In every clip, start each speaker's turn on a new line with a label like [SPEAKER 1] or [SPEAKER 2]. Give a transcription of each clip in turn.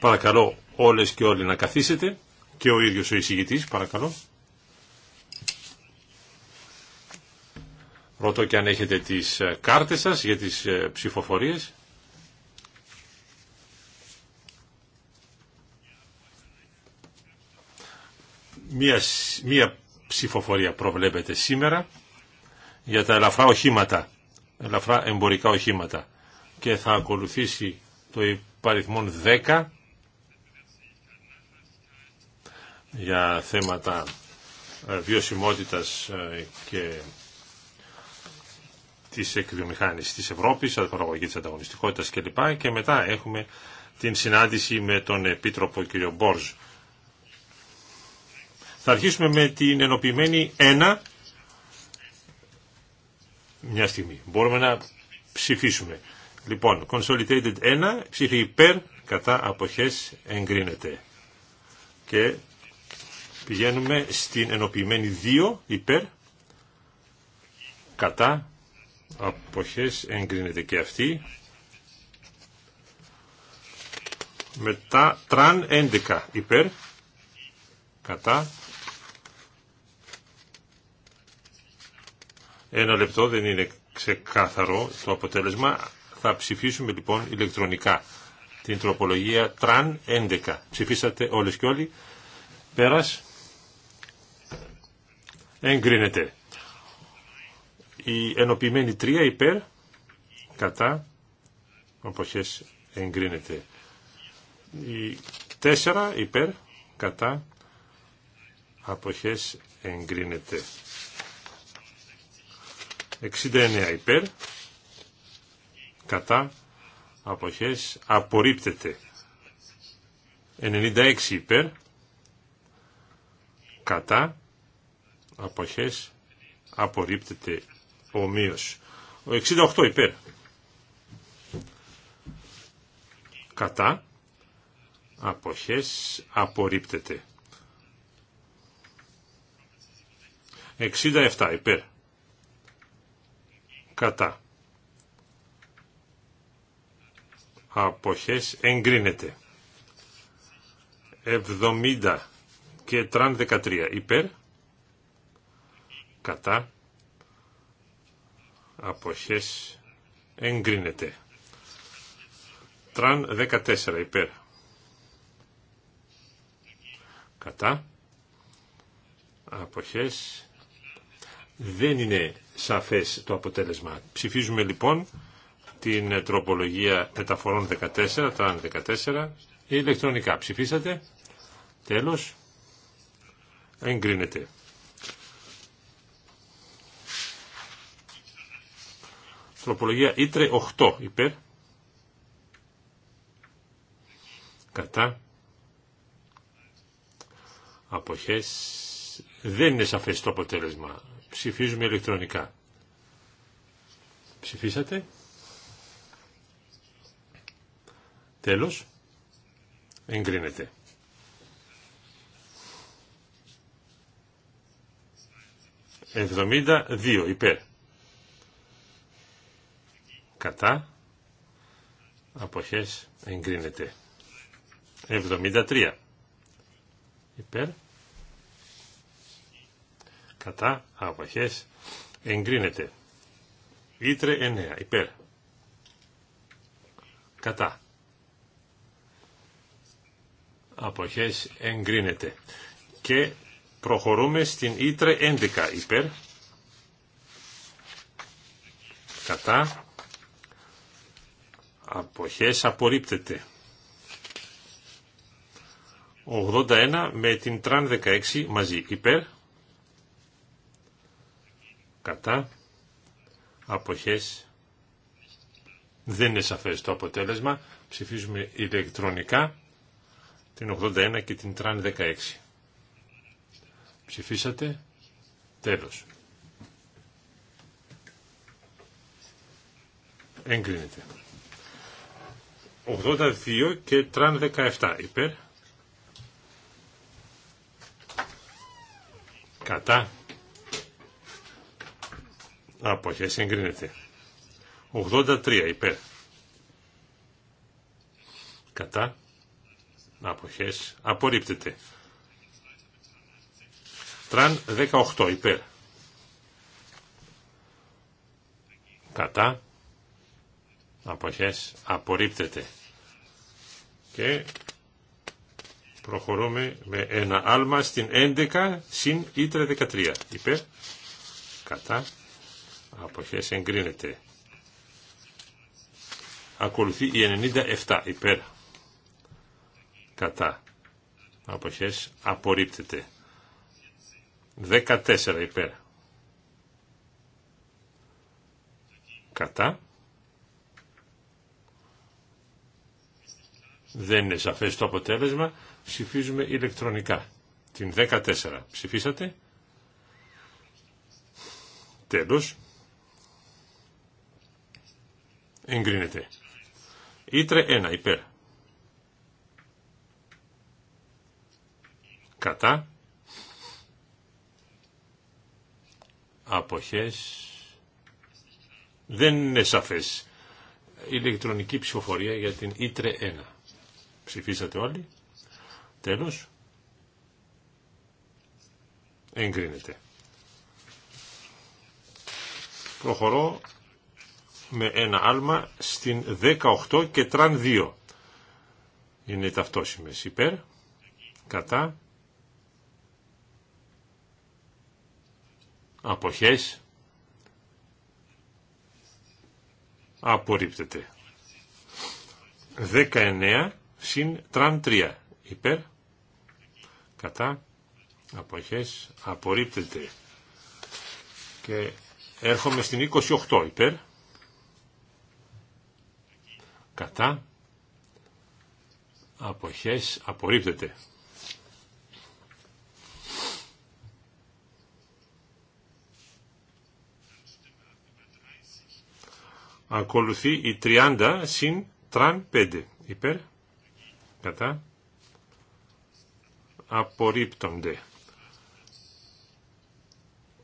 [SPEAKER 1] Παρακαλώ όλες και όλοι να καθίσετε και ο ίδιος ο εισηγητής, παρακαλώ. Ρωτώ και αν έχετε τις ε, κάρτες σας για τις ε, ψηφοφορίες. Μία, μία ψηφοφορία προβλέπεται σήμερα για τα ελαφρά οχήματα, ελαφρά εμπορικά οχήματα και θα ακολουθήσει το υπαριθμόν 10 για θέματα ε, βιωσιμότητας ε, και της εκβιομηχάνησης της Ευρώπης, παραγωγή της ανταγωνιστικότητας κλπ. Και μετά έχουμε την συνάντηση με τον Επίτροπο κ. Μπόρζ. Θα αρχίσουμε με την ενοποιημένη 1. Μια στιγμή. Μπορούμε να ψηφίσουμε. Λοιπόν, Consolidated 1, ψήφι υπέρ, κατά αποχές εγκρίνεται. Και πηγαίνουμε στην ενοποιημένη 2, υπέρ, κατά αποχές εγκρίνεται και αυτή. Μετά τραν 11 υπέρ, κατά. Ένα λεπτό δεν είναι ξεκάθαρο το αποτέλεσμα. Θα ψηφίσουμε λοιπόν ηλεκτρονικά την τροπολογία TRAN 11. Ψηφίσατε όλες και όλοι. Πέρας. Εγκρίνεται. Η ενοποιημένη 3 υπέρ. Κατά. αποχές εγκρίνεται. Η 4 υπέρ. Κατά. Αποχές εγκρίνεται. 69 υπέρ κατά αποχές απορρίπτεται 96 υπέρ κατά αποχές απορρίπτεται ομοίως 68 υπέρ κατά αποχές απορρίπτεται 67 υπέρ κατά αποχές εγκρίνεται. 70 και τραν 13 υπέρ, κατά, αποχές εγκρίνεται. Τραν 14 υπέρ, κατά, αποχές δεν είναι σαφές το αποτέλεσμα. Ψηφίζουμε λοιπόν την τροπολογία μεταφορών 14, τραν 14, ηλεκτρονικά. Ψηφίσατε. Τέλος. Εγκρίνεται. Τροπολογία Ήτρε 8 υπέρ. Κατά. Αποχές. Δεν είναι σαφές το αποτέλεσμα. Ψηφίζουμε ηλεκτρονικά. Ψηφίσατε. Τέλος, εγκρίνεται. δύο. υπέρ. Κατά. Αποχές εγκρίνεται. τρία. υπέρ. Κατά. Αποχές εγκρίνεται. Ήτρε εννέα. υπέρ. Κατά αποχές εγκρίνεται. Και προχωρούμε στην Ήτρε 11 υπέρ, κατά, αποχές απορρίπτεται. 81 με την Τραν 16 μαζί υπέρ, κατά, αποχές δεν είναι σαφές το αποτέλεσμα. Ψηφίζουμε ηλεκτρονικά την 81 και την τραν 16. Ψηφίσατε. Τέλος. Εγκρίνεται. 82 και τραν 17 υπέρ. Κατά. Αποχές εγκρίνεται. 83 υπέρ. Κατά αποχές απορρίπτεται. Τραν 18 υπέρ. Κατά αποχές απορρίπτεται. Και προχωρούμε με ένα άλμα στην 11 συν ήτρα 13 υπέρ. Κατά αποχές εγκρίνεται. Ακολουθεί η 97 υπέρ κατά αποχές απορρίπτεται 14 υπέρ κατά δεν είναι σαφές το αποτέλεσμα ψηφίζουμε ηλεκτρονικά την 14 ψηφίσατε τέλος εγκρίνεται ήτρε 1 υπέρ κατά αποχές δεν είναι σαφές ηλεκτρονική ψηφοφορία για την Ήτρε 1 ψηφίσατε όλοι τέλος εγκρίνεται προχωρώ με ένα άλμα στην 18 και τραν 2 είναι ταυτόσιμες υπέρ κατά αποχές απορρίπτεται 19 συν τραν 3 υπέρ κατά αποχές απορρίπτεται και έρχομαι στην 28 υπέρ κατά αποχές απορρίπτεται Ακολουθεί η 30 συν τραν 5. Υπέρ. Κατά. Απορρίπτονται.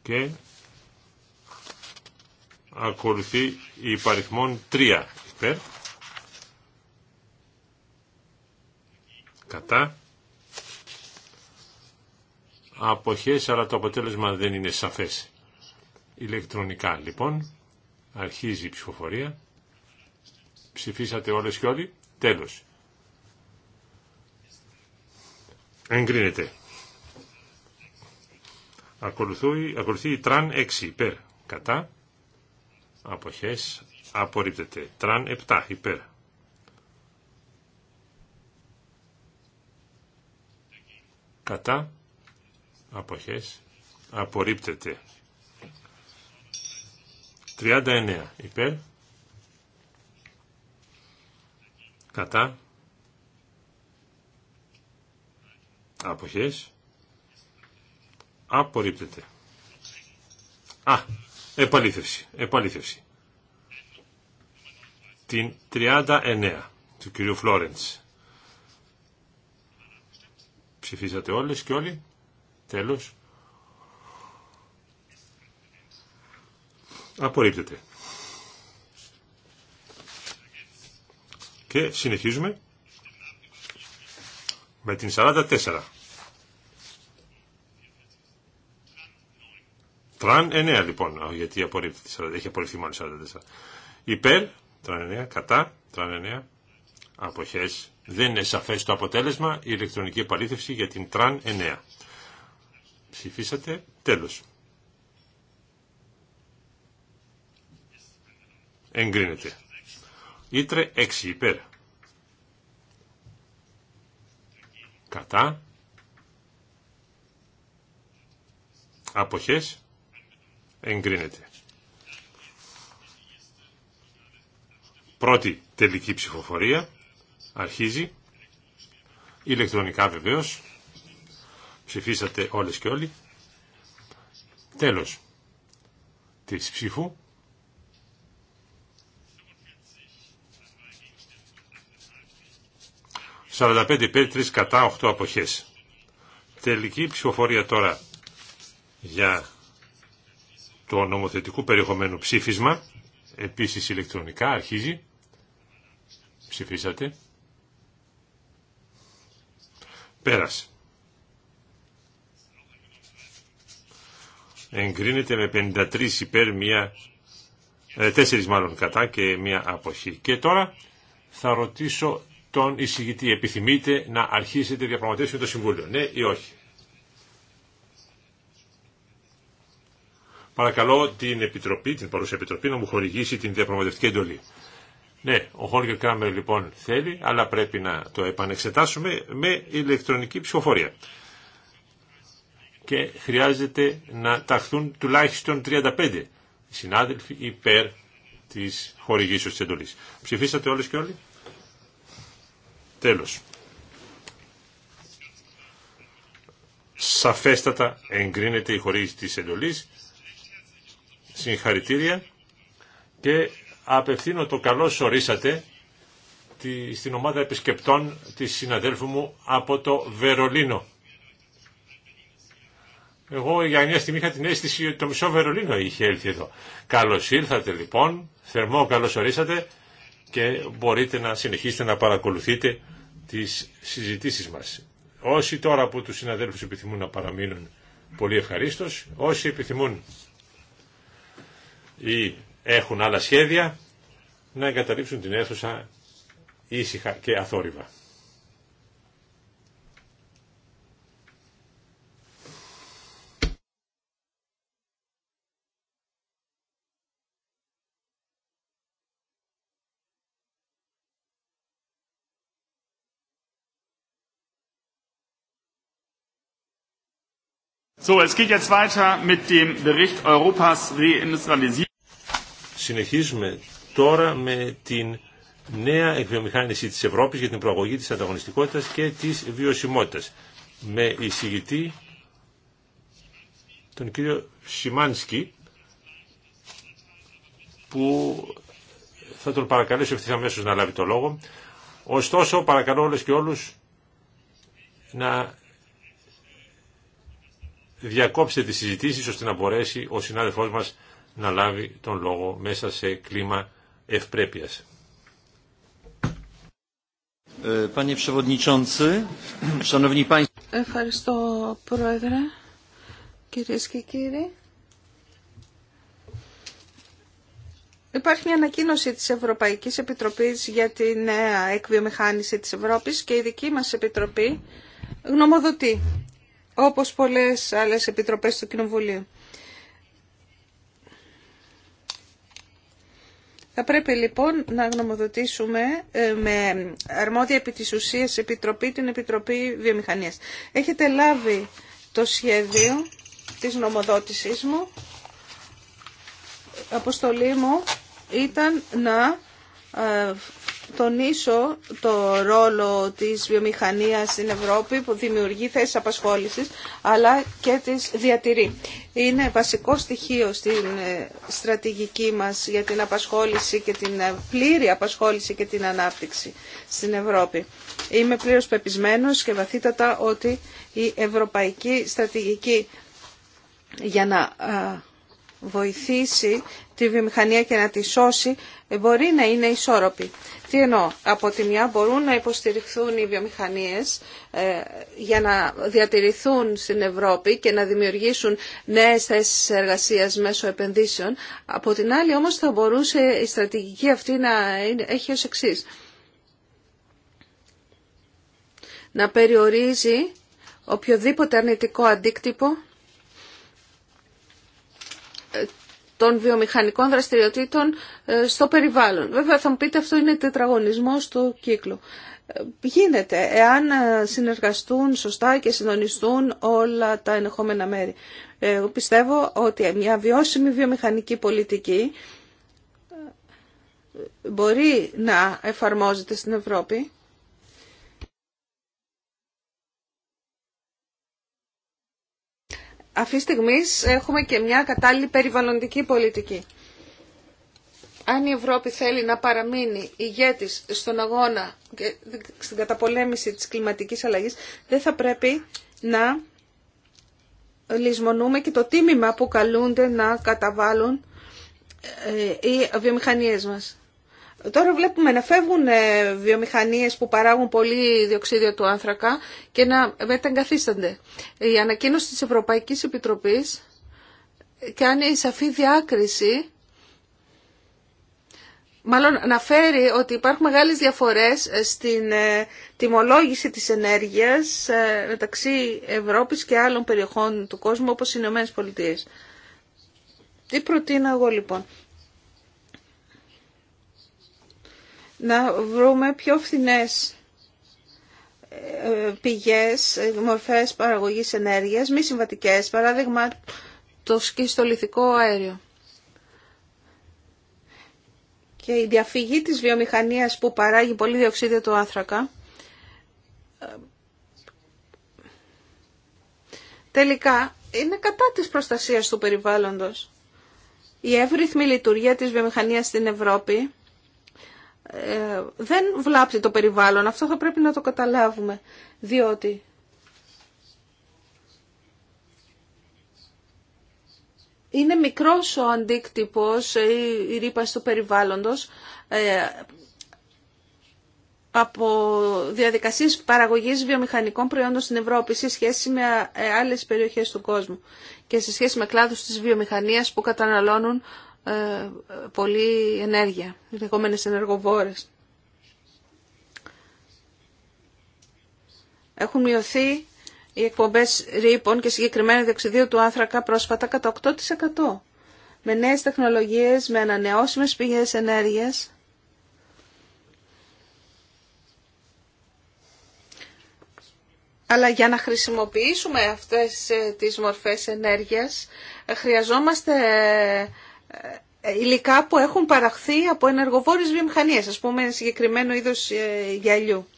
[SPEAKER 1] Και ακολουθεί η υπαριθμόν 3. Υπέρ. Κατά. Αποχές, αλλά το αποτέλεσμα δεν είναι σαφές. Ηλεκτρονικά λοιπόν. Αρχίζει η ψηφοφορία. Ψηφίσατε όλες και όλοι. Τέλος. Εγκρίνεται. Ακολουθεί, ακολουθεί η τραν 6 υπέρ. Κατά. Αποχές. Απορρίπτεται. Τραν 7 υπέρ. Κατά. Αποχές. Απορρίπτεται. 39 υπέρ. Κατά. Αποχές. Απορρίπτεται. Α, επαλήθευση, επαλήθευση. Την 39 του κυρίου Φλόρεντς. Ψηφίσατε όλες και όλοι. Τέλος. Απορρίπτεται. Και συνεχίζουμε με την 44. Τραν 9 λοιπόν, γιατί απορρίπτεται, έχει απορριφθεί μόνο 44. Υπέρ, τραν 9, κατά, τραν 9, αποχές. Δεν είναι σαφές το αποτέλεσμα, η ηλεκτρονική επαλήθευση για την τραν 9. Ψηφίσατε, τέλος. εγκρίνεται. Ήτρε 6 υπέρ. Κατά. Αποχές εγκρίνεται. Πρώτη τελική ψηφοφορία αρχίζει. Ηλεκτρονικά βεβαίως. Ψηφίσατε όλες και όλοι. Τέλος της ψήφου. 45 υπέρ 3 κατά 8 αποχές. Τελική ψηφοφορία τώρα για το νομοθετικού περιεχομένου ψήφισμα. Επίσης ηλεκτρονικά αρχίζει. Ψηφίσατε. Πέρασε. Εγκρίνεται με 53 υπέρ μία, 4 ε, μάλλον κατά και μία αποχή. Και τώρα θα ρωτήσω τον εισηγητή. Επιθυμείτε να αρχίσετε διαπραγματεύσει με το Συμβούλιο, ναι ή όχι. Παρακαλώ την Επιτροπή, την παρούσα Επιτροπή, να μου χορηγήσει την διαπραγματευτική εντολή. Ναι, ο Χόλγερ Κράμερ λοιπόν θέλει, αλλά πρέπει να το επανεξετάσουμε με ηλεκτρονική ψηφοφορία. Και χρειάζεται να ταχθούν τουλάχιστον 35 συνάδελφοι υπέρ της χορηγήσεως της εντολής. Ψηφίσατε όλες και όλοι. Τέλος. Σαφέστατα εγκρίνεται η χορήγηση της εντολής. Συγχαρητήρια και απευθύνω το καλό ορίσατε στην ομάδα επισκεπτών της συναδέλφου μου από το Βερολίνο. Εγώ για μια στιγμή είχα την αίσθηση ότι το μισό Βερολίνο είχε έλθει εδώ. Καλώς ήρθατε λοιπόν, θερμό καλώς ορίσατε και μπορείτε να συνεχίσετε να παρακολουθείτε τις συζητήσεις μας. Όσοι τώρα από τους συναδέλφους επιθυμούν να παραμείνουν πολύ ευχαρίστως, όσοι επιθυμούν ή έχουν άλλα σχέδια, να εγκαταλείψουν την αίθουσα ήσυχα και αθόρυβα. Συνεχίζουμε τώρα με την νέα εκβιομηχάνηση της Ευρώπης για την προαγωγή της ανταγωνιστικότητας και της βιωσιμότητας. Με εισηγητή τον κύριο Σιμάνσκι που θα τον παρακαλέσω ευθύς αμέσως να λάβει το λόγο. Ωστόσο παρακαλώ όλες και όλους να διακόψτε τις συζητήσεις ώστε να μπορέσει ο συνάδελφός μας να λάβει τον λόγο μέσα σε κλίμα ευπρέπειας.
[SPEAKER 2] Ε,
[SPEAKER 3] Ευχαριστώ Πρόεδρε, κυρίε και κύριοι. Υπάρχει μια ανακοίνωση της Ευρωπαϊκής Επιτροπής για τη νέα εκβιομηχάνηση της Ευρώπης και η δική μας Επιτροπή γνωμοδοτεί όπως πολλές άλλες επιτροπές του Κοινοβουλίου. Θα πρέπει λοιπόν να γνωμοδοτήσουμε ε, με αρμόδια επί της ουσίας επιτροπή την Επιτροπή Βιομηχανίας. Έχετε λάβει το σχέδιο της νομοδότησής μου. αποστολή μου ήταν να ε, τονίσω το ρόλο της βιομηχανίας στην Ευρώπη που δημιουργεί θέσεις απασχόλησης αλλά και τις διατηρεί. Είναι βασικό στοιχείο στην ε, στρατηγική μας για την απασχόληση και την ε, πλήρη απασχόληση και την ανάπτυξη στην Ευρώπη. Είμαι πλήρως πεπισμένος και βαθύτατα ότι η ευρωπαϊκή στρατηγική για να ε, βοηθήσει τη βιομηχανία και να τη σώσει ε, μπορεί να είναι ισόρροπη. Τι εννοώ, από τη μια μπορούν να υποστηριχθούν οι βιομηχανίες ε, για να διατηρηθούν στην Ευρώπη και να δημιουργήσουν νέες θέσεις εργασίας μέσω επενδύσεων. Από την άλλη όμως θα μπορούσε η στρατηγική αυτή να έχει ως εξή. Να περιορίζει οποιοδήποτε αρνητικό αντίκτυπο των βιομηχανικών δραστηριοτήτων ε, στο περιβάλλον. Βέβαια θα μου πείτε αυτό είναι τετραγωνισμός του κύκλου. Ε, γίνεται εάν ε, συνεργαστούν σωστά και συντονιστούν όλα τα ενεχόμενα μέρη. Εγώ πιστεύω ότι μια βιώσιμη βιομηχανική πολιτική μπορεί να εφαρμόζεται στην Ευρώπη αυτή τη στιγμή έχουμε και μια κατάλληλη περιβαλλοντική πολιτική. Αν η Ευρώπη θέλει να παραμείνει ηγέτης στον αγώνα και στην καταπολέμηση της κλιματικής αλλαγής, δεν θα πρέπει να λησμονούμε και το τίμημα που καλούνται να καταβάλουν ε, οι βιομηχανίες μας. Τώρα βλέπουμε να φεύγουν ε, βιομηχανίες που παράγουν πολύ διοξίδιο του άνθρακα και να μεταγκαθίστανται. Η ανακοίνωση της Ευρωπαϊκής Επιτροπής κάνει σαφή διάκριση, μάλλον να φέρει ότι υπάρχουν μεγάλες διαφορές ε, στην ε, τιμολόγηση της ενέργειας μεταξύ Ευρώπης και άλλων περιοχών του κόσμου όπως οι Ηνωμένες Πολιτείες. Τι προτείνω εγώ λοιπόν. να βρούμε πιο φθηνές ε, πηγές, μορφές παραγωγής ενέργειας, μη συμβατικές, παράδειγμα το σκιστολιθικό αέριο. Και η διαφυγή της βιομηχανίας που παράγει πολύ διοξίδιο του άνθρακα, ε, τελικά είναι κατά της προστασίας του περιβάλλοντος. Η εύρυθμη λειτουργία της βιομηχανίας στην Ευρώπη ε, δεν βλάπτει το περιβάλλον. Αυτό θα πρέπει να το καταλάβουμε. Διότι είναι μικρός ο αντίκτυπος, ε, η ρήπαση του περιβάλλοντος ε, από διαδικασίες παραγωγής βιομηχανικών προϊόντων στην Ευρώπη σε σχέση με άλλες περιοχές του κόσμου και σε σχέση με κλάδους της βιομηχανίας που καταναλώνουν ε, πολύ ενέργεια, οι λεγόμενες ενεργοβόρες. Έχουν μειωθεί οι εκπομπές ρήπων και συγκεκριμένα διοξιδίου του άνθρακα πρόσφατα κατά 8% με νέες τεχνολογίες, με ανανεώσιμες πηγές ενέργειας. Αλλά για να χρησιμοποιήσουμε αυτές ε, τις μορφές ενέργειας ε, χρειαζόμαστε ε, υλικά που έχουν παραχθεί από ενεργοβόρες βιομηχανίες, ας πούμε ένα συγκεκριμένο είδος ε, γυαλιού.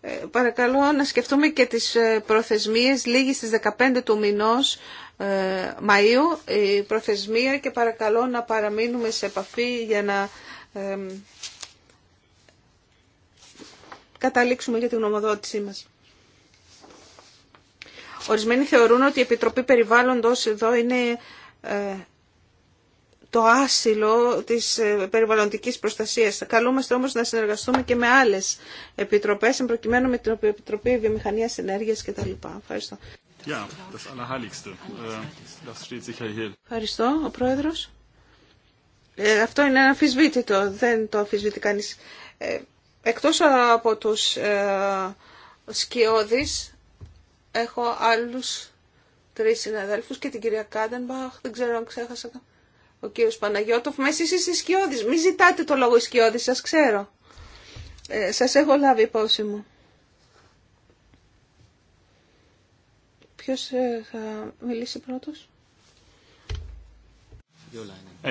[SPEAKER 3] Ε, παρακαλώ να σκεφτούμε και τις προθεσμίες, λίγη στις 15 του μηνός Μαΐου η προθεσμία και παρακαλώ να παραμείνουμε σε επαφή για να καταλήξουμε για την γνωμοδότησή μας. Ορισμένοι θεωρούν ότι η Επιτροπή Περιβάλλοντος εδώ είναι το άσυλο της ε, περιβαλλοντικής προστασίας. καλούμαστε όμως να συνεργαστούμε και με άλλες επιτροπές, προκειμένου με την Επιτροπή Βιομηχανίας Ενέργειας κτλ. Ευχαριστώ.
[SPEAKER 1] das äh,
[SPEAKER 3] Ευχαριστώ, ο Πρόεδρος. Ε, αυτό είναι αμφισβήτητο, δεν το αμφισβήτη κανείς. Ε, εκτός από τους ε, έχω άλλους τρεις συναδέλφους και την κυρία Κάντενμπαχ, δεν ξέρω αν ξέχασα ο κύριο Παναγιώτοφ, μα εσείς είστε σκιώδης. Μην ζητάτε το λόγο σκιώδης, σα ξέρω. Ε, σας έχω λάβει υπόψη μου. Ποιος ε, θα μιλήσει πρώτος?
[SPEAKER 1] Ε,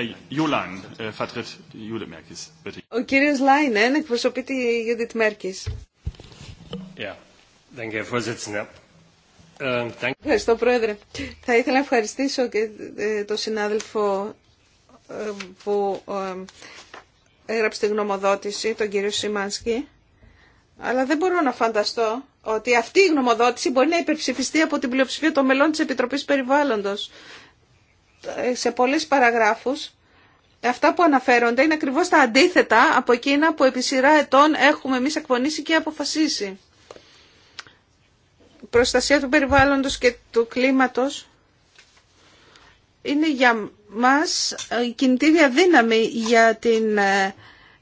[SPEAKER 1] ε,
[SPEAKER 3] ο κύριος Λάινεν εκπροσωπεί τη Γιούντιτ Μέρκης. Ευχαριστώ, Πρόεδρε. Θα ήθελα να ευχαριστήσω και τον συνάδελφο που ε, έγραψε τη γνωμοδότηση, τον κύριο Σιμάνσκι, αλλά δεν μπορώ να φανταστώ ότι αυτή η γνωμοδότηση μπορεί να υπερψηφιστεί από την πλειοψηφία των μελών της Επιτροπής Περιβάλλοντος ε, σε πολλές παραγράφους. Αυτά που αναφέρονται είναι ακριβώς τα αντίθετα από εκείνα που επί σειρά ετών έχουμε εμείς εκπονήσει και αποφασίσει. Προστασία του περιβάλλοντος και του κλίματος είναι για μας ε, κινητήρια δύναμη για την ε,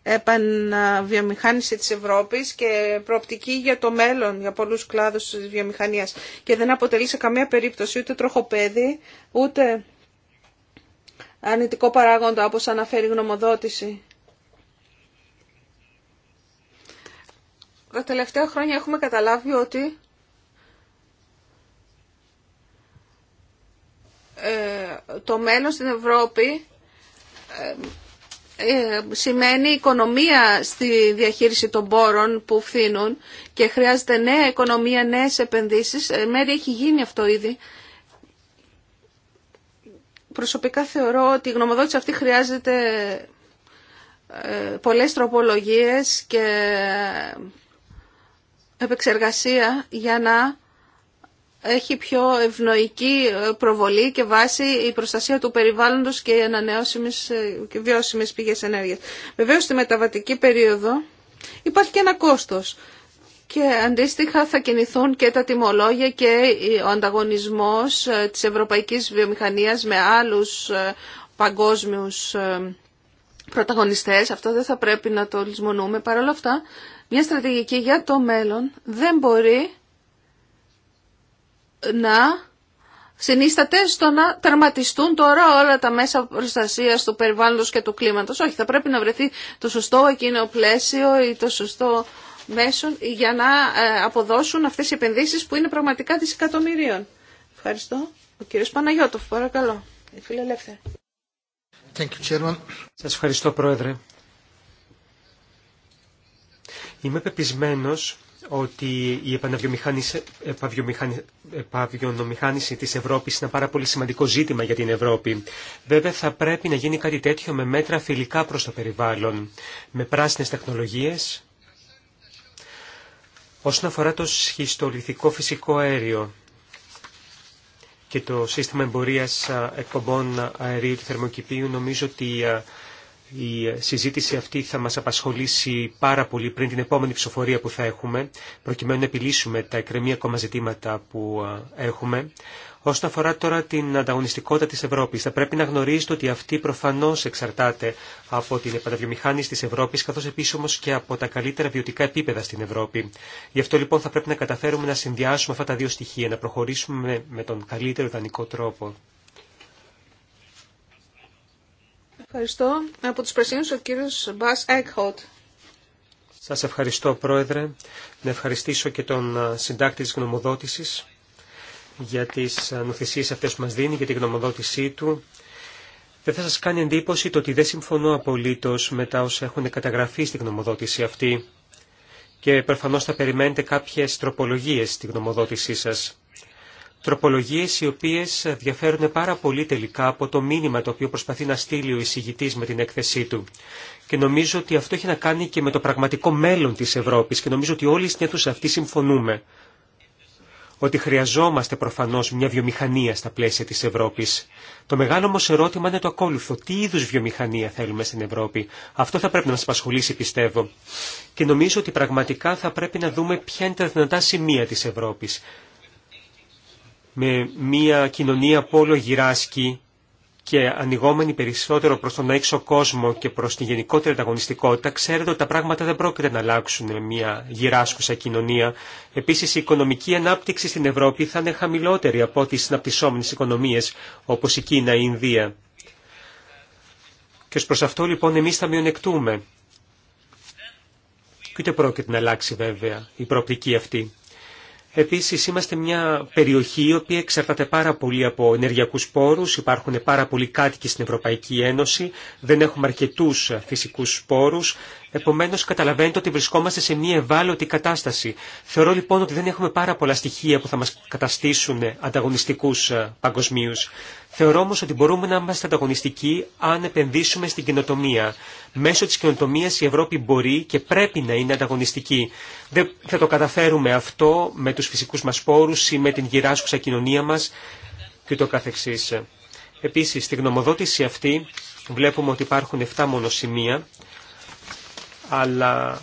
[SPEAKER 3] επαναβιομηχάνηση της Ευρώπης και προοπτική για το μέλλον, για πολλούς κλάδους της βιομηχανίας. Και δεν αποτελεί σε καμία περίπτωση ούτε τροχοπέδι, ούτε αρνητικό παράγοντα όπως αναφέρει η γνωμοδότηση. Τα τελευταία χρόνια έχουμε καταλάβει ότι Ε, το μέλλον στην Ευρώπη ε, ε, σημαίνει οικονομία στη διαχείριση των πόρων που φθήνουν και χρειάζεται νέα οικονομία, νέες επενδύσεις. Μέρη έχει γίνει αυτό ήδη. Προσωπικά θεωρώ ότι η γνωμοδότηση αυτή χρειάζεται πολλές τροπολογίες και επεξεργασία για να έχει πιο ευνοϊκή ε, προβολή και βάση η προστασία του περιβάλλοντος και οι ανανεώσιμες ε, και βιώσιμες πηγές ενέργειας. Βεβαίως στη μεταβατική περίοδο υπάρχει και ένα κόστος και αντίστοιχα θα κινηθούν και τα τιμολόγια και ο ανταγωνισμός ε, της ευρωπαϊκής βιομηχανίας με άλλους παγκόσμιους πρωταγωνιστές. Αυτό δεν θα πρέπει να το λησμονούμε. Παρ' όλα αυτά, μια στρατηγική για το μέλλον δεν μπορεί να συνίσταται στο να τερματιστούν τώρα όλα τα μέσα προστασίας του περιβάλλοντος και του κλίματος. Όχι, θα πρέπει να βρεθεί το σωστό εκείνο πλαίσιο ή το σωστό μέσο για να ε, αποδώσουν αυτές οι επενδύσεις που είναι πραγματικά εκατομμυρίων. Ευχαριστώ. Ο κύριος Παναγιώτοφ, παρακαλώ. Φιλελεύθερη.
[SPEAKER 2] Σας ευχαριστώ, Πρόεδρε. Είμαι πεπισμένος ότι η επαβιομηχάνηση της Ευρώπης είναι ένα πάρα πολύ σημαντικό ζήτημα για την Ευρώπη. Βέβαια θα πρέπει να γίνει κάτι τέτοιο με μέτρα φιλικά προς το περιβάλλον, με πράσινες τεχνολογίες. Όσον αφορά το σχιστολιθικό φυσικό αέριο και το σύστημα εμπορίας ε, εκπομπών αερίου του θερμοκηπίου, νομίζω ότι ε, η συζήτηση αυτή θα μας απασχολήσει πάρα πολύ πριν την επόμενη ψηφοφορία που θα έχουμε, προκειμένου να επιλύσουμε τα εκκρεμία ακόμα ζητήματα που έχουμε. Όσον αφορά τώρα την ανταγωνιστικότητα της Ευρώπης, θα πρέπει να γνωρίζετε ότι αυτή προφανώς εξαρτάται από την επαναβιομηχάνηση της Ευρώπης, καθώς επίσης όμως και από τα καλύτερα βιωτικά επίπεδα στην Ευρώπη. Γι' αυτό λοιπόν θα πρέπει να καταφέρουμε να συνδυάσουμε αυτά τα δύο στοιχεία, να προχωρήσουμε με τον καλύτερο ιδανικό τρόπο.
[SPEAKER 3] Ευχαριστώ. Από τους Πρεσίνους ο κύριος Μπάς Έκχοτ.
[SPEAKER 2] Σας ευχαριστώ Πρόεδρε. Να ευχαριστήσω και τον συντάκτη της γνωμοδότησης για τις νοθεσίες αυτές που μας δίνει και τη γνωμοδότησή του. Δεν θα σας κάνει εντύπωση το ότι δεν συμφωνώ απολύτως με τα όσα έχουν καταγραφεί στη γνωμοδότηση αυτή και προφανώς θα περιμένετε κάποιες τροπολογίες στη γνωμοδότησή σας τροπολογίες οι οποίες διαφέρουν πάρα πολύ τελικά από το μήνυμα το οποίο προσπαθεί να στείλει ο εισηγητής με την έκθεσή του. Και νομίζω ότι αυτό έχει να κάνει και με το πραγματικό μέλλον της Ευρώπης και νομίζω ότι όλοι στην αίθουσα αυτή συμφωνούμε ότι χρειαζόμαστε προφανώς μια βιομηχανία στα πλαίσια της Ευρώπης. Το μεγάλο όμως ερώτημα είναι το ακόλουθο. Τι είδους βιομηχανία θέλουμε στην Ευρώπη. Αυτό θα πρέπει να μας απασχολήσει πιστεύω. Και νομίζω ότι πραγματικά θα πρέπει να δούμε ποια είναι τα δυνατά σημεία της Ευρώπης με μια κοινωνία που όλο γυράσκει και ανοιγόμενη περισσότερο προς τον έξω κόσμο και προς την γενικότερη ανταγωνιστικότητα, ξέρετε ότι τα πράγματα δεν πρόκειται να αλλάξουν με μια γυράσκουσα κοινωνία. Επίσης, η οικονομική ανάπτυξη στην Ευρώπη θα είναι χαμηλότερη από τις συναπτυσσόμενες οικονομίες, όπως η Κίνα, η Ινδία. Και ως προς αυτό, λοιπόν, εμείς θα μειονεκτούμε. Και ούτε πρόκειται να αλλάξει, βέβαια, η προοπτική αυτή. Επίσης είμαστε μια περιοχή η οποία εξαρτάται πάρα πολύ από ενεργειακούς πόρους, υπάρχουν πάρα πολλοί κάτοικοι στην Ευρωπαϊκή Ένωση, δεν έχουμε αρκετούς φυσικούς πόρους, επομένως καταλαβαίνετε ότι βρισκόμαστε σε μια ευάλωτη κατάσταση. Θεωρώ λοιπόν ότι δεν έχουμε πάρα πολλά στοιχεία που θα μας καταστήσουν ανταγωνιστικούς ε, παγκοσμίους. Θεωρώ όμω ότι μπορούμε να είμαστε ανταγωνιστικοί αν επενδύσουμε στην κοινοτομία. Μέσω τη κοινοτομία η Ευρώπη μπορεί και πρέπει να είναι ανταγωνιστική. Δεν θα το καταφέρουμε αυτό με του φυσικού μα πόρου ή με την γυράσκουσα κοινωνία μα κ.ο.κ. Επίση, στη γνωμοδότηση αυτή βλέπουμε ότι υπάρχουν 7 μονοσημεία, αλλά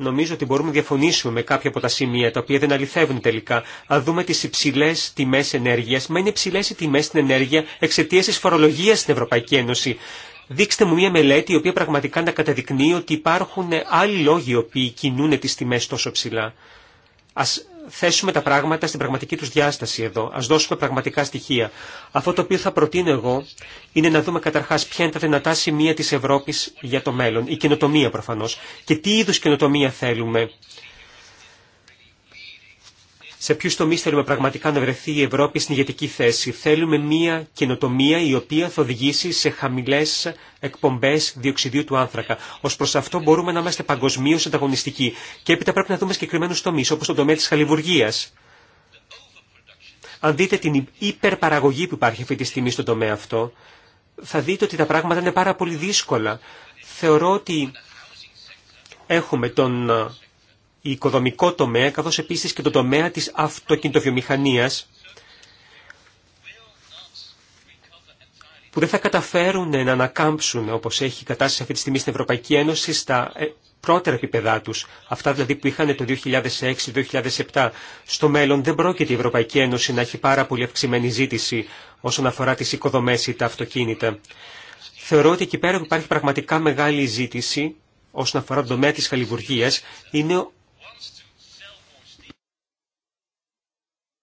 [SPEAKER 2] νομίζω ότι μπορούμε να διαφωνήσουμε με κάποια από τα σημεία τα οποία δεν αληθεύουν τελικά. Α δούμε τι υψηλέ τιμέ ενέργεια, μα είναι υψηλέ οι τιμέ στην ενέργεια εξαιτία τη φορολογία στην Ευρωπαϊκή Ένωση. Δείξτε μου μια μελέτη η οποία πραγματικά να καταδεικνύει ότι υπάρχουν άλλοι λόγοι οι οποίοι κινούν τι τιμέ τόσο ψηλά θέσουμε τα πράγματα στην πραγματική τους διάσταση εδώ, ας δώσουμε πραγματικά στοιχεία. Αυτό το οποίο θα προτείνω εγώ είναι να δούμε καταρχάς ποια είναι τα δυνατά σημεία της Ευρώπης για το μέλλον, η καινοτομία προφανώς, και τι είδους καινοτομία θέλουμε σε ποιου τομεί θέλουμε πραγματικά να βρεθεί η Ευρώπη στην ηγετική θέση. Θέλουμε μια καινοτομία η οποία θα οδηγήσει σε χαμηλέ εκπομπέ διοξιδίου του άνθρακα. Ω προ αυτό μπορούμε να είμαστε παγκοσμίω ανταγωνιστικοί. Και έπειτα πρέπει να δούμε συγκεκριμένου τομεί, όπω τον τομέα τη χαλιβουργία. Αν δείτε την υπερπαραγωγή που υπάρχει αυτή τη στιγμή στον τομέα αυτό, θα δείτε ότι τα πράγματα είναι πάρα πολύ δύσκολα. Θεωρώ ότι έχουμε τον οικοδομικό τομέα, καθώς επίσης και το τομέα της αυτοκινητοβιομηχανίας, που δεν θα καταφέρουν να ανακάμψουν όπως έχει η κατάσταση αυτή τη στιγμή στην Ευρωπαϊκή Ένωση στα ε, πρώτερα επίπεδά τους, αυτά δηλαδή που είχαν το 2006-2007. Στο μέλλον δεν πρόκειται η Ευρωπαϊκή Ένωση να έχει πάρα πολύ αυξημένη ζήτηση όσον αφορά τις οικοδομές ή τα αυτοκίνητα. Θεωρώ ότι εκεί πέρα που υπάρχει πραγματικά μεγάλη ζήτηση όσον αφορά το τομέα της χαλιβουργίας είναι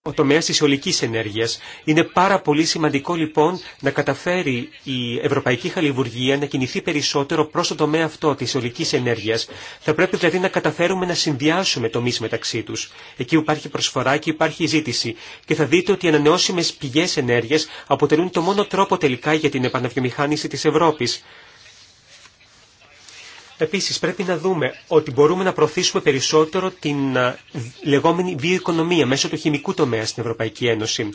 [SPEAKER 2] ο τομέας της ολικής ενέργειας. Είναι πάρα πολύ σημαντικό λοιπόν να καταφέρει η Ευρωπαϊκή Χαλιβουργία να κινηθεί περισσότερο προς το τομέα αυτό της ολικής ενέργειας. Θα πρέπει δηλαδή να καταφέρουμε να συνδυάσουμε τομείς μεταξύ τους. Εκεί υπάρχει προσφορά και υπάρχει ζήτηση. Και θα δείτε ότι οι ανανεώσιμες πηγές ενέργειας αποτελούν το μόνο τρόπο τελικά για την επαναβιομηχάνηση της Ευρώπης. Επίσης πρέπει να δούμε ότι μπορούμε να προωθήσουμε περισσότερο την λεγόμενη βιοοικονομία μέσω του χημικού τομέα στην Ευρωπαϊκή Ένωση.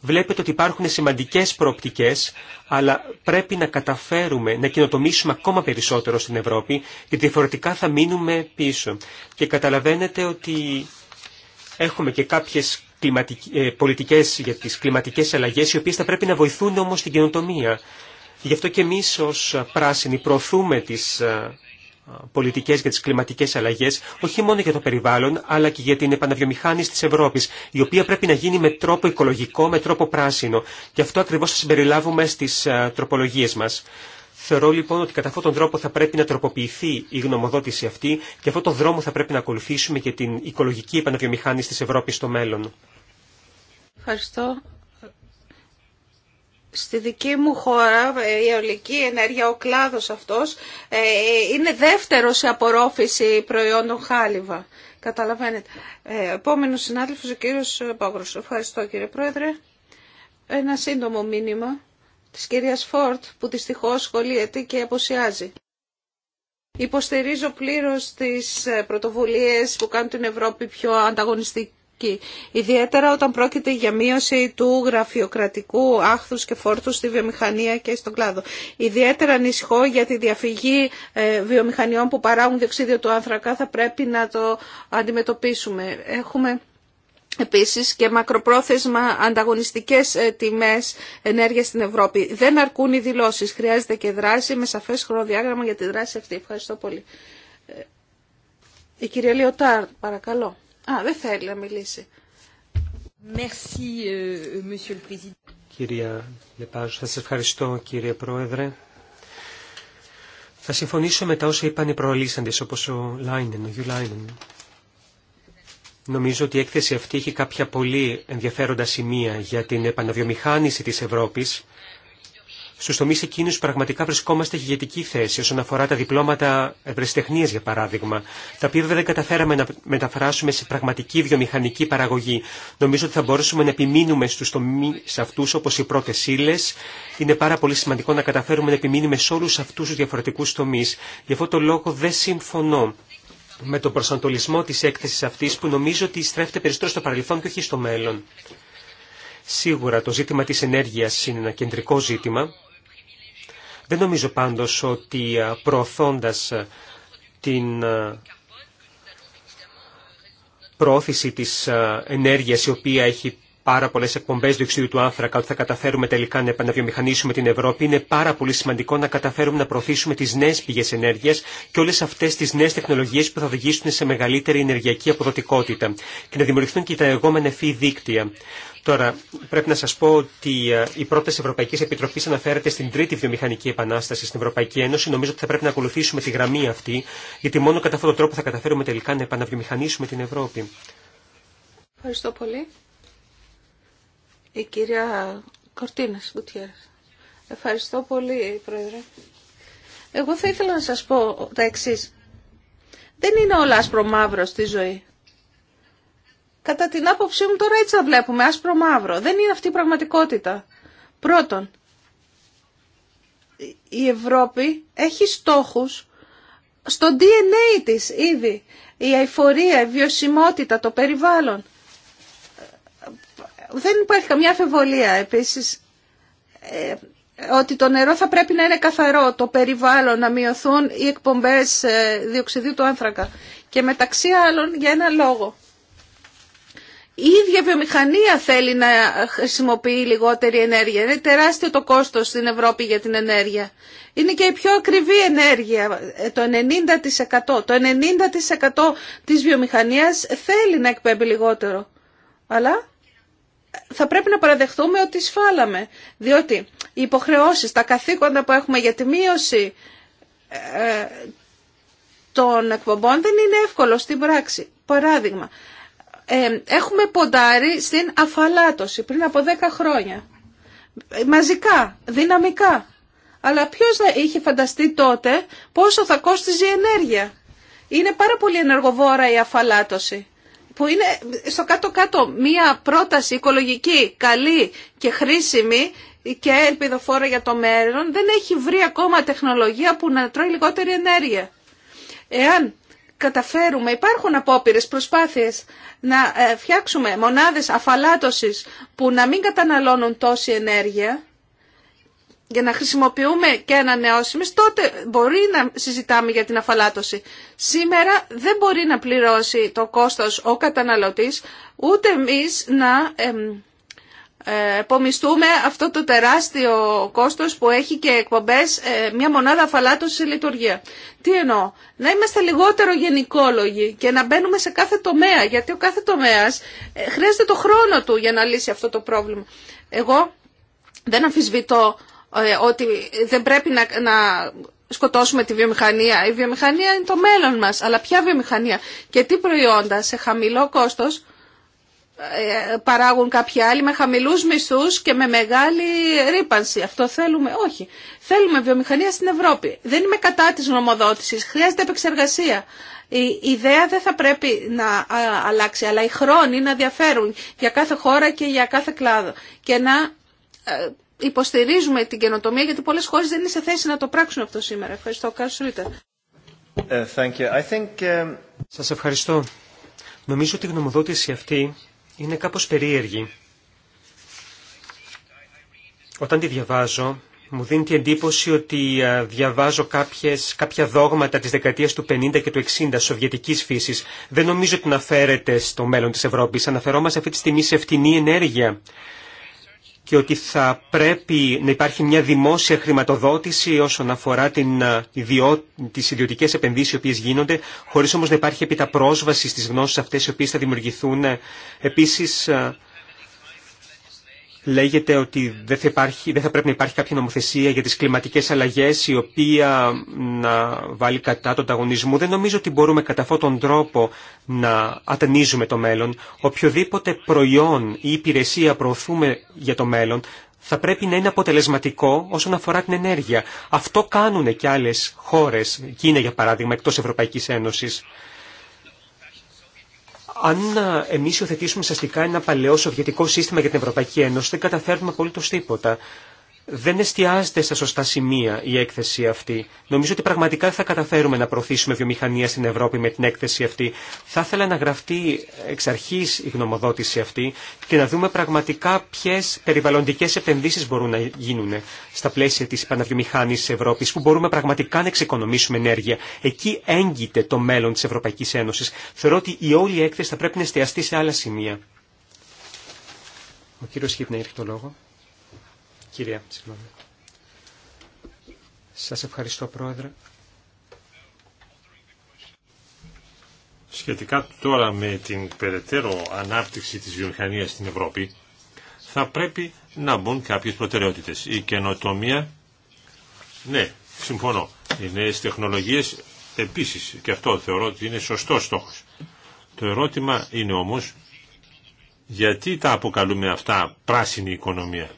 [SPEAKER 2] Βλέπετε ότι υπάρχουν σημαντικές προοπτικές, αλλά πρέπει να καταφέρουμε να κοινοτομήσουμε ακόμα περισσότερο στην Ευρώπη, γιατί διαφορετικά θα μείνουμε πίσω. Και καταλαβαίνετε ότι έχουμε και κάποιες ε, πολιτικές για τις κλιματικές αλλαγές, οι οποίες θα πρέπει να βοηθούν όμως την κοινοτομία. Γι' αυτό και εμείς ως πράσινοι προωθούμε τις πολιτικές για τις κλιματικές αλλαγές, όχι μόνο για το περιβάλλον, αλλά και για την επαναβιομηχάνηση της Ευρώπης, η οποία πρέπει να γίνει με τρόπο οικολογικό, με τρόπο πράσινο. και αυτό ακριβώς θα συμπεριλάβουμε στις ε, τροπολογίες μας. Θεωρώ λοιπόν ότι κατά αυτόν τον τρόπο θα πρέπει να τροποποιηθεί η γνωμοδότηση αυτή και αυτόν τον δρόμο θα πρέπει να ακολουθήσουμε για την οικολογική επαναβιομηχάνηση της Ευρώπης στο μέλλον.
[SPEAKER 3] Ευχαριστώ. Στη δική μου χώρα ε, η αιωλική ενέργεια, ο κλάδος αυτός, ε, είναι δεύτερο σε απορρόφηση προϊόντων χάλιβα. Καταλαβαίνετε. Ε, επόμενος συνάδελφος, ο κύριος Παύρος. Ευχαριστώ κύριε Πρόεδρε. Ένα σύντομο μήνυμα της κυρίας Φόρτ που δυστυχώς σχολείεται και αποσιάζει. Υποστηρίζω πλήρως τις ε, πρωτοβουλίες που κάνουν την Ευρώπη πιο ανταγωνιστική ιδιαίτερα όταν πρόκειται για μείωση του γραφειοκρατικού άχθους και φόρτου στη βιομηχανία και στον κλάδο. Ιδιαίτερα ανησυχώ για τη διαφυγή ε, βιομηχανιών που παράγουν διοξίδιο του άνθρακα, θα πρέπει να το αντιμετωπίσουμε. Έχουμε Επίσης και μακροπρόθεσμα ανταγωνιστικές ε, τιμές ενέργειας στην Ευρώπη. Δεν αρκούν οι δηλώσεις. Χρειάζεται και δράση με σαφές χρονοδιάγραμμα για τη δράση αυτή. Ευχαριστώ πολύ. Ε, η κυρία Λιωτάρ, παρακαλώ. Α, δεν θέλει να euh,
[SPEAKER 2] Κυρία Λεπάζου, σας ευχαριστώ κύριε Πρόεδρε. Θα συμφωνήσω με τα όσα είπαν οι προαλήσαντες όπως ο Λάινεν, ο Γιου Λάινεν. Νομίζω ότι η έκθεση αυτή έχει κάποια πολύ ενδιαφέροντα σημεία για την επαναβιομηχάνηση της Ευρώπης στους τομείς εκείνους πραγματικά βρισκόμαστε η ηγετική θέση όσον αφορά τα διπλώματα ευρεσιτεχνία, για παράδειγμα, τα οποία βέβαια δεν καταφέραμε να μεταφράσουμε σε πραγματική βιομηχανική παραγωγή. Νομίζω ότι θα μπορούσαμε να επιμείνουμε στους τομείς αυτούς όπως οι πρώτε ύλε. Είναι πάρα πολύ σημαντικό να καταφέρουμε να επιμείνουμε σε όλους αυτούς τους διαφορετικούς τομείς. Γι' αυτό το λόγο δεν συμφωνώ με τον προσανατολισμό της έκθεσης αυτής που νομίζω ότι στρέφεται περισσότερο στο παρελθόν και όχι στο μέλλον. Σίγουρα το ζήτημα της ενέργειας είναι ένα κεντρικό ζήτημα. Δεν νομίζω πάντως ότι προωθώντας την προώθηση της ενέργειας η οποία έχει πάρα πολλέ εκπομπέ διοξιδίου του άνθρακα, ότι θα καταφέρουμε τελικά να επαναβιομηχανίσουμε την Ευρώπη, είναι πάρα πολύ σημαντικό να καταφέρουμε να προωθήσουμε τι νέε πηγέ ενέργεια και όλε αυτέ τι νέε τεχνολογίε που θα οδηγήσουν σε μεγαλύτερη ενεργειακή αποδοτικότητα και να δημιουργηθούν και τα εγώμενα φύ δίκτυα. Τώρα, πρέπει να σα πω ότι ε, η πρόταση Ευρωπαϊκή Επιτροπή αναφέρεται στην τρίτη βιομηχανική επανάσταση στην Ευρωπαϊκή Ένωση. Νομίζω ότι θα πρέπει να ακολουθήσουμε τη γραμμή αυτή, γιατί μόνο κατά αυτόν τον τρόπο θα καταφέρουμε τελικά να επαναβιομηχανήσουμε την Ευρώπη.
[SPEAKER 3] Η κυρία Κορτίνας Γκουτιέρας. Ευχαριστώ πολύ, Πρόεδρε. Εγώ θα ήθελα να σας πω τα εξή. Δεν είναι όλα άσπρο-μαύρο στη ζωή. Κατά την άποψή μου τώρα έτσι θα βλέπουμε, άσπρο-μαύρο. Δεν είναι αυτή η πραγματικότητα. Πρώτον, η Ευρώπη έχει στόχους στο DNA της ήδη. Η αηφορία, η βιωσιμότητα, το περιβάλλον. Δεν υπάρχει καμιά αφεβολία επίσης ε, ότι το νερό θα πρέπει να είναι καθαρό, το περιβάλλον, να μειωθούν οι εκπομπές ε, διοξιδίου του άνθρακα. Και μεταξύ άλλων για ένα λόγο. Η ίδια βιομηχανία θέλει να χρησιμοποιεί λιγότερη ενέργεια. Είναι τεράστιο το κόστος στην Ευρώπη για την ενέργεια. Είναι και η πιο ακριβή ενέργεια. Ε, το 90%, το 90 της βιομηχανίας θέλει να εκπέμπει λιγότερο. Αλλά θα πρέπει να παραδεχτούμε ότι σφάλαμε, διότι οι υποχρεώσεις, τα καθήκοντα που έχουμε για τη μείωση ε, των εκπομπών δεν είναι εύκολο στην πράξη. Παράδειγμα, ε, έχουμε ποντάρει στην αφαλάτωση πριν από 10 χρόνια. Μαζικά, δυναμικά. Αλλά ποιος θα είχε φανταστεί τότε πόσο θα κόστιζε η ενέργεια. Είναι πάρα πολύ ενεργοβόρα η αφαλάτωση που είναι στο κάτω-κάτω μία πρόταση οικολογική, καλή και χρήσιμη και ελπιδοφόρα για το μέλλον, δεν έχει βρει ακόμα τεχνολογία που να τρώει λιγότερη ενέργεια. Εάν καταφέρουμε, υπάρχουν απόπειρε προσπάθειες να ε, φτιάξουμε μονάδες αφαλάτωσης που να μην καταναλώνουν τόση ενέργεια, για να χρησιμοποιούμε και ανανεώσιμες, τότε μπορεί να συζητάμε για την αφαλάτωση. Σήμερα δεν μπορεί να πληρώσει το κόστος ο καταναλωτής, ούτε εμείς να ε, επομιστούμε αυτό το τεράστιο κόστος που έχει και εκπομπές ε, μια μονάδα αφαλάτωσης σε λειτουργία. Τι εννοώ, να είμαστε λιγότερο γενικόλογοι και να μπαίνουμε σε κάθε τομέα, γιατί ο κάθε τομέας ε, χρειάζεται το χρόνο του για να λύσει αυτό το πρόβλημα. Εγώ δεν αμφισβητώ ε, ότι δεν πρέπει να, σκοτώσουμε τη βιομηχανία. Η βιομηχανία είναι το μέλλον μας, αλλά ποια βιομηχανία και τι προϊόντα σε χαμηλό κόστος ε, παράγουν κάποιοι άλλοι με χαμηλούς μισθούς και με μεγάλη ρήπανση. Αυτό θέλουμε. Όχι. Θέλουμε βιομηχανία στην Ευρώπη. Δεν είμαι κατά της νομοδότησης. Χρειάζεται επεξεργασία. Η ιδέα δεν θα πρέπει να αλλάξει, αλλά οι χρόνοι να διαφέρουν για κάθε χώρα και για κάθε κλάδο και να ε, υποστηρίζουμε την καινοτομία γιατί πολλές χώρες δεν είναι σε θέση να το πράξουν αυτό σήμερα. Ευχαριστώ. uh...
[SPEAKER 2] Σας ευχαριστώ. Νομίζω ότι η γνωμοδότηση αυτή είναι κάπως περίεργη. Όταν τη διαβάζω, μου δίνει την εντύπωση ότι ε, διαβάζω κάποιες, κάποια δόγματα της δεκαετίας του 50 και του 60 σοβιετικής φύσης. Δεν νομίζω ότι αναφέρεται στο μέλλον της Ευρώπης. Αναφερόμαστε αυτή τη στιγμή σε φτηνή ενέργεια, και ότι θα πρέπει να υπάρχει μια δημόσια χρηματοδότηση όσον αφορά την, ε, ιδιω... τις ιδιωτικές επενδύσεις οι οποίες γίνονται, χωρίς όμως να υπάρχει επί τα πρόσβαση στις γνώσεις αυτές οι οποίες θα δημιουργηθούν. Ε, επίσης, ε, λέγεται ότι δεν θα, υπάρχει, δεν θα πρέπει να υπάρχει κάποια νομοθεσία για τις κλιματικές αλλαγές η οποία να βάλει κατά τον ταγωνισμό. Δεν νομίζω ότι μπορούμε κατά αυτόν τον τρόπο να ατενίζουμε το μέλλον. Οποιοδήποτε προϊόν ή υπηρεσία προωθούμε για το μέλλον θα πρέπει να είναι αποτελεσματικό όσον αφορά την ενέργεια. Αυτό κάνουν και άλλες χώρες, Κίνα για παράδειγμα, εκτός Ευρωπαϊκής Ένωσης. Αν ε, εμεί υιοθετήσουμε ουσιαστικά ένα παλαιό σοβιετικό σύστημα για την Ευρωπαϊκή Ένωση, δεν καταφέρνουμε απολύτω τίποτα δεν εστιάζεται στα σωστά σημεία η έκθεση αυτή. Νομίζω ότι πραγματικά θα καταφέρουμε να προωθήσουμε βιομηχανία στην Ευρώπη με την έκθεση αυτή. Θα ήθελα να γραφτεί εξ αρχή η γνωμοδότηση αυτή και να δούμε πραγματικά ποιε περιβαλλοντικέ επενδύσει μπορούν να γίνουν στα πλαίσια τη επαναβιομηχάνηση Ευρώπη, που μπορούμε πραγματικά να εξοικονομήσουμε ενέργεια. Εκεί έγκυται το μέλλον τη Ευρωπαϊκή Ένωση. Θεωρώ ότι η όλη έκθεση θα πρέπει να εστιαστεί σε άλλα σημεία. Ο κύριο Χίπνερ το λόγο. Κύριε συγγνώμη. Σας ευχαριστώ, Πρόεδρε.
[SPEAKER 1] Σχετικά τώρα με την περαιτέρω ανάπτυξη της βιομηχανίας στην Ευρώπη, θα πρέπει να μπουν κάποιες προτεραιότητες. Η καινοτομία, ναι, συμφωνώ. Οι νέες τεχνολογίες επίσης και αυτό θεωρώ ότι είναι σωστός στόχος. Το ερώτημα είναι όμως γιατί τα αποκαλούμε αυτά πράσινη οικονομία.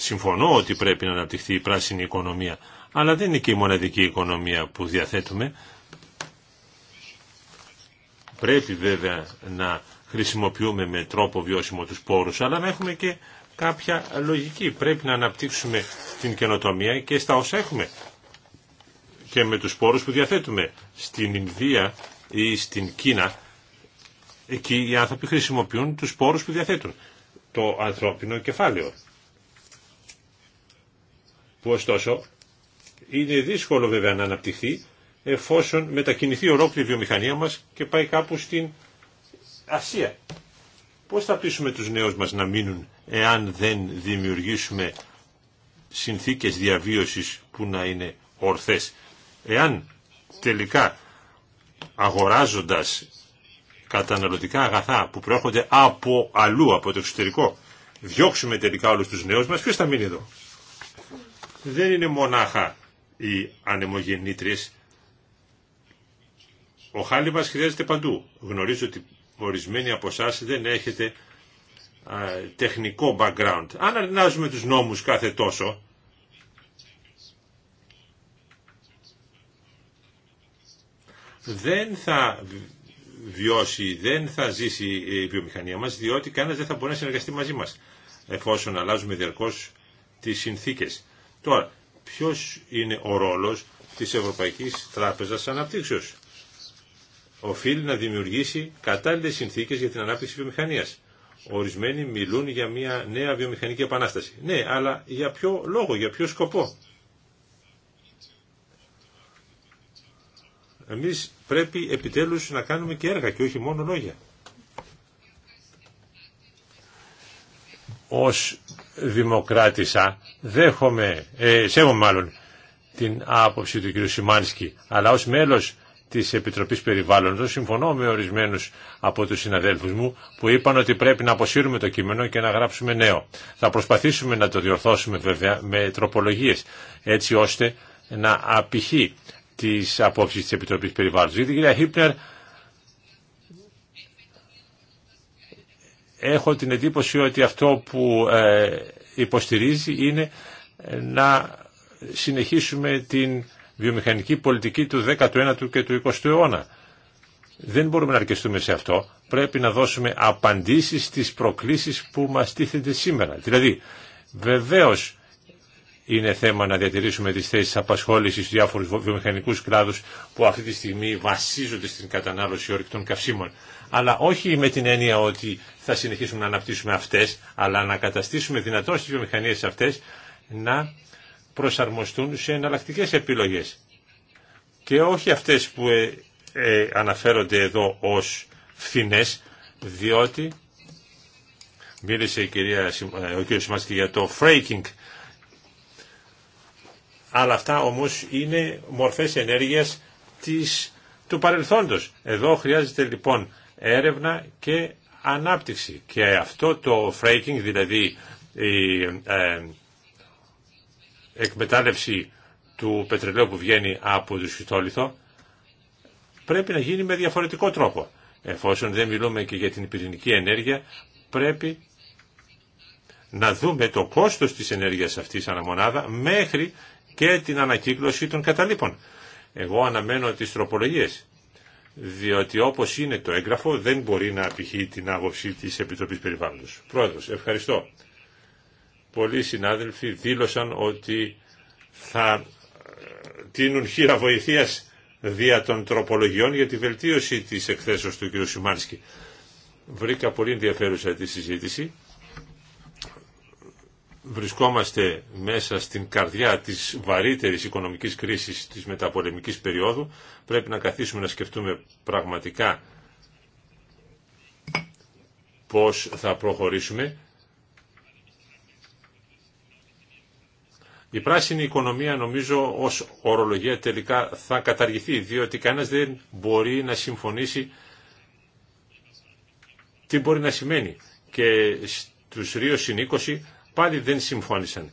[SPEAKER 1] Συμφωνώ ότι πρέπει να αναπτυχθεί η πράσινη οικονομία, αλλά δεν είναι και η μοναδική οικονομία που διαθέτουμε. Πρέπει βέβαια να χρησιμοποιούμε με τρόπο βιώσιμο τους πόρους, αλλά να έχουμε και κάποια λογική. Πρέπει να αναπτύξουμε την καινοτομία και στα όσα έχουμε και με τους πόρους που διαθέτουμε. Στην Ινδία ή στην Κίνα, εκεί οι άνθρωποι χρησιμοποιούν τους πόρους που διαθέτουν. Το ανθρώπινο κεφάλαιο που ωστόσο είναι δύσκολο βέβαια να αναπτυχθεί εφόσον μετακινηθεί ολόκληρη η βιομηχανία μας και πάει κάπου στην Ασία. Πώς θα πείσουμε τους νέους μας να μείνουν εάν δεν δημιουργήσουμε συνθήκες διαβίωσης που να είναι ορθές. Εάν τελικά αγοράζοντας καταναλωτικά αγαθά που προέρχονται από αλλού, από το εξωτερικό, διώξουμε τελικά όλους τους νέους μας, ποιος θα μείνει εδώ δεν είναι μονάχα οι ανεμογεννήτριες. Ο χάλι μας χρειάζεται παντού. Γνωρίζω ότι ορισμένοι από εσά δεν έχετε τεχνικό background. Αν αρνάζουμε τους νόμους κάθε τόσο, δεν θα βιώσει, δεν θα ζήσει η βιομηχανία μας, διότι κανένας δεν θα μπορεί να συνεργαστεί μαζί μας, εφόσον αλλάζουμε διαρκώς τις συνθήκες. Τώρα, ποιος είναι ο ρόλος της Ευρωπαϊκής Τράπεζας Αναπτύξεως. Οφείλει να δημιουργήσει κατάλληλες συνθήκες για την ανάπτυξη βιομηχανίας. Ορισμένοι μιλούν για μια νέα βιομηχανική επανάσταση. Ναι, αλλά για ποιο λόγο, για ποιο σκοπό. Εμείς πρέπει επιτέλους να κάνουμε και έργα και όχι μόνο λόγια. Ως δημοκράτησα, δέχομαι, ε, σέβομαι μάλλον την άποψη του κ. Σιμάνσκι, αλλά ως μέλος της Επιτροπής Περιβάλλοντος συμφωνώ με ορισμένους από τους συναδέλφους μου που είπαν ότι πρέπει να αποσύρουμε το κείμενο και να γράψουμε νέο. Θα προσπαθήσουμε να το διορθώσουμε βέβαια με τροπολογίες έτσι ώστε να απηχεί τις απόψεις της Επιτροπής Περιβάλλοντος. Γιατί η κυρία Χίπνερ έχω την εντύπωση ότι αυτό που ε, υποστηρίζει είναι ε, να συνεχίσουμε την βιομηχανική πολιτική του 19ου και του 20ου αιώνα. Δεν μπορούμε να αρκεστούμε σε αυτό. Πρέπει να δώσουμε απαντήσεις στις προκλήσεις που μας τίθενται σήμερα. Δηλαδή, βεβαίως είναι θέμα να διατηρήσουμε τις θέσεις απασχόλησης στους διάφορους βιομηχανικούς κλάδους που αυτή τη στιγμή βασίζονται στην κατανάλωση ορυκτών καυσίμων αλλά όχι με την έννοια ότι θα συνεχίσουμε να αναπτύσσουμε αυτές, αλλά να καταστήσουμε δυνατόν στις βιομηχανίες αυτές να προσαρμοστούν σε εναλλακτικέ επιλογές. Και όχι αυτές που ε, ε, αναφέρονται εδώ ως φθηνές, διότι μίλησε η κυρία, ε, ο κύριος Σιμάσκη για το «fraking», αλλά αυτά όμως είναι μορφές ενέργειας της, του παρελθόντος. Εδώ χρειάζεται λοιπόν έρευνα και ανάπτυξη. Και αυτό το fracking, δηλαδή η ε, εκμετάλλευση του πετρελαίου που βγαίνει από το σχιστόλιθο, πρέπει να γίνει με διαφορετικό τρόπο. Εφόσον δεν μιλούμε και για την πυρηνική ενέργεια, πρέπει να δούμε το κόστος της ενέργειας αυτής αναμονάδα μέχρι και την ανακύκλωση των καταλήπων. Εγώ αναμένω τις τροπολογίες διότι όπως είναι το έγγραφο δεν μπορεί να απηχεί την άποψη της Επιτροπής Περιβάλλοντος. Πρόεδρος, ευχαριστώ. Πολλοί συνάδελφοι δήλωσαν ότι θα ε, τίνουν χείρα βοηθείας δια των τροπολογιών για τη βελτίωση της εκθέσεως του κ. Σιμάνσκι. Βρήκα πολύ ενδιαφέρουσα τη συζήτηση βρισκόμαστε μέσα στην καρδιά της βαρύτερης οικονομικής κρίσης της μεταπολεμικής περίοδου. Πρέπει να καθίσουμε να σκεφτούμε πραγματικά πώς θα προχωρήσουμε. Η πράσινη οικονομία νομίζω ως ορολογία τελικά θα καταργηθεί, διότι κανένας δεν μπορεί να συμφωνήσει τι μπορεί να σημαίνει. Και στους Ρίο πάλι δεν συμφώνησαν.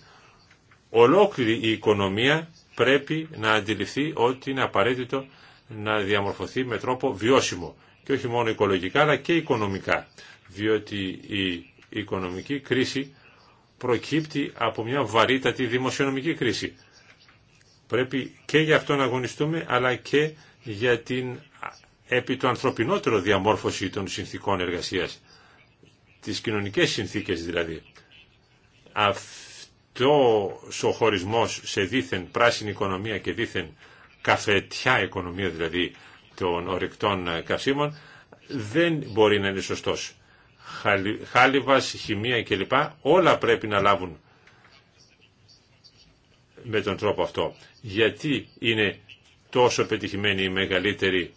[SPEAKER 1] Ολόκληρη η οικονομία πρέπει να αντιληφθεί ότι είναι απαραίτητο να διαμορφωθεί με τρόπο βιώσιμο και όχι μόνο οικολογικά αλλά και οικονομικά διότι η οικονομική κρίση προκύπτει από μια βαρύτατη δημοσιονομική κρίση. Πρέπει και για αυτό να αγωνιστούμε αλλά και για την επί το ανθρωπινότερο διαμόρφωση των συνθήκων εργασίας, τις κοινωνικές συνθήκες δηλαδή αυτό ο χωρισμό σε δίθεν πράσινη οικονομία και δήθεν καφετιά οικονομία δηλαδή των ορεικτών καυσίμων δεν μπορεί να είναι σωστός. Χάλιβα, χημεία κλπ. Όλα πρέπει να λάβουν με τον τρόπο αυτό. Γιατί είναι τόσο πετυχημένη η μεγαλύτερη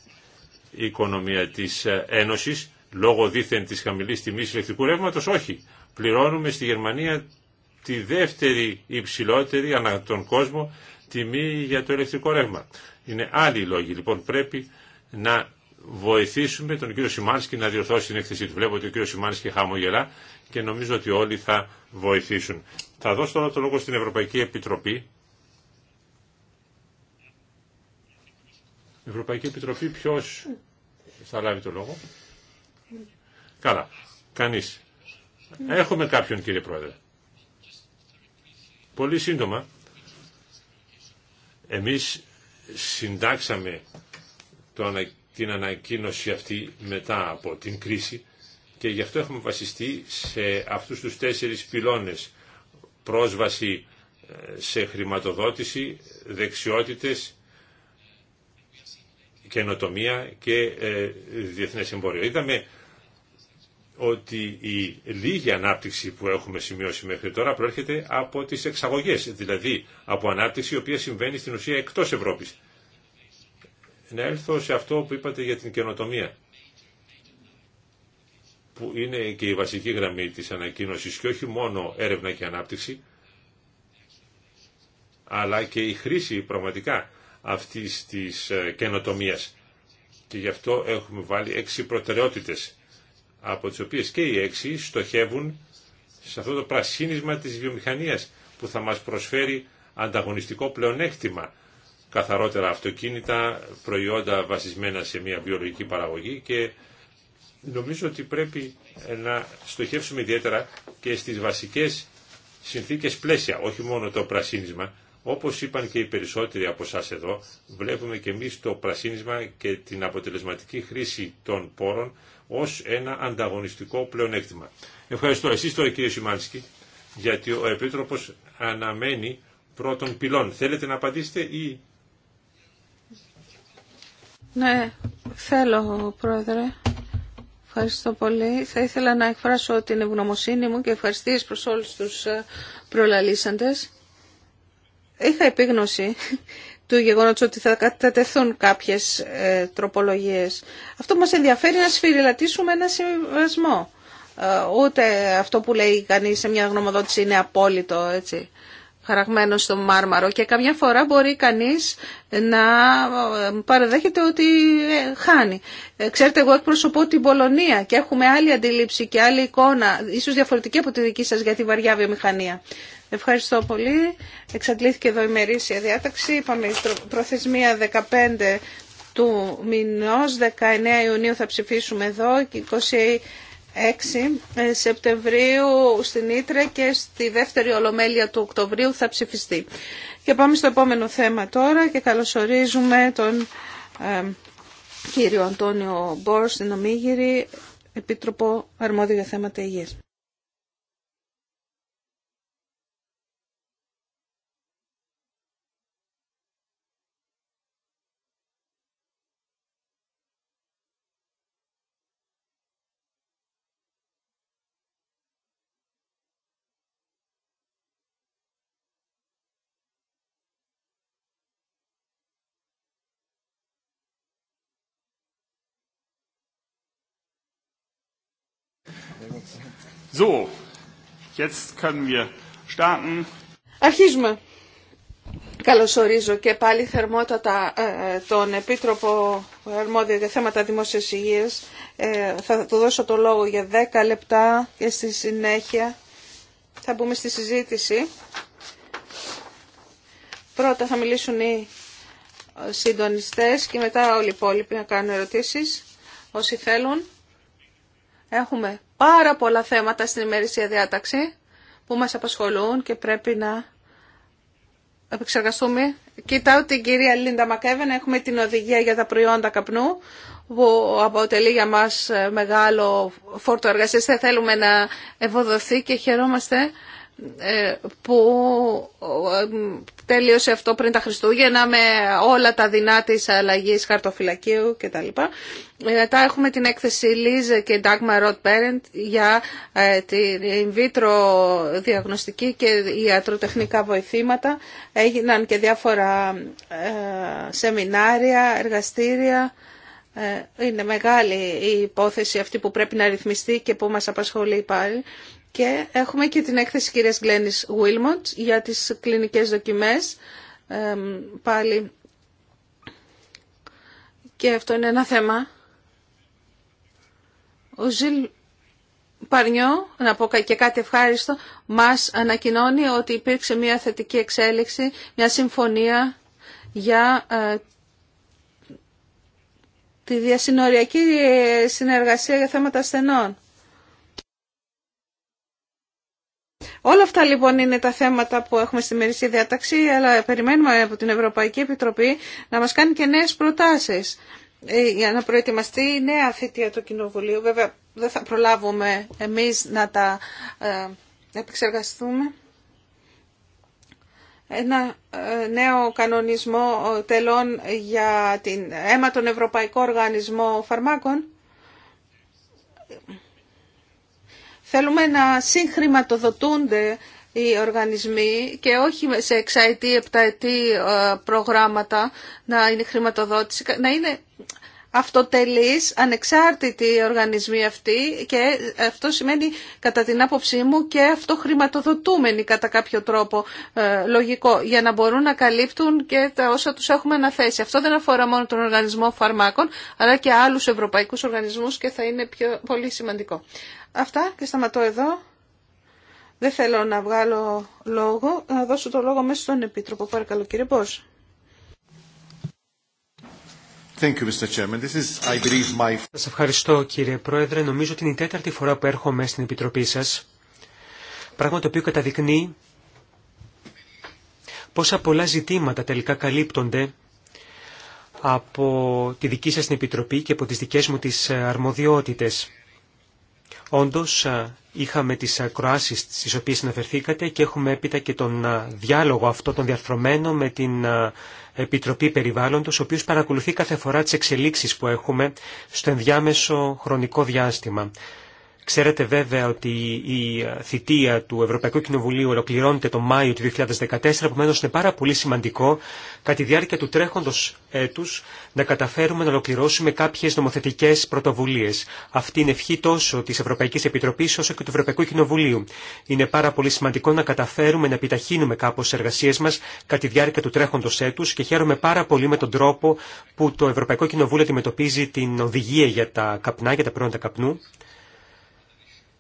[SPEAKER 1] οικονομία της Ένωσης λόγω δίθεν της χαμηλής τιμής ηλεκτρικού ρεύματος. Όχι. Πληρώνουμε στη Γερμανία τη δεύτερη υψηλότερη ανά τον κόσμο τιμή για το ηλεκτρικό ρεύμα. Είναι άλλοι λόγοι. Λοιπόν πρέπει να βοηθήσουμε τον κύριο Σιμάνσκι να διορθώσει την έκθεσή του. Βλέπω ότι ο κύριο Σιμάνσκι χαμογελά και νομίζω ότι όλοι θα βοηθήσουν. Θα δώσω τώρα το λόγο στην Ευρωπαϊκή Επιτροπή. Ευρωπαϊκή Επιτροπή ποιο θα λάβει το λόγο. Καλά. κανείς. Έχουμε κάποιον κύριε Πρόεδρε. Πολύ σύντομα, εμείς συντάξαμε την ανακοίνωση αυτή μετά από την κρίση και γι' αυτό έχουμε βασιστεί σε αυτούς τους τέσσερις πυλώνες. Πρόσβαση ε, σε χρηματοδότηση, δεξιότητες, καινοτομία και ε, διεθνές εμπόριο. Είδαμε ότι η λίγη ανάπτυξη που έχουμε σημειώσει μέχρι τώρα προέρχεται από τις εξαγωγές, δηλαδή από ανάπτυξη η οποία συμβαίνει στην ουσία εκτός Ευρώπης. Να έλθω σε αυτό που είπατε για την καινοτομία, που είναι και η βασική γραμμή της ανακοίνωσης και όχι μόνο έρευνα και ανάπτυξη, αλλά και η χρήση πραγματικά αυτής της ε, καινοτομίας. Και γι' αυτό έχουμε βάλει έξι προτεραιότητες από τις οποίες και οι έξι στοχεύουν σε αυτό το πρασίνισμα της βιομηχανίας που θα μας προσφέρει ανταγωνιστικό πλεονέκτημα. Καθαρότερα αυτοκίνητα, προϊόντα βασισμένα σε μια βιολογική παραγωγή και νομίζω ότι πρέπει να στοχεύσουμε ιδιαίτερα και στις βασικές συνθήκες πλαίσια, όχι μόνο το πρασίνισμα, όπως είπαν και οι περισσότεροι από εσά εδώ, βλέπουμε και εμείς το πρασίνισμα και την αποτελεσματική χρήση των πόρων ως ένα ανταγωνιστικό πλεονέκτημα. Ευχαριστώ εσείς τώρα κύριε Σιμάνσκι, γιατί ο Επίτροπος αναμένει πρώτων πυλών. Θέλετε να απαντήσετε ή...
[SPEAKER 3] Ναι, θέλω πρόεδρε. Ευχαριστώ πολύ. Θα ήθελα να εκφράσω την ευγνωμοσύνη μου και ευχαριστήσεις προς όλους τους ε, προλαλήσαντες. Είχα επίγνωση του γεγονότος ότι θα κατατεθούν κάποιες ε, τροπολογίες. Αυτό που μας ενδιαφέρει να σφυριλατήσουμε ένα συμβασμό. Ε, ούτε αυτό που λέει κανείς σε μια γνωμοδότηση είναι απόλυτο, έτσι, χαραγμένο στο μάρμαρο. Και καμιά φορά μπορεί κανείς να ε, παραδέχεται ότι ε, χάνει. Ε, ξέρετε, εγώ εκπροσωπώ την Πολωνία και έχουμε άλλη αντίληψη και άλλη εικόνα, ίσως διαφορετική από τη δική σας για τη βαριά βιομηχανία. Ευχαριστώ πολύ. Εξαντλήθηκε εδώ η μερίσια διάταξη. Είπαμε προθεσμία 15 του μηνός, 19 Ιουνίου θα ψηφίσουμε εδώ και 26 Σεπτεμβρίου στην Ήτρε και στη δεύτερη Ολομέλεια του Οκτωβρίου θα ψηφιστεί. Και πάμε στο επόμενο θέμα τώρα και καλωσορίζουμε τον ε, κύριο Αντώνιο Μπορ στην Ομίγυρη, Επίτροπο Αρμόδιο για Θέματα Υγείας.
[SPEAKER 1] So, jetzt können wir starten.
[SPEAKER 3] Αρχίζουμε. Καλωσορίζω και πάλι θερμότατα ε, τον Επίτροπο ε, Αρμόδιο για θέματα δημόσιας υγείας. Ε, θα του δώσω το λόγο για 10 λεπτά και στη συνέχεια θα μπούμε στη συζήτηση. Πρώτα θα μιλήσουν οι συντονιστές και μετά όλοι οι υπόλοιποι να κάνουν ερωτήσεις όσοι θέλουν. Έχουμε πάρα πολλά θέματα στην ημερήσια διάταξη που μας απασχολούν και πρέπει να επεξεργαστούμε. Κοιτάω την κυρία Λίντα Μακέβεν, έχουμε την οδηγία για τα προϊόντα καπνού που αποτελεί για μας μεγάλο φόρτο εργασίας. θέλουμε να ευοδοθεί και χαιρόμαστε ε, που ε, τέλειωσε αυτό πριν τα Χριστούγεννα με όλα τα δεινά της αλλαγής χαρτοφυλακίου κτλ. Ε, μετά έχουμε την έκθεση Λίζε και Ντάγμα Ροτ Parent για την in vitro διαγνωστική και ιατροτεχνικά βοηθήματα. Έγιναν και διάφορα σεμινάρια, εργαστήρια. Είναι μεγάλη η υπόθεση αυτή που πρέπει να ρυθμιστεί και που μας απασχολεί πάλι. Και έχουμε και την έκθεση κυρίας Γκλένης Βίλμοντ για τις κλινικές δοκιμές. πάλι και αυτό είναι ένα θέμα. Ο Ζιλ Παρνιό, να πω και κάτι ευχάριστο, μας ανακοινώνει ότι υπήρξε μια θετική εξέλιξη, μια συμφωνία για ε, τη διασυνοριακή συνεργασία για θέματα ασθενών. Όλα αυτά λοιπόν είναι τα θέματα που έχουμε στη μερική διάταξη, αλλά περιμένουμε από την Ευρωπαϊκή Επιτροπή να μας κάνει και νέες προτάσεις ε, για να προετοιμαστεί η νέα θητεία του Κοινοβουλίου. Βέβαια δεν θα προλάβουμε εμείς να τα ε, επεξεργαστούμε. Ένα ε, νέο κανονισμό τελών για την αίμα τον Ευρωπαϊκό Οργανισμό Φαρμάκων Θέλουμε να συγχρηματοδοτούνται οι οργανισμοί και όχι σε εξαετή, επταετή ε, προγράμματα να είναι χρηματοδότηση, να είναι αυτοτελείς, ανεξάρτητοι οι οργανισμοί αυτοί και αυτό σημαίνει κατά την άποψή μου και αυτοχρηματοδοτούμενοι κατά κάποιο τρόπο ε, λογικό για να μπορούν να καλύπτουν και τα όσα τους έχουμε αναθέσει. Αυτό δεν αφορά μόνο τον οργανισμό φαρμάκων αλλά και άλλους ευρωπαϊκούς οργανισμούς και θα είναι πιο, πολύ σημαντικό. Αυτά και σταματώ εδώ. Δεν θέλω να βγάλω λόγο. Να δώσω το λόγο μέσα στον Επίτροπο. Παρακαλώ κύριε Πώς. Thank you, Mr.
[SPEAKER 2] Chairman. This is, I my... Σας ευχαριστώ κύριε Πρόεδρε. Νομίζω ότι είναι η τέταρτη φορά που έρχομαι στην Επιτροπή σας. Πράγμα το οποίο καταδεικνύει πόσα πολλά ζητήματα τελικά καλύπτονται από τη δική σας την Επιτροπή και από τις δικές μου τις ε, αρμοδιότητες. Όντως είχαμε τις ακροάσεις στις οποίες αναφερθήκατε και έχουμε έπειτα και τον διάλογο αυτό τον διαρθρωμένο με την Επιτροπή Περιβάλλοντος, ο οποίος παρακολουθεί κάθε φορά τις εξελίξεις που έχουμε στο ενδιάμεσο χρονικό διάστημα. Ξέρετε βέβαια ότι η θητεία του Ευρωπαϊκού Κοινοβουλίου ολοκληρώνεται το Μάιο του 2014, επομένω είναι πάρα πολύ σημαντικό κατά τη διάρκεια του τρέχοντος έτους να καταφέρουμε να ολοκληρώσουμε κάποιες νομοθετικές πρωτοβουλίες. Αυτή είναι ευχή τόσο τη Ευρωπαϊκή Επιτροπή όσο και του Ευρωπαϊκού Κοινοβουλίου. Είναι πάρα πολύ σημαντικό να καταφέρουμε να επιταχύνουμε κάπως τι εργασίε μα κατά τη διάρκεια του τρέχοντο έτου και χαίρομαι πάρα πολύ με τον τρόπο που το Ευρωπαϊκό Κοινοβούλιο αντιμετωπίζει την οδηγία για τα καπνά, για τα πρώτα καπνού.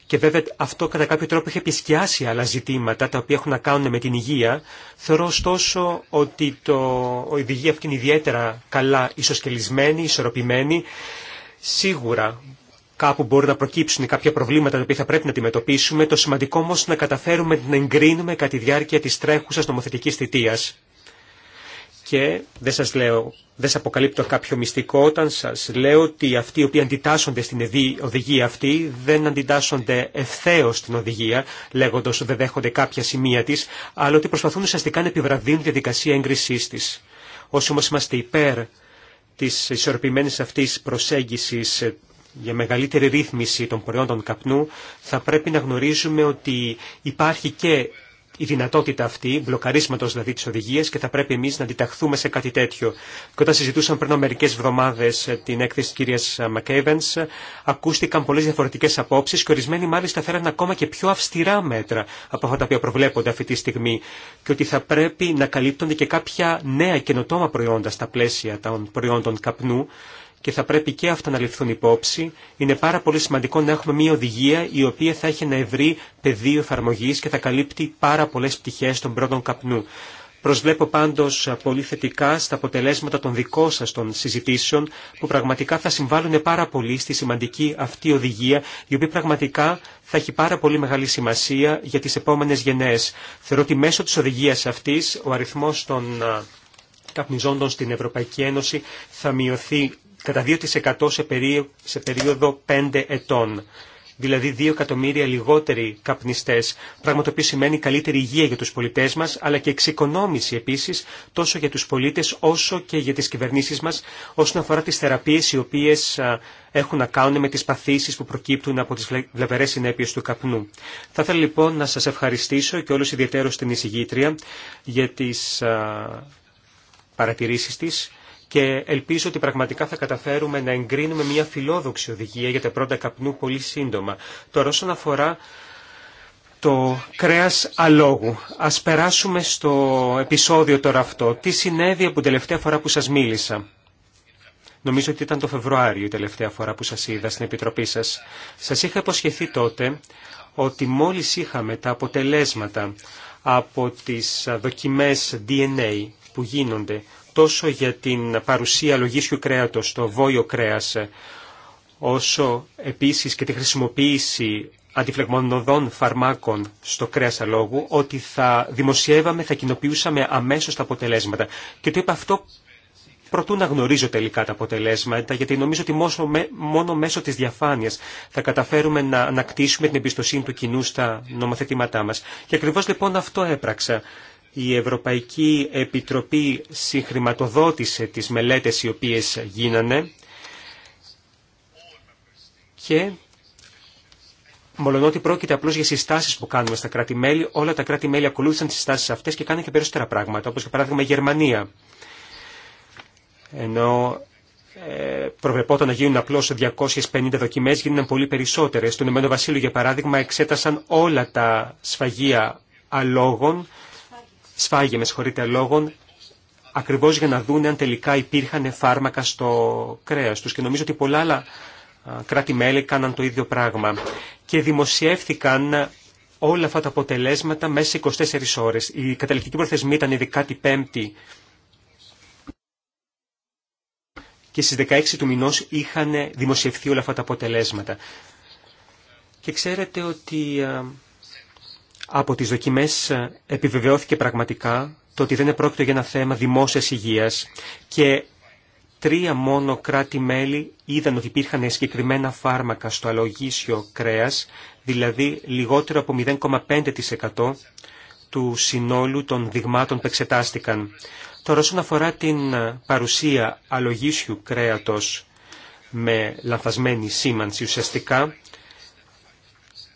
[SPEAKER 2] Και βέβαια αυτό κατά κάποιο τρόπο έχει επισκιάσει άλλα ζητήματα τα οποία έχουν να κάνουν με την υγεία. Θεωρώ ωστόσο ότι το, η υγεία αυτή είναι ιδιαίτερα καλά ισοσκελισμένη, ισορροπημένη. Σίγουρα κάπου μπορεί να προκύψουν κάποια προβλήματα τα οποία θα πρέπει να αντιμετωπίσουμε. Το σημαντικό όμω να καταφέρουμε να εγκρίνουμε κατά τη διάρκεια τη τρέχουσα νομοθετική θητεία. Και δεν σας λέω, δεν αποκαλύπτω κάποιο μυστικό όταν σας λέω ότι αυτοί οι οποίοι αντιτάσσονται στην οδηγία αυτή δεν αντιτάσσονται ευθέω στην οδηγία, λέγοντας ότι δεν δέχονται κάποια σημεία της, αλλά ότι προσπαθούν ουσιαστικά να επιβραδύνουν τη διαδικασία έγκρισής της. Όσοι όμως είμαστε υπέρ της ισορροπημένης αυτής προσέγγισης για μεγαλύτερη ρύθμιση των προϊόντων καπνού, θα πρέπει να γνωρίζουμε ότι υπάρχει και η δυνατότητα αυτή, μπλοκαρίσματο δηλαδή τη οδηγία και θα πρέπει εμεί να αντιταχθούμε σε κάτι τέτοιο. Και όταν συζητούσαν πριν μερικέ εβδομάδε ε, την έκθεση τη κυρία Μακέβεν, ε, ακούστηκαν πολλέ διαφορετικέ απόψει και ορισμένοι μάλιστα θέλαν ακόμα και πιο αυστηρά μέτρα από αυτά τα οποία προβλέπονται αυτή τη στιγμή. Και ότι θα πρέπει να καλύπτονται και κάποια νέα καινοτόμα προϊόντα στα πλαίσια των προϊόντων καπνού και θα πρέπει και αυτά να ληφθούν υπόψη. Είναι πάρα πολύ σημαντικό να έχουμε μια οδηγία η οποία θα έχει ένα ευρύ πεδίο εφαρμογή και θα καλύπτει πάρα πολλέ πτυχέ των πρώτων καπνού. Προσβλέπω πάντως πολύ θετικά στα αποτελέσματα των δικών σας των συζητήσεων που πραγματικά θα συμβάλλουν πάρα πολύ στη σημαντική αυτή οδηγία η οποία πραγματικά θα έχει πάρα πολύ μεγάλη σημασία για τις επόμενες γενναίες. Θεωρώ ότι μέσω της οδηγίας αυτής ο αριθμός των καπνιζόντων στην Ευρωπαϊκή Ένωση θα μειωθεί κατά 2% σε περίοδο, σε περίοδο 5 ετών. Δηλαδή 2 εκατομμύρια λιγότεροι καπνιστές, πράγμα το οποίο σημαίνει καλύτερη υγεία για τους πολιτές μας, αλλά και εξοικονόμηση επίσης τόσο για τους πολίτες όσο και για τις κυβερνήσεις μας όσον αφορά τις θεραπείες οι οποίες έχουν να κάνουν με τις παθήσεις που προκύπτουν από τις βλαβερές συνέπειες του καπνού. Θα ήθελα λοιπόν να σας ευχαριστήσω και όλους ιδιαίτερως την εισηγήτρια για τις παρατηρήσεις της και ελπίζω ότι πραγματικά θα καταφέρουμε να εγκρίνουμε μια φιλόδοξη οδηγία για τα πρώτα καπνού πολύ σύντομα. Τώρα όσον αφορά το κρέας αλόγου. Ας περάσουμε στο επεισόδιο τώρα αυτό. Τι συνέβη από την τελευταία φορά που σας μίλησα. Νομίζω ότι ήταν το Φεβρουάριο η τελευταία φορά που σας είδα στην Επιτροπή σας. Σας είχα υποσχεθεί τότε ότι μόλις είχαμε τα αποτελέσματα από τις δοκιμές DNA που γίνονται τόσο για την παρουσία λογίσιου κρέατος στο βόλιο κρέας, όσο επίσης και τη χρησιμοποίηση αντιφλεγμονωδών φαρμάκων στο κρέας αλόγου, ότι θα δημοσιεύαμε, θα κοινοποιούσαμε αμέσως τα αποτελέσματα. Και το είπα αυτό προτού να γνωρίζω τελικά τα αποτελέσματα, γιατί νομίζω ότι μόνο μέσω της διαφάνειας θα καταφέρουμε να ανακτήσουμε την εμπιστοσύνη του κοινού στα νομοθετήματά μας. Και ακριβώς λοιπόν αυτό έπραξα η Ευρωπαϊκή Επιτροπή συγχρηματοδότησε τις μελέτες οι οποίες γίνανε και μολονότι πρόκειται απλώς για συστάσεις που κάνουμε στα κράτη-μέλη, όλα τα κράτη-μέλη ακολούθησαν τις συστάσεις αυτές και κάνανε και περισσότερα πράγματα, όπως για παράδειγμα η Γερμανία. Ενώ ε, προβλεπόταν να γίνουν απλώς 250 δοκιμές, γίνανε πολύ περισσότερες. Στον Ηνωμένο Βασίλειο, για παράδειγμα, εξέτασαν όλα τα σφαγεία αλόγων σφάγε, με συγχωρείτε, λόγων, ακριβώς για να δούνε αν τελικά υπήρχαν φάρμακα στο κρέας τους. Και νομίζω ότι πολλά άλλα κράτη-μέλη κάναν το ίδιο πράγμα. Και δημοσιεύθηκαν όλα αυτά τα αποτελέσματα μέσα σε 24 ώρες. Η καταληκτική προθεσμή ήταν η 15η και στις 16 του μηνός είχαν δημοσιευθεί όλα αυτά τα αποτελέσματα. Και ξέρετε ότι από τις δοκιμές ε, επιβεβαιώθηκε πραγματικά το ότι δεν επρόκειτο για ένα θέμα δημόσιας υγείας και τρία μόνο κράτη-μέλη είδαν ότι υπήρχαν συγκεκριμένα φάρμακα στο αλογίσιο κρέας, δηλαδή λιγότερο από 0,5% του συνόλου των δειγμάτων που εξετάστηκαν. Τώρα όσον αφορά την ε, παρουσία αλογίσιου κρέατος με λανθασμένη σήμανση ουσιαστικά,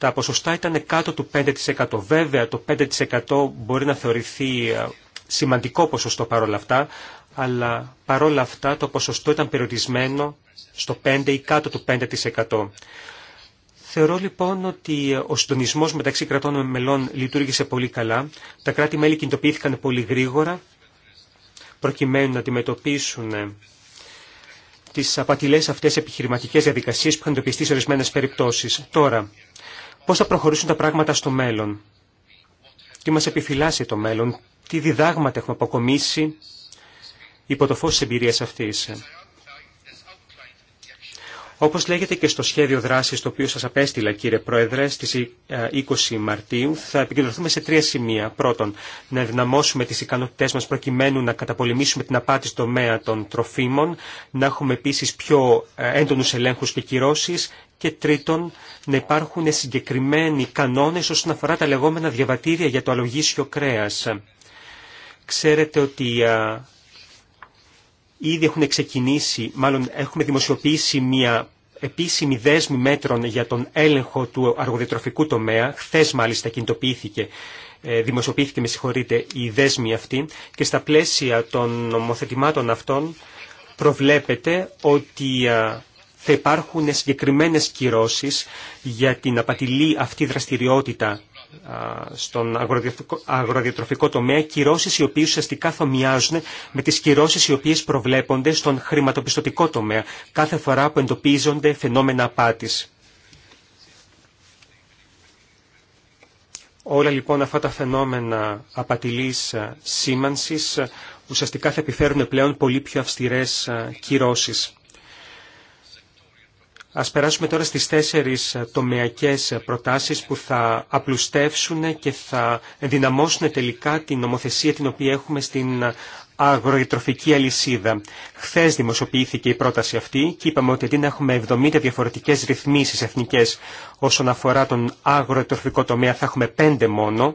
[SPEAKER 2] τα ποσοστά ήταν κάτω του 5%. Βέβαια το 5% μπορεί να θεωρηθεί ε, σημαντικό ποσοστό παρόλα αυτά, αλλά παρόλα αυτά το ποσοστό ήταν περιορισμένο στο 5% ή κάτω του 5%. Θεωρώ λοιπόν ότι ε, ο συντονισμό μεταξύ κρατών μελών λειτουργήσε πολύ καλά. Τα κράτη-μέλη κινητοποιήθηκαν πολύ γρήγορα προκειμένου να αντιμετωπίσουν ε, τι απατηλέ αυτέ επιχειρηματικέ διαδικασίε που είχαν εντοπιστεί σε ορισμένε περιπτώσει. Τώρα, πώς θα προχωρήσουν τα πράγματα στο μέλλον. Τι μας επιφυλάσσει το μέλλον, τι διδάγματα έχουμε αποκομίσει υπό το φως της εμπειρίας αυτής. Όπως λέγεται και στο σχέδιο δράσης το οποίο σας απέστειλα κύριε Πρόεδρε στι 20 ε, Μαρτίου θα επικεντρωθούμε σε τρία σημεία. Πρώτον, να ενδυναμώσουμε τις ικανότητές μας προκειμένου να καταπολεμήσουμε την απάτη στο τομέα των τροφίμων, να έχουμε επίσης πιο ε, έντονου ελέγχου και κυρώσει. και τρίτον, να υπάρχουν συγκεκριμένοι κανόνε όσον αφορά τα λεγόμενα διαβατήρια για το αλογίσιο κρέα. Ξέρετε ότι ε, Ήδη έχουν ξεκινήσει, μάλλον έχουμε δημοσιοποιήσει μια επίσημη δέσμη μέτρων για τον έλεγχο του αργοδιατροφικού τομέα. Χθε μάλιστα κινητοποιήθηκε, ε, δημοσιοποιήθηκε με συγχωρείτε, η δέσμη αυτή και στα πλαίσια των νομοθετημάτων αυτών προβλέπεται ότι θα υπάρχουν συγκεκριμένες κυρώσεις για την απατηλή αυτή δραστηριότητα στον αγροδιατροφικό τομέα κυρώσεις οι οποίες ουσιαστικά θομοιάζουν με τις κυρώσεις οι οποίες προβλέπονται στον χρηματοπιστωτικό τομέα κάθε φορά που εντοπίζονται φαινόμενα απάτης. Όλα λοιπόν αυτά τα φαινόμενα απατηλής σήμανσης ουσιαστικά θα επιφέρουν πλέον πολύ πιο αυστηρές κυρώσεις. Ας περάσουμε τώρα στις τέσσερις ε, τομεακές ε, προτάσεις που θα απλουστεύσουν και θα δυναμώσουν τελικά την νομοθεσία την οποία έχουμε στην ε, αγροετροφική αλυσίδα. Χθε δημοσιοποιήθηκε η πρόταση αυτή και είπαμε ότι αντί να έχουμε 70 διαφορετικές ρυθμίσεις εθνικές όσον αφορά τον αγροετροφικό τομέα θα έχουμε 5 μόνο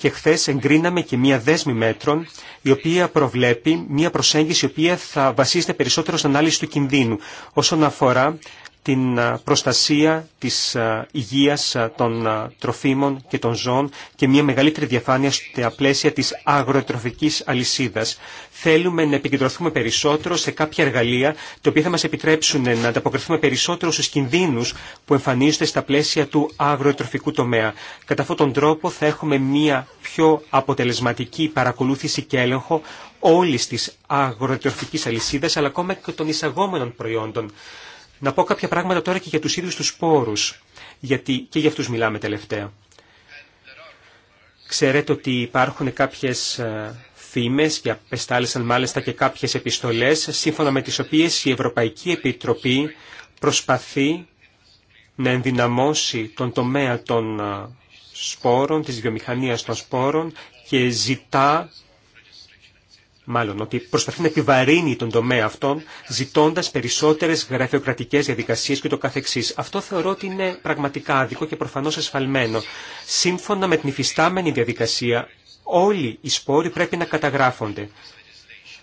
[SPEAKER 2] και χθε εγκρίναμε και μία δέσμη μέτρων η οποία προβλέπει μία προσέγγιση η οποία θα βασίζεται περισσότερο στην ανάλυση του κινδύνου όσον αφορά την προστασία της υγείας των τροφίμων και των ζώων και μια μεγαλύτερη διαφάνεια στα πλαίσια της αγροτροφικής αλυσίδας. Θέλουμε να επικεντρωθούμε περισσότερο σε κάποια εργαλεία τα οποία θα μας επιτρέψουν να ανταποκριθούμε περισσότερο στους κινδύνους που εμφανίζονται στα πλαίσια του αγροτροφικού τομέα. Κατά αυτόν τον τρόπο θα έχουμε μια πιο αποτελεσματική παρακολούθηση και έλεγχο όλης της αγροτροφικής αλυσίδας αλλά ακόμα και των εισαγόμενων προϊόντων. Να πω κάποια πράγματα τώρα και για τους ίδιους τους σπόρους, γιατί και για αυτούς μιλάμε τελευταία. Ξέρετε ότι υπάρχουν κάποιες ε, φήμες και απεστάλησαν μάλιστα και κάποιες επιστολές, σύμφωνα με τις οποίες η Ευρωπαϊκή Επιτροπή προσπαθεί να ενδυναμώσει τον τομέα των ε, σπόρων, της βιομηχανίας των σπόρων και ζητά μάλλον ότι προσπαθεί να επιβαρύνει τον τομέα αυτόν, ζητώντας περισσότερες γραφειοκρατικές διαδικασίες και το καθεξής. Αυτό θεωρώ ότι είναι πραγματικά άδικο και προφανώς ασφαλμένο. Σύμφωνα με την υφιστάμενη διαδικασία, όλοι οι σπόροι πρέπει να καταγράφονται.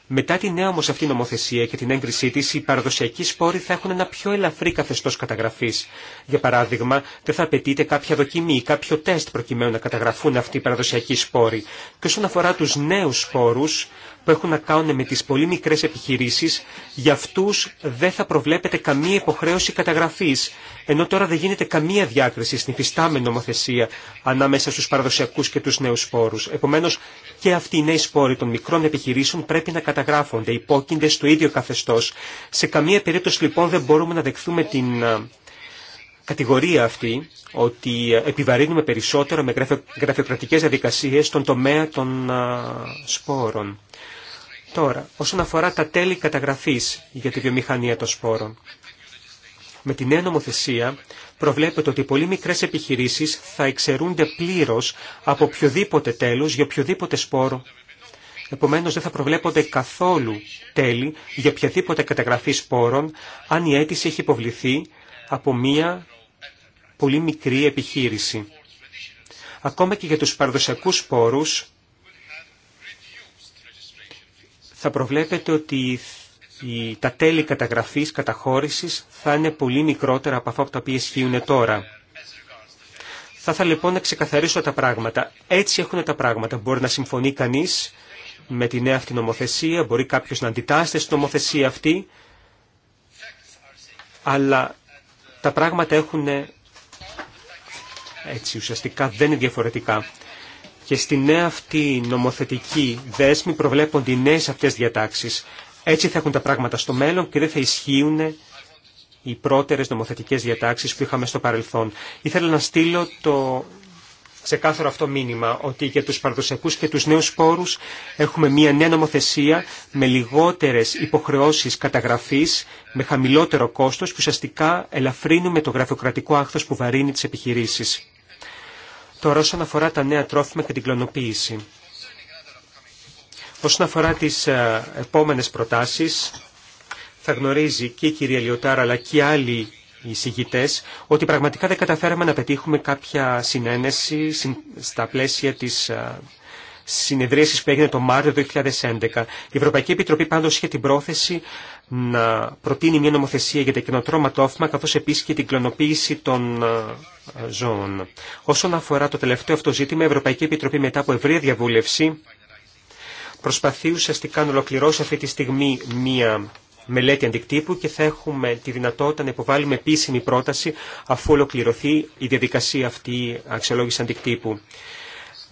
[SPEAKER 2] Μετά τη νέα όμως αυτή νομοθεσία και την έγκρισή της, οι παραδοσιακοί σπόροι θα έχουν ένα πιο ελαφρύ καθεστώς καταγραφής. Για παράδειγμα, δεν θα απαιτείται κάποια δοκιμή ή κάποιο τεστ προκειμένου να καταγραφούν αυτοί οι παραδοσιακοί σπόροι. Και όσον αφορά τους νέους σπόρους που έχουν να κάνουν με τις πολύ μικρές επιχειρήσεις, για αυτούς δεν θα προβλέπεται καμία υποχρέωση καταγραφής, ενώ τώρα δεν γίνεται καμία διάκριση στην υφιστάμενη νομοθεσία ανάμεσα στους παραδοσιακούς και τους νέους σπόρους. Επομένως, και αυτοί οι νέοι σπόροι των μικρών επιχειρήσεων πρέπει να καταγράφονται, υπόκεινται στο ίδιο καθεστώ. Σε καμία περίπτωση λοιπόν δεν μπορούμε να δεχθούμε την ε, κατηγορία αυτή ότι ε, επιβαρύνουμε περισσότερο με γραφειοκρατικές διαδικασίες τον τομέα των ε, σπόρων. Τώρα, όσον αφορά τα τέλη καταγραφής για τη βιομηχανία των σπόρων. Με τη νέα νομοθεσία προβλέπεται ότι πολύ μικρές επιχειρήσεις θα εξαιρούνται πλήρως από οποιοδήποτε τέλος για οποιοδήποτε σπόρο. Επομένως δεν θα προβλέπονται καθόλου τέλη για οποιαδήποτε καταγραφή σπόρων αν η αίτηση έχει υποβληθεί από μία πολύ μικρή επιχείρηση. Ακόμα και για τους παραδοσιακούς σπόρους θα προβλέπετε ότι τα τέλη καταγραφής, καταχώρησης θα είναι πολύ μικρότερα από αυτά που τα οποία ισχύουν τώρα. Θα ήθελα λοιπόν να ξεκαθαρίσω τα πράγματα. Έτσι έχουν τα πράγματα. Μπορεί να συμφωνεί κανείς με τη νέα αυτή νομοθεσία, μπορεί κάποιος να αντιτάσσεται στη νομοθεσία αυτή, αλλά τα πράγματα έχουν ε, έτσι ουσιαστικά δεν είναι διαφορετικά. Και στη νέα αυτή νομοθετική δέσμη προβλέπονται οι νέες αυτές διατάξεις. Έτσι θα έχουν τα πράγματα στο μέλλον και δεν θα ισχύουν οι πρώτερες νομοθετικές διατάξεις που είχαμε στο παρελθόν. Ήθελα να στείλω το ξεκάθαρο αυτό μήνυμα ότι για τους παραδοσιακούς και τους νέους πόρους έχουμε μια νέα νομοθεσία με λιγότερες υποχρεώσεις καταγραφής, με χαμηλότερο κόστος που ουσιαστικά ελαφρύνουμε το γραφειοκρατικό άχθος που βαρύνει τις επιχειρήσεις. Τώρα όσον αφορά τα νέα τρόφιμα και την κλωνοποίηση. Όσον αφορά τις ε, επόμενες προτάσεις, θα γνωρίζει και η κυρία Λιωτάρα αλλά και άλλοι οι ότι πραγματικά δεν καταφέραμε να πετύχουμε κάποια συνένεση στα πλαίσια της ε, συνεδρίασης που έγινε το Μάρτιο 2011. Η Ευρωπαϊκή Επιτροπή πάντως είχε την πρόθεση να προτείνει μια νομοθεσία για τα κοινοτρώμα τόφημα, καθώς επίσης και την κλωνοποίηση των ε, ζώων. Όσον αφορά το τελευταίο αυτό ζήτημα, η Ευρωπαϊκή Επιτροπή μετά από ευρεία διαβούλευση προσπαθεί ουσιαστικά να ολοκληρώσει αυτή τη στιγμή μία μελέτη αντικτύπου και θα έχουμε τη δυνατότητα να υποβάλουμε επίσημη πρόταση αφού ολοκληρωθεί η διαδικασία αυτή αξιολόγηση αντικτύπου.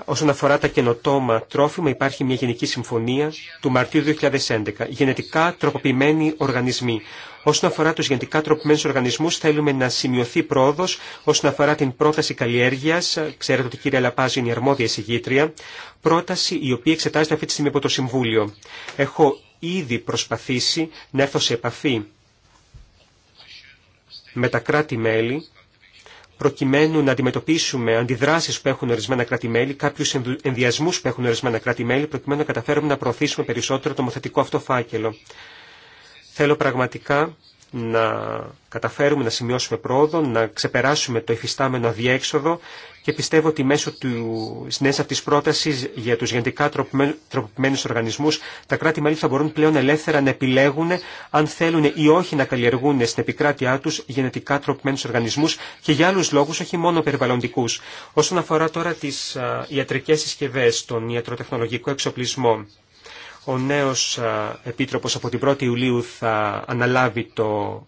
[SPEAKER 2] Όσον αφορά τα καινοτόμα τρόφιμα, υπάρχει μια Γενική Συμφωνία του Μαρτίου 2011. Γενετικά τροποποιημένοι οργανισμοί. Όσον αφορά του γενετικά τροπημένου οργανισμού, θέλουμε να σημειωθεί πρόοδο όσον αφορά την πρόταση καλλιέργεια. Ξέρετε ότι η κυρία Λαπάζη είναι η αρμόδια εισηγήτρια. Πρόταση η οποία εξετάζεται αυτή τη στιγμή από το Συμβούλιο. Έχω ήδη προσπαθήσει να έρθω σε επαφή με τα κράτη-μέλη προκειμένου να αντιμετωπίσουμε αντιδράσεις που έχουν ορισμένα κράτη-μέλη, κάποιους ενδιασμούς που έχουν ορισμένα κράτη-μέλη, προκειμένου να καταφέρουμε να προωθήσουμε περισσότερο το μοθετικό αυτό Θέλω πραγματικά να καταφέρουμε να σημειώσουμε πρόοδο, να ξεπεράσουμε το εφιστάμενο αδιέξοδο και πιστεύω ότι μέσω της νέας αυτής πρότασης για τους γενετικά τροποποιημένους οργανισμούς τα κράτη-μέλη θα μπορούν πλέον ελεύθερα να επιλέγουν αν θέλουν ή όχι να καλλιεργούν στην επικράτειά τους γενετικά τροποποιημένους οργανισμούς και για άλλους λόγους, όχι μόνο περιβαλλοντικούς. Όσον αφορά τώρα τις ιατρικές συσκευές, τον ιατροτεχνολογικό εξοπλισμό. Ο νέος επίτροπος από την 1η Ιουλίου θα αναλάβει το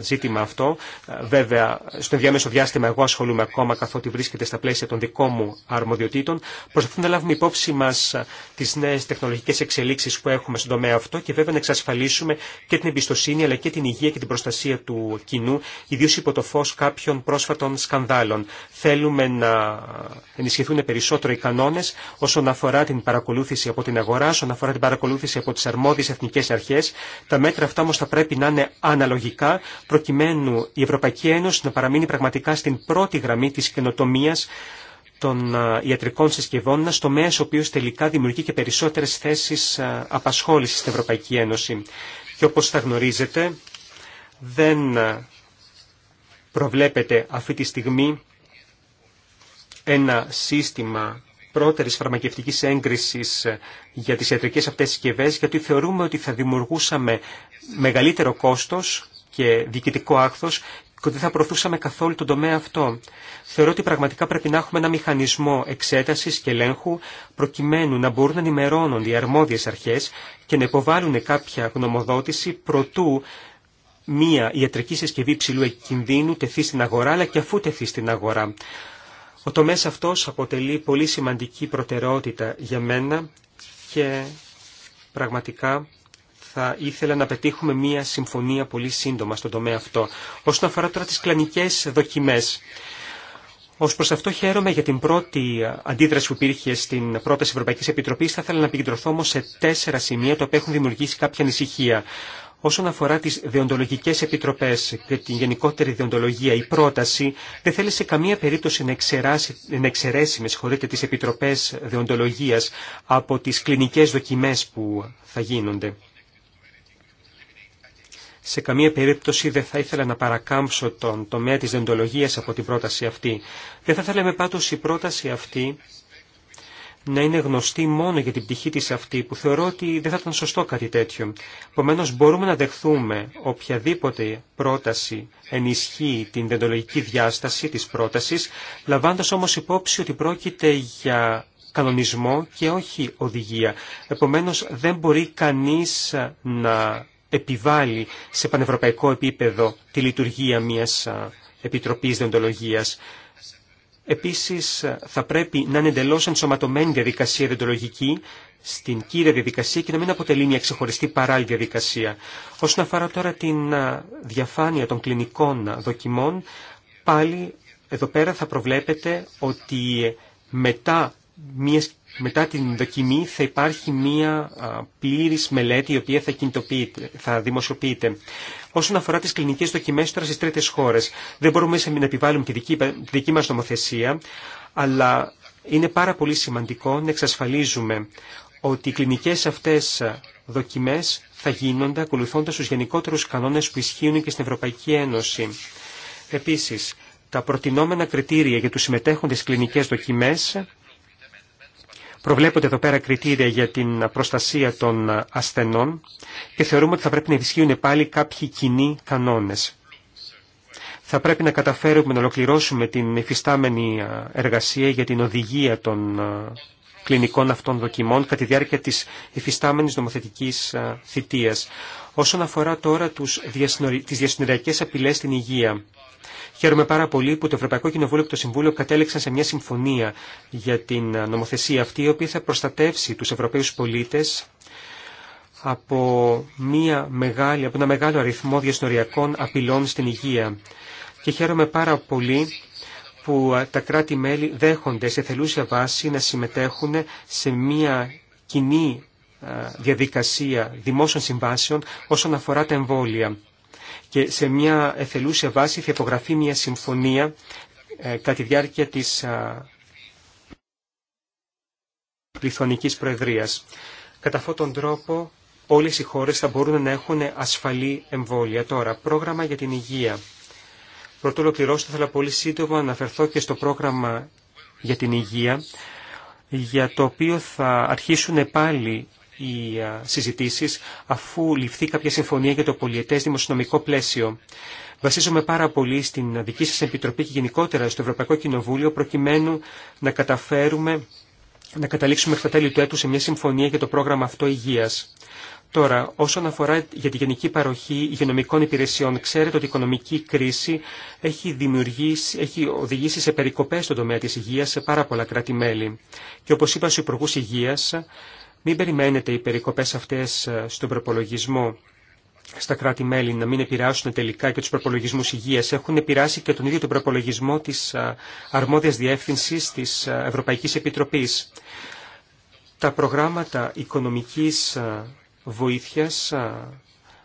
[SPEAKER 2] ζήτημα αυτό. Βέβαια, στο διάμεσο διάστημα εγώ ασχολούμαι ακόμα καθότι βρίσκεται στα πλαίσια των δικών μου αρμοδιοτήτων. Προσπαθούμε να λάβουμε υπόψη μας τις νέες τεχνολογικές εξελίξεις που έχουμε στον τομέα αυτό και βέβαια να εξασφαλίσουμε και την εμπιστοσύνη αλλά και την υγεία και την προστασία του κοινού, ιδίω υπό το φως κάποιων πρόσφατων σκανδάλων. Θέλουμε να ενισχυθούν περισσότερο οι κανόνες όσον αφορά την παρακολούθηση από την αγορά, όσον αφορά την παρακολούθηση ακολούθησε από τις αρμόδιες εθνικές αρχές. Τα μέτρα αυτά όμως θα πρέπει να είναι αναλογικά προκειμένου η Ευρωπαϊκή Ένωση να παραμείνει πραγματικά στην πρώτη γραμμή της καινοτομία των ιατρικών συσκευών, ένα τομέα ο οποίο τελικά δημιουργεί και περισσότερε θέσει απασχόληση στην Ευρωπαϊκή Ένωση. Και όπω θα γνωρίζετε, δεν προβλέπεται αυτή τη στιγμή ένα σύστημα πρώτερης φαρμακευτικής έγκρισης για τις ιατρικές αυτές συσκευέ, γιατί θεωρούμε ότι θα δημιουργούσαμε μεγαλύτερο κόστος και διοικητικό άκθος και ότι δεν θα προωθούσαμε καθόλου τον τομέα αυτό. Θεωρώ ότι πραγματικά πρέπει να έχουμε ένα μηχανισμό εξέτασης και ελέγχου προκειμένου να μπορούν να ενημερώνουν οι αρμόδιες αρχές και να υποβάλουν κάποια γνωμοδότηση προτού μία ιατρική συσκευή ψηλού κινδύνου τεθεί στην αγορά αλλά και αφού τεθεί στην αγορά. Ο τομέας αυτός αποτελεί πολύ σημαντική προτεραιότητα για μένα και πραγματικά θα ήθελα να πετύχουμε μία συμφωνία πολύ σύντομα στον τομέα αυτό. Όσον αφορά τώρα τις κλανικές δοκιμές, ως προς αυτό χαίρομαι για την πρώτη αντίδραση που υπήρχε στην πρόταση Ευρωπαϊκή Επιτροπή. Θα ήθελα να επικεντρωθώ όμως σε τέσσερα σημεία τα οποία έχουν δημιουργήσει κάποια ανησυχία. Όσον αφορά τις δεοντολογικές επιτροπές και την γενικότερη δεοντολογία, η πρόταση δεν θέλει σε καμία περίπτωση να, εξεράσει, να εξαιρέσει με συγχωρείτε, τις επιτροπές δεοντολογίας από τις κλινικές δοκιμές που θα γίνονται. Σε καμία περίπτωση δεν θα ήθελα να παρακάμψω τον τομέα της δεοντολογίας από την πρόταση αυτή. Δεν θα θέλαμε πάντως η πρόταση αυτή να είναι γνωστή μόνο για την πτυχή της αυτή που θεωρώ ότι δεν θα ήταν σωστό κάτι τέτοιο. Επομένω μπορούμε να δεχθούμε οποιαδήποτε πρόταση ενισχύει την δεντολογική διάσταση της πρότασης, λαμβάνοντας όμως υπόψη ότι πρόκειται για κανονισμό και όχι οδηγία. Επομένως δεν μπορεί κανείς να επιβάλλει σε πανευρωπαϊκό επίπεδο τη λειτουργία μιας Επιτροπής Δεντολογίας. Επίσης θα πρέπει να είναι εντελώ ενσωματωμένη διαδικασία διοντολογική στην κύρια διαδικασία και να μην αποτελεί μια ξεχωριστή παράλληλη διαδικασία. Όσον αφορά τώρα την διαφάνεια των κλινικών δοκιμών, πάλι εδώ πέρα θα προβλέπετε ότι μετά, μια, μετά την δοκιμή θα υπάρχει μια πλήρης μελέτη η οποία θα, θα δημοσιοποιείται. Όσον αφορά τι κλινικέ δοκιμέ τώρα στι τρίτε χώρε, δεν μπορούμε να επιβάλλουμε τη δική, δική μα νομοθεσία, αλλά είναι πάρα πολύ σημαντικό να εξασφαλίζουμε ότι οι κλινικές αυτές δοκιμές θα γίνονται ακολουθώντας τους γενικότερους κανόνες που ισχύουν και στην Ευρωπαϊκή Ένωση. Επίσης, τα προτινόμενα κριτήρια για του συμμετέχοντες κλινικέ δοκιμέ. Προβλέπονται εδώ πέρα κριτήρια για την προστασία των ασθενών και θεωρούμε ότι θα πρέπει να ισχύουν πάλι κάποιοι κοινοί κανόνες. Θα πρέπει να καταφέρουμε να ολοκληρώσουμε την εφιστάμενη εργασία για την οδηγία των κλινικών αυτών δοκιμών κατά τη διάρκεια της υφιστάμενης νομοθετικής θητείας. Όσον αφορά τώρα τους τις διασυνοριακές απειλές στην υγεία, Χαίρομαι πάρα πολύ που το Ευρωπαϊκό Κοινοβούλιο και το Συμβούλιο κατέληξαν σε μια συμφωνία για την νομοθεσία αυτή, η οποία θα προστατεύσει τους Ευρωπαίους πολίτες από, μια μεγάλη, από ένα μεγάλο αριθμό διασυνοριακών απειλών στην υγεία. Και χαίρομαι πάρα πολύ που τα κράτη-μέλη δέχονται σε θελούσια βάση να συμμετέχουν σε μια κοινή διαδικασία δημόσιων συμβάσεων όσον αφορά τα εμβόλια. Και σε μια θελούσια βάση θα υπογραφεί μια συμφωνία ε, κατά τη διάρκεια της πληθωνικής προεδρίας. Κατά αυτόν τον τρόπο όλες οι χώρες θα μπορούν να έχουν ασφαλή εμβόλια. Τώρα, πρόγραμμα για την υγεία. Πρωτού ολοκληρώσω, θα ήθελα πολύ σύντομα να αναφερθώ και στο πρόγραμμα για την υγεία, για το οποίο θα αρχίσουν πάλι οι συζητήσεις αφού ληφθεί κάποια συμφωνία για το πολιετές δημοσιονομικό πλαίσιο. Βασίζομαι πάρα πολύ στην δική σας Επιτροπή και γενικότερα στο Ευρωπαϊκό Κοινοβούλιο προκειμένου να καταφέρουμε να καταλήξουμε μέχρι τα τέλη του έτου σε μια συμφωνία για το πρόγραμμα αυτό υγείας. Τώρα, όσον αφορά για τη γενική παροχή υγειονομικών υπηρεσιών, ξέρετε ότι η οικονομική κρίση έχει, δημιουργήσει, έχει οδηγήσει σε περικοπές στον τομέα της υγείας σε πάρα πολλά κράτη-μέλη. Και όπως είπα στους υπουργού Υγείας, μην περιμένετε οι περικοπές αυτές ε, στον προπολογισμό στα κράτη-μέλη να μην επηρεάσουν τελικά και τους προπολογισμούς υγείας. Έχουν επηρεάσει και τον ίδιο τον προπολογισμό της ε, αρμόδιας διεύθυνσης της ε, Ευρωπαϊκής Επιτροπής. Τα προγράμματα οικονομικής βοήθειας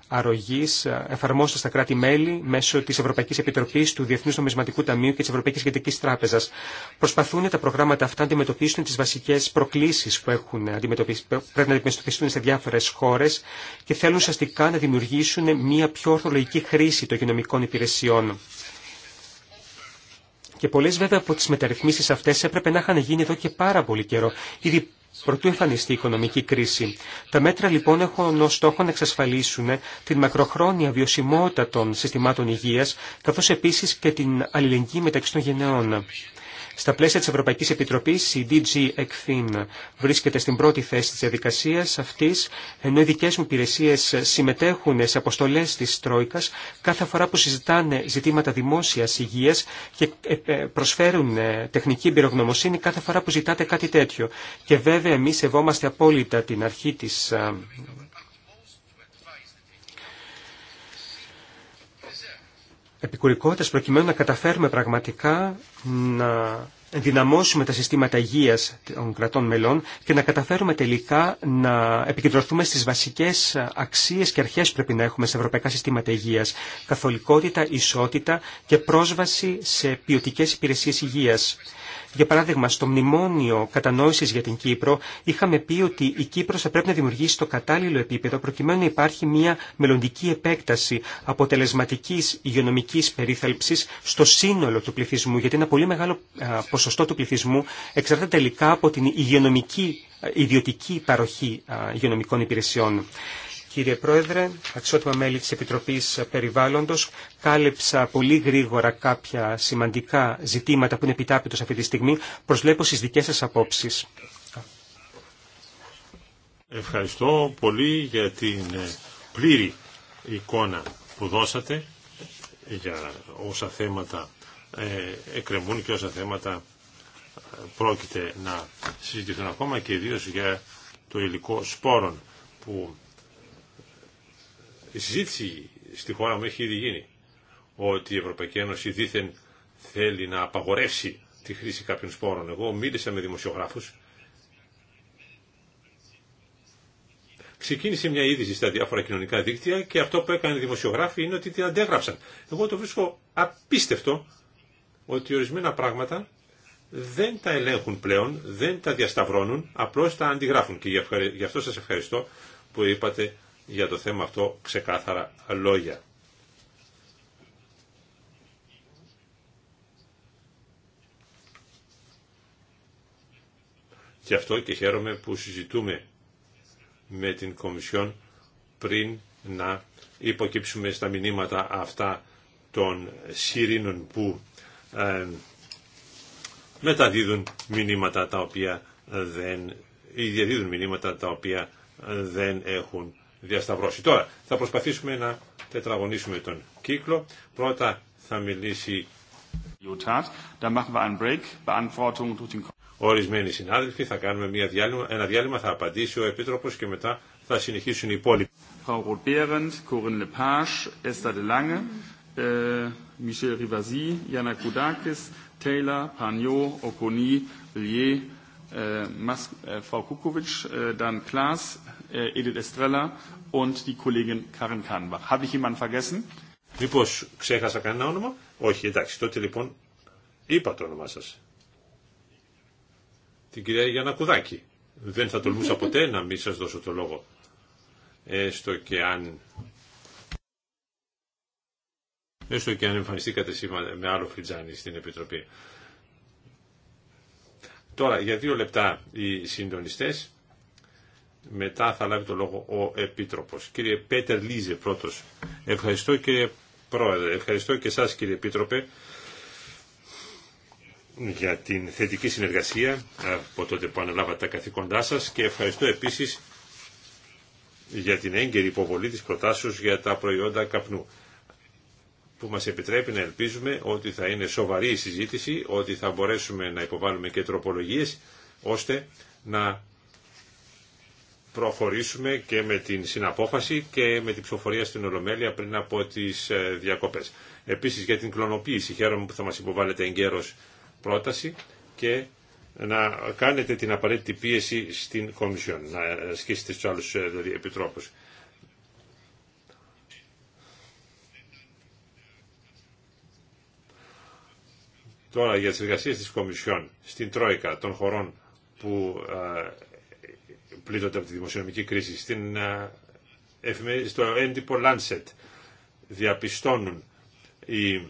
[SPEAKER 2] αρρωγής εφαρμόζεται στα κράτη-μέλη μέσω της Ευρωπαϊκής Επιτροπής του Διεθνούς Νομισματικού Ταμείου και της Ευρωπαϊκής Κεντρικής Τράπεζας. Προσπαθούν τα προγράμματα αυτά να αντιμετωπίσουν τις βασικές προκλήσεις που έχουν πρέπει να αντιμετωπιστούν σε διάφορες χώρες και θέλουν ουσιαστικά να δημιουργήσουν μια πιο ορθολογική χρήση των κοινωνικών υπηρεσιών. Και πολλέ βέβαια από τι μεταρρυθμίσει αυτέ έπρεπε να είχαν γίνει εδώ και πάρα πολύ καιρό. Ήδη προτού εμφανιστεί η οικονομική κρίση. Τα μέτρα λοιπόν έχουν ως στόχο να εξασφαλίσουν την μακροχρόνια βιωσιμότητα των συστημάτων υγείας, καθώς επίσης και την αλληλεγγύη μεταξύ των γενεών. Στα πλαίσια της Ευρωπαϊκής Επιτροπής, η DG ECFIN βρίσκεται στην πρώτη θέση της διαδικασίας αυτής, ενώ οι δικές μου υπηρεσίες συμμετέχουν σε αποστολές της Τρόικας κάθε φορά που συζητάνε ζητήματα δημόσιας υγείας και ε, ε, προσφέρουν ε, τεχνική εμπειρογνωμοσύνη κάθε φορά που ζητάτε κάτι τέτοιο. Και βέβαια εμείς σεβόμαστε απόλυτα την αρχή της επικουρικότητας προκειμένου να καταφέρουμε πραγματικά να δυναμώσουμε τα συστήματα υγείας των κρατών μελών και να καταφέρουμε τελικά να επικεντρωθούμε στις βασικές αξίες και αρχές που πρέπει να έχουμε σε ευρωπαϊκά συστήματα υγείας. Καθολικότητα, ισότητα και πρόσβαση σε ποιοτικές υπηρεσίες υγείας. Για παράδειγμα, στο μνημόνιο κατανόησης για την Κύπρο είχαμε πει ότι η Κύπρος θα πρέπει να δημιουργήσει το κατάλληλο επίπεδο προκειμένου να υπάρχει μια μελλοντική επέκταση αποτελεσματικής υγειονομικής περίθαλψης στο σύνολο του πληθυσμού, γιατί ένα πολύ μεγάλο ποσοστό του πληθυσμού εξαρτάται τελικά από την υγειονομική ιδιωτική παροχή υγειονομικών υπηρεσιών. Κύριε Πρόεδρε, αξιότιμα μέλη της Επιτροπής Περιβάλλοντος, κάλεψα πολύ γρήγορα κάποια σημαντικά ζητήματα που είναι επιτάπητος αυτή τη στιγμή. Προσβλέπω στις δικές σας απόψεις.
[SPEAKER 1] Ευχαριστώ πολύ για την πλήρη εικόνα που δώσατε για όσα θέματα ε, εκκρεμούν και όσα θέματα ε, πρόκειται να συζητηθούν ακόμα και ιδίως για το υλικό σπόρων που η στη χώρα μου έχει ήδη γίνει ότι η Ευρωπαϊκή Ένωση δήθεν θέλει να απαγορεύσει τη χρήση κάποιων σπόρων. Εγώ μίλησα με δημοσιογράφους. Ξεκίνησε μια είδηση στα διάφορα κοινωνικά δίκτυα και αυτό που έκανε οι δημοσιογράφοι είναι ότι την αντέγραψαν. Εγώ το βρίσκω απίστευτο ότι ορισμένα πράγματα δεν τα ελέγχουν πλέον, δεν τα διασταυρώνουν, απλώς τα αντιγράφουν. Και γι' αυτό σας ευχαριστώ που είπατε για το θέμα αυτό ξεκάθαρα λόγια. Και αυτό και χαίρομαι που συζητούμε με την Κομισιόν πριν να υποκύψουμε στα μηνύματα αυτά των σιρήνων που ε, μεταδίδουν μηνύματα τα οποία δεν ή διαδίδουν μηνύματα τα οποία δεν έχουν διασταυρώσει. Τώρα θα προσπαθήσουμε να τετραγωνίσουμε τον κύκλο. Πρώτα θα μιλήσει Ορισμένοι συνάδελφοι θα κάνουμε μια διάλειμμα, ένα διάλειμμα, θα απαντήσει ο Επίτροπος και μετά θα συνεχίσουν οι υπόλοιποι. Frau Roth-Behrendt, Corinne Lepage, Esther de Lange, äh, Michel Rivasi, Jana Koudakis, Taylor, Pagnot, Okoni, Lier, äh, ε, Mas, äh, Frau Kukovic, äh, dann Klaas, Äh, Edith Estrella und die Kollegin Karin Kahnbach. Habe ich jemanden vergessen? ξέχασα κανένα όνομα. Όχι, εντάξει, τότε λοιπόν είπα το όνομά σας. Την κυρία Γιάννα Κουδάκη. Δεν θα τολμούσα ποτέ να μην σας δώσω το λόγο. Έστω και αν... Έστω και αν εμφανιστήκατε σήμερα με άλλο φλιτζάνι στην Επιτροπή. Τώρα, για δύο λεπτά οι συντονιστές μετά θα λάβει το λόγο ο Επίτροπος. Κύριε Πέτερ Λίζε πρώτος. Ευχαριστώ κύριε Πρόεδρε. Ευχαριστώ και εσάς κύριε Επίτροπε για την θετική συνεργασία από τότε που αναλάβατε τα καθήκοντά σας και ευχαριστώ επίσης για την έγκαιρη υποβολή της προτάσεως για τα προϊόντα καπνού που μας επιτρέπει να ελπίζουμε ότι θα είναι σοβαρή η συζήτηση, ότι θα μπορέσουμε να υποβάλουμε και τροπολογίες ώστε να προχωρήσουμε και με την συναπόφαση και με την ψηφοφορία στην Ολομέλεια πριν από τις ε, διακοπές. Επίσης για την κλωνοποίηση χαίρομαι που θα μας υποβάλλετε εγκαίρως πρόταση και να κάνετε την απαραίτητη πίεση στην Κομισιόν, να ασκήσετε στους άλλους ε, δηλαδή, επιτρόπους. Τώρα για τις εργασίες της Κομισιόν στην Τρόικα των χωρών που ε, πλήττονται από τη δημοσιονομική κρίση. Στην, στο έντυπο Lancet διαπιστώνουν οι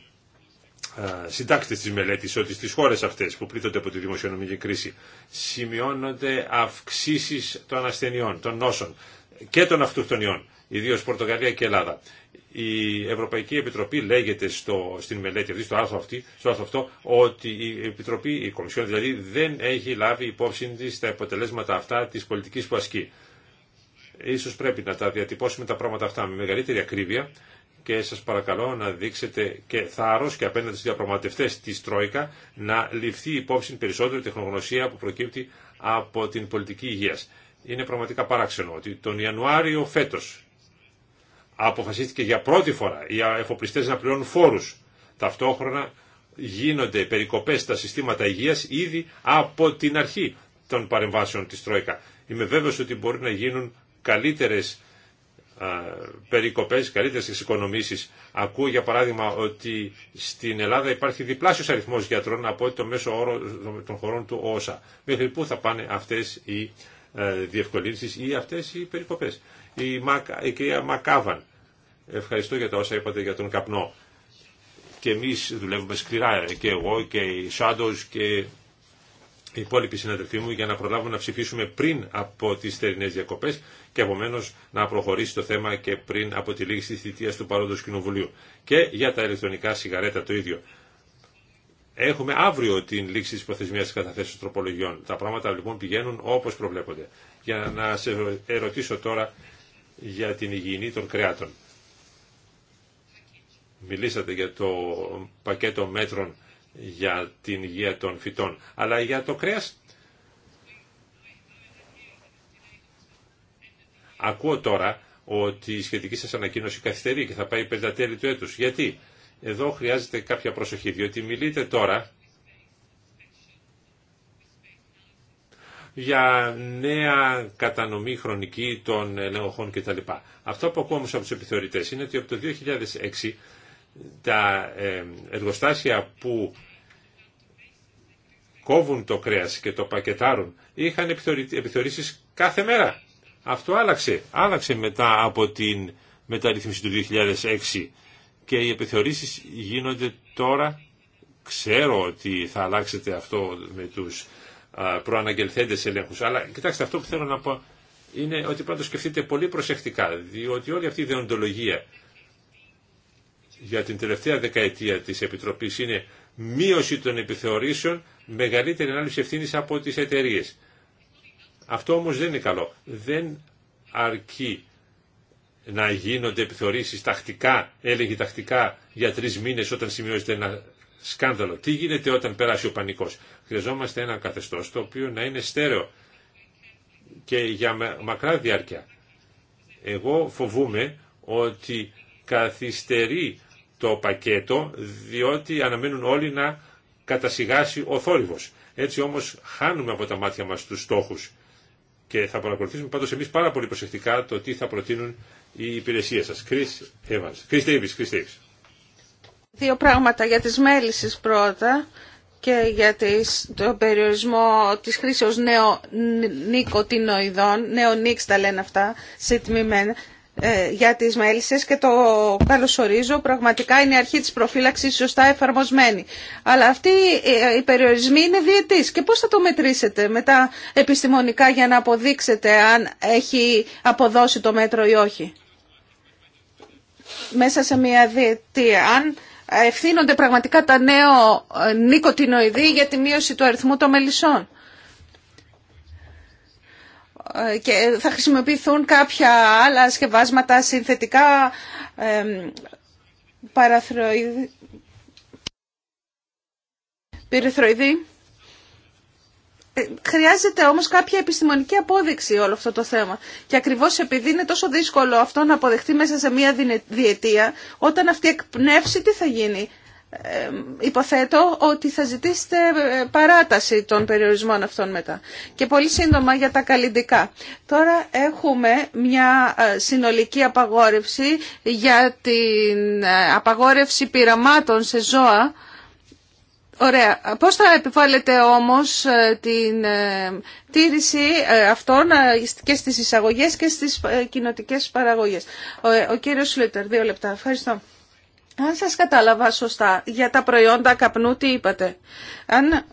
[SPEAKER 1] συντάκτες της μελέτης ότι στις χώρες αυτές που πλήττονται από τη δημοσιονομική κρίση σημειώνονται αυξήσεις των ασθενειών, των νόσων και των αυτοκτονιών, ιδίως Πορτογαλία και Ελλάδα η Ευρωπαϊκή Επιτροπή λέγεται στο, στην μελέτη αυτή, στο άρθρο, αυτό, ότι η Επιτροπή, η Κομισιόν δηλαδή, δεν έχει λάβει υπόψη τη τα αποτελέσματα αυτά τη πολιτική που ασκεί. Ίσως πρέπει να τα διατυπώσουμε τα πράγματα αυτά με μεγαλύτερη ακρίβεια και σας παρακαλώ να δείξετε και θάρρος και απέναντι στους διαπραγματευτές της Τρόικα να ληφθεί υπόψη περισσότερη τεχνογνωσία που προκύπτει από την πολιτική υγείας. Είναι πραγματικά παράξενο ότι τον Ιανουάριο φέτος αποφασίστηκε για πρώτη φορά οι εφοπλιστές να πληρώνουν φόρους. Ταυτόχρονα γίνονται περικοπές στα συστήματα υγείας ήδη από την αρχή των παρεμβάσεων της Τρόικα. Είμαι βέβαιος ότι μπορεί να γίνουν καλύτερες περικοπές, καλύτερες εξοικονομήσεις. Ακούω για παράδειγμα ότι στην Ελλάδα υπάρχει διπλάσιος αριθμός γιατρών από το μέσο όρο των χωρών του ΩΣΑ. Μέχρι πού θα πάνε αυτές οι ε, διευκολύνσεις ή αυτές οι περικοπές η, η κυρία Μακάβαν. Ευχαριστώ για τα όσα είπατε για τον καπνό. Και εμείς δουλεύουμε σκληρά ε, και εγώ και οι Σάντο και οι υπόλοιποι συναδελφοί μου για να προλάβουμε να ψηφίσουμε πριν από τι θερινέ διακοπέ και επομένω να προχωρήσει το θέμα και πριν από τη λήξη τη θητεία του παρόντο Κοινοβουλίου. Και για τα ηλεκτρονικά σιγαρέτα το ίδιο. Έχουμε αύριο την λήξη τη προθεσμία τη καταθέσεω τροπολογιών. Τα πράγματα λοιπόν πηγαίνουν όπω προβλέπονται. Για να σε ερωτήσω τώρα για την υγιεινή των κρεάτων. Μιλήσατε για το πακέτο μέτρων για την υγεία των φυτών, αλλά για το κρέας Ακούω τώρα ότι η σχετική σας ανακοίνωση καθυστερεί και θα πάει πεντατέλη του έτους. Γιατί? Εδώ χρειάζεται κάποια προσοχή, διότι μιλείτε τώρα για νέα κατανομή χρονική των ελεγχών κτλ. Αυτό που ακούω όμως από τους επιθεωρητές είναι ότι από το 2006 τα ε, εργοστάσια που κόβουν το κρέας και το πακετάρουν είχαν επιθεωρήσεις κάθε μέρα. Αυτό άλλαξε. Άλλαξε μετά από την μεταρρύθμιση του 2006 και οι επιθεωρήσεις γίνονται τώρα. Ξέρω ότι θα αλλάξετε αυτό με τους προαναγγελθέντες ελέγχους. Αλλά κοιτάξτε, αυτό που θέλω να πω είναι ότι πρέπει να το σκεφτείτε πολύ προσεκτικά, διότι όλη αυτή η δεοντολογία για την τελευταία δεκαετία της Επιτροπής είναι μείωση των επιθεωρήσεων, μεγαλύτερη ανάλυση ευθύνη από τις εταιρείε. Αυτό όμως δεν είναι καλό. Δεν αρκεί να γίνονται επιθεωρήσεις τακτικά, έλεγε τακτικά για τρει μήνες όταν σημειώσετε ένα σκάνδαλο. Τι γίνεται όταν περάσει ο πανικός. Χρειαζόμαστε ένα καθεστώς το οποίο να είναι στέρεο και για μακρά διάρκεια. Εγώ φοβούμαι ότι καθυστερεί το πακέτο διότι αναμένουν όλοι να κατασυγάσει ο θόρυβος. Έτσι όμως χάνουμε από τα μάτια μας τους στόχους και θα παρακολουθήσουμε πάντως εμείς πάρα πολύ προσεκτικά το τι θα προτείνουν οι υπηρεσίες σας. Chris Evans. Chris Davis. Chris
[SPEAKER 3] Δύο πράγματα για τις μέλησες πρώτα και για το τον περιορισμό της χρήσης νέο νοικοτινοειδών, νέο νίξ τα λένε αυτά, σε ε, για τις μέλισσες και το καλωσορίζω. Πραγματικά είναι η αρχή της προφύλαξης σωστά εφαρμοσμένη. Αλλά αυτοί ε, οι περιορισμοί είναι διετής. Και πώς θα το μετρήσετε μετά επιστημονικά για να αποδείξετε αν έχει αποδώσει το μέτρο ή όχι. Μέσα σε μια διετία. Αν ευθύνονται πραγματικά τα νέο ε, νικοτινοειδή για τη μείωση του αριθμού των μελισσών. Ε, και θα χρησιμοποιηθούν κάποια άλλα σκευάσματα συνθετικά ε, παραθροειδή, Πυρεθροειδή. Ε, χρειάζεται όμως κάποια επιστημονική απόδειξη όλο αυτό το θέμα. Και ακριβώς επειδή είναι τόσο δύσκολο αυτό να αποδεχτεί μέσα σε μία διετία, όταν αυτή εκπνεύσει τι θα γίνει. Ε, υποθέτω ότι θα ζητήσετε ε, παράταση των περιορισμών αυτών μετά. Και πολύ σύντομα για τα καλλιντικά. Τώρα έχουμε μια συνολική απαγόρευση για την απαγόρευση πειραμάτων σε ζώα Ωραία. Πώς θα επιβάλλετε όμως ε, την ε, τήρηση ε, αυτών και στις εισαγωγές και στις κοινοτικές παραγωγές. Ο, ο κύριος Σλούτερ, δύο λεπτά. Ευχαριστώ. Αν σας κατάλαβα σωστά, για τα προϊόντα καπνού τι είπατε. Αν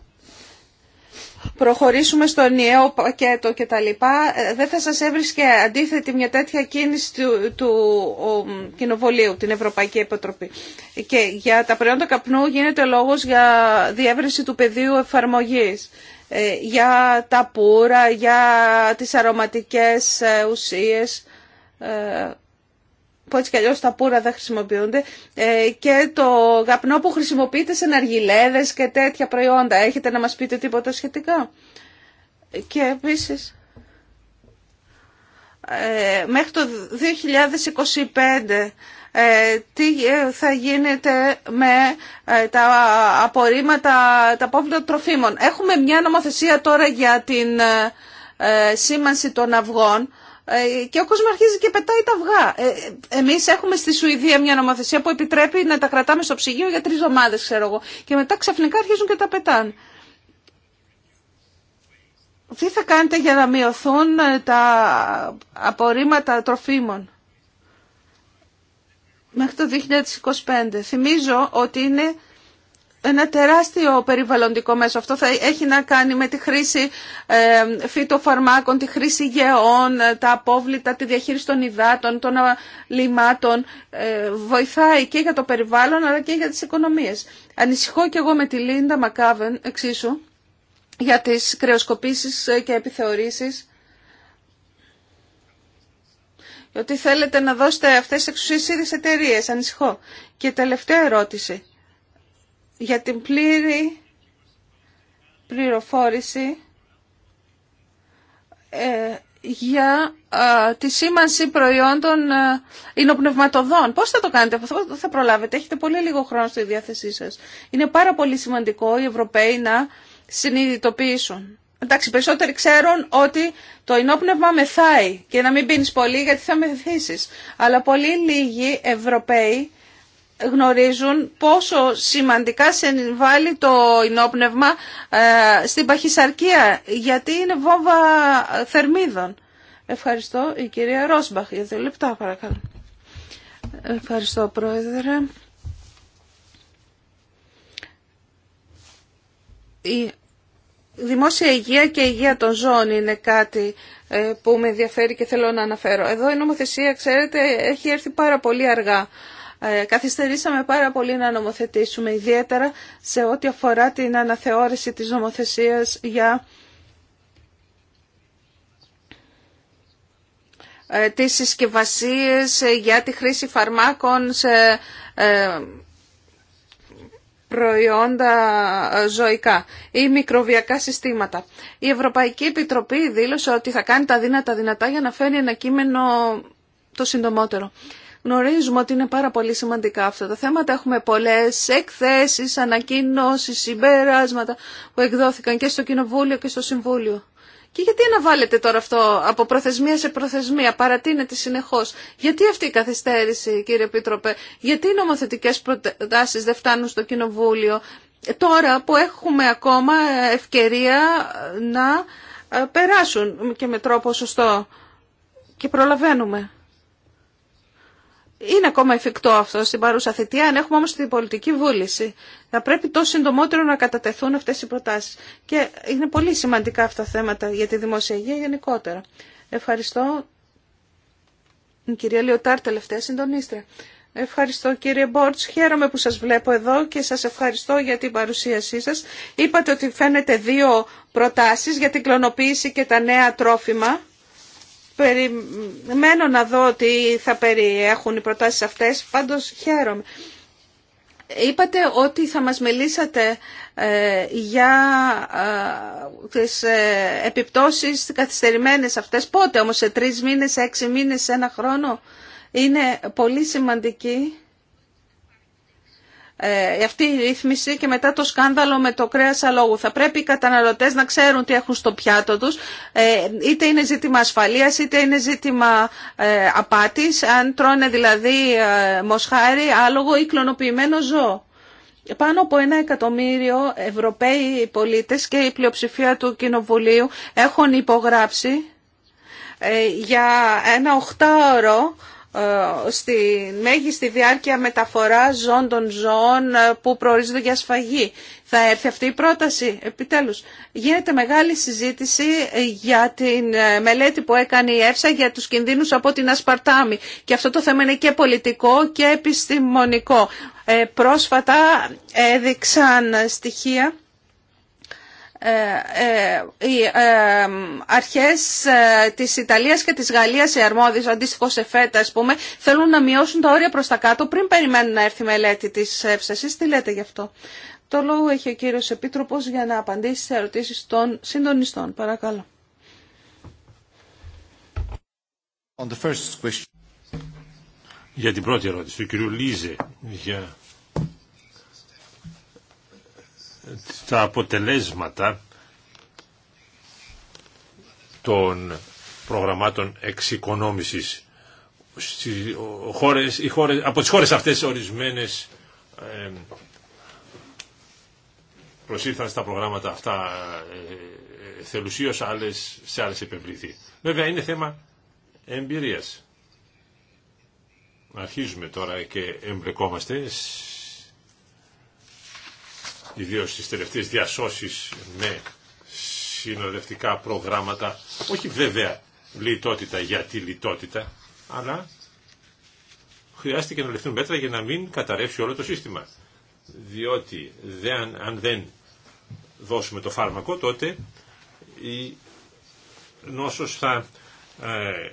[SPEAKER 3] προχωρήσουμε στο νέο πακέτο λοιπά. Ε, δεν θα σας έβρισκε αντίθετη μια τέτοια κίνηση του, του την Ευρωπαϊκή Επιτροπή. Και για τα προϊόντα καπνού γίνεται λόγος για διεύρυνση του πεδίου εφαρμογής ε, για τα πουρα, για τις αρωματικές ε, ουσίες που έτσι κι αλλιώς τα πουρα δεν χρησιμοποιούνται, ε, και το γαπνό που χρησιμοποιείται σε ναργιλέδες και τέτοια προϊόντα. Έχετε να μας πείτε τίποτα σχετικά. Και επίσης, ε, μέχρι το 2025 ε, τι θα γίνεται με τα απορρίμματα, τα απόβλητα τροφίμων. Έχουμε μια νομοθεσία τώρα για την σήμανση των αυγών ε, και ο κόσμος αρχίζει και πετάει τα αυγά. Ε, εμείς έχουμε στη Σουηδία μια νομοθεσία που επιτρέπει να τα κρατάμε στο ψυγείο για τρεις εβδομάδες, ξέρω εγώ. Και μετά ξαφνικά αρχίζουν και τα πετάν. Τι θα κάνετε για να μειωθούν ε, τα απορρίμματα τροφίμων μέχρι το 2025. Θυμίζω ότι είναι ένα τεράστιο περιβαλλοντικό μέσο. Αυτό θα έχει να κάνει με τη χρήση ε, φυτοφαρμάκων, τη χρήση γεών, ε, τα απόβλητα, τη διαχείριση των υδάτων, των λιμάτων. Ε, βοηθάει και για το περιβάλλον αλλά και για τις οικονομίες. Ανησυχώ και εγώ με τη Λίντα Μακάβεν εξίσου για τις κρεοσκοπήσεις και επιθεωρήσεις. Ότι θέλετε να δώσετε αυτές τις εξουσίες στις εταιρείες. Ανησυχώ. Και τελευταία ερώτηση για την πλήρη πληροφόρηση ε, για τη σήμανση προϊόντων υνοπνευματοδών. Ε, πώς θα το κάνετε, πώς θα προλάβετε, έχετε πολύ λίγο χρόνο στη διάθεσή σας. Είναι πάρα πολύ σημαντικό οι Ευρωπαίοι να συνειδητοποιήσουν. Εντάξει, περισσότεροι ξέρουν ότι το ενόπνευμα μεθάει και να μην πίνει πολύ γιατί θα μεθύσεις. Αλλά πολύ λίγοι Ευρωπαίοι γνωρίζουν πόσο σημαντικά συμβάλλει το ενόπνευμα ε, στην παχυσαρκία, γιατί είναι βόμβα θερμίδων. Ευχαριστώ η κυρία Ρόσμπαχ για δύο λεπτά παρακαλώ. Ευχαριστώ πρόεδρε. Η δημόσια υγεία και η υγεία των ζώων είναι κάτι ε, που με ενδιαφέρει και θέλω να αναφέρω. Εδώ η νομοθεσία, ξέρετε, έχει έρθει πάρα πολύ αργά ε, καθυστερήσαμε πάρα πολύ να νομοθετήσουμε, ιδιαίτερα σε ό,τι αφορά την αναθεώρηση της νομοθεσίας για ε, τις συσκευασίες ε, για τη χρήση φαρμάκων σε προϊόντα ζωικά ή μικροβιακά συστήματα. Η Ευρωπαϊκή Επιτροπή δήλωσε ότι θα κάνει τα δύνατα δυνατά για να φέρει ένα κείμενο το συντομότερο. Γνωρίζουμε ότι είναι πάρα πολύ σημαντικά αυτά τα θέματα. Έχουμε πολλές εκθέσεις, ανακοινώσεις, συμπεράσματα που εκδόθηκαν και στο Κοινοβούλιο και στο Συμβούλιο. Και γιατί αναβάλλεται τώρα αυτό από προθεσμία σε προθεσμία, παρατείνεται συνεχώ. Γιατί αυτή η καθυστέρηση, κύριε Επίτροπε, γιατί οι νομοθετικέ προτάσει δεν φτάνουν στο Κοινοβούλιο, τώρα που έχουμε ακόμα ευκαιρία να ε, περάσουν και με τρόπο σωστό. Και προλαβαίνουμε είναι ακόμα εφικτό αυτό στην παρούσα θητεία, αν έχουμε όμω την πολιτική βούληση. Θα πρέπει το συντομότερο να κατατεθούν αυτέ οι προτάσει. Και είναι πολύ σημαντικά αυτά τα θέματα για τη δημόσια υγεία γενικότερα. Ευχαριστώ. κυρία Λιωτάρ, τελευταία συντονίστρια. Ευχαριστώ κύριε Μπόρτ. Χαίρομαι που σα βλέπω εδώ και σα ευχαριστώ για την παρουσίασή σα. Είπατε ότι φαίνεται δύο προτάσει για την κλωνοποίηση και τα νέα τρόφιμα. Περιμένω να δω τι θα περιέχουν οι προτάσεις αυτές, πάντως χαίρομαι. Είπατε ότι θα μας μιλήσατε ε, για ε, τις ε, επιπτώσεις καθυστερημένες αυτές. Πότε όμως, σε τρεις μήνες, σε έξι μήνες, ένα χρόνο. Είναι πολύ σημαντική ε, αυτή η ρύθμιση και μετά το σκάνδαλο με το κρέας αλόγου. Θα πρέπει οι καταναλωτές να ξέρουν τι έχουν στο πιάτο τους, ε, είτε είναι ζήτημα ασφαλείας, είτε είναι ζήτημα ε, απάτης, αν τρώνε δηλαδή μοσχάρι, άλογο ή κλωνοποιημένο ζώο. Πάνω από ένα εκατομμύριο Ευρωπαίοι πολίτες και η πλειοψηφία του Κοινοβουλίου έχουν υπογράψει για ένα οχτάωρο ε, στη μέγιστη διάρκεια μεταφορά ζών των ζώων ε, που προορίζονται για σφαγή. Θα έρθει αυτή η πρόταση. Επιτέλους, γίνεται μεγάλη συζήτηση ε, για την μελέτη που έκανε η ΕΦΣΑ για τους κινδύνους από την Ασπαρτάμι. Και αυτό το θέμα είναι και πολιτικό και επιστημονικό. πρόσφατα έδειξαν στοιχεία ε, ε, οι ε, αρχές της Ιταλίας και της Γαλλίας, οι αρμόδιες, αντίστοιχο σε φέτα, πούμε, θέλουν να μειώσουν τα όρια προς τα κάτω πριν περιμένουν να έρθει η μελέτη της ΕΦΣΑ. τι λέτε γι' αυτό. Το λόγο έχει ο κύριος Επίτροπος για να απαντήσει σε ερωτήσεις των συντονιστών. Παρακαλώ.
[SPEAKER 1] Για την πρώτη ερώτηση ο Λίζε για τα αποτελέσματα των προγραμμάτων εξοικονόμησης. Στις χώρες, από τις χώρες αυτές ορισμένες ε, προσήλθαν στα προγράμματα αυτά ε, ε θελουσίως, σε άλλες επευληθεί. Βέβαια είναι θέμα εμπειρίας. Αρχίζουμε τώρα και εμπλεκόμαστε ιδίως στις τελευταίες διασώσεις με συνοδευτικά προγράμματα, όχι βέβαια λιτότητα για τη λιτότητα, αλλά χρειάστηκε να λεφθούν μέτρα για να μην καταρρεύσει όλο το σύστημα. Διότι αν δεν δώσουμε το φάρμακο, τότε η νόσος θα, ε,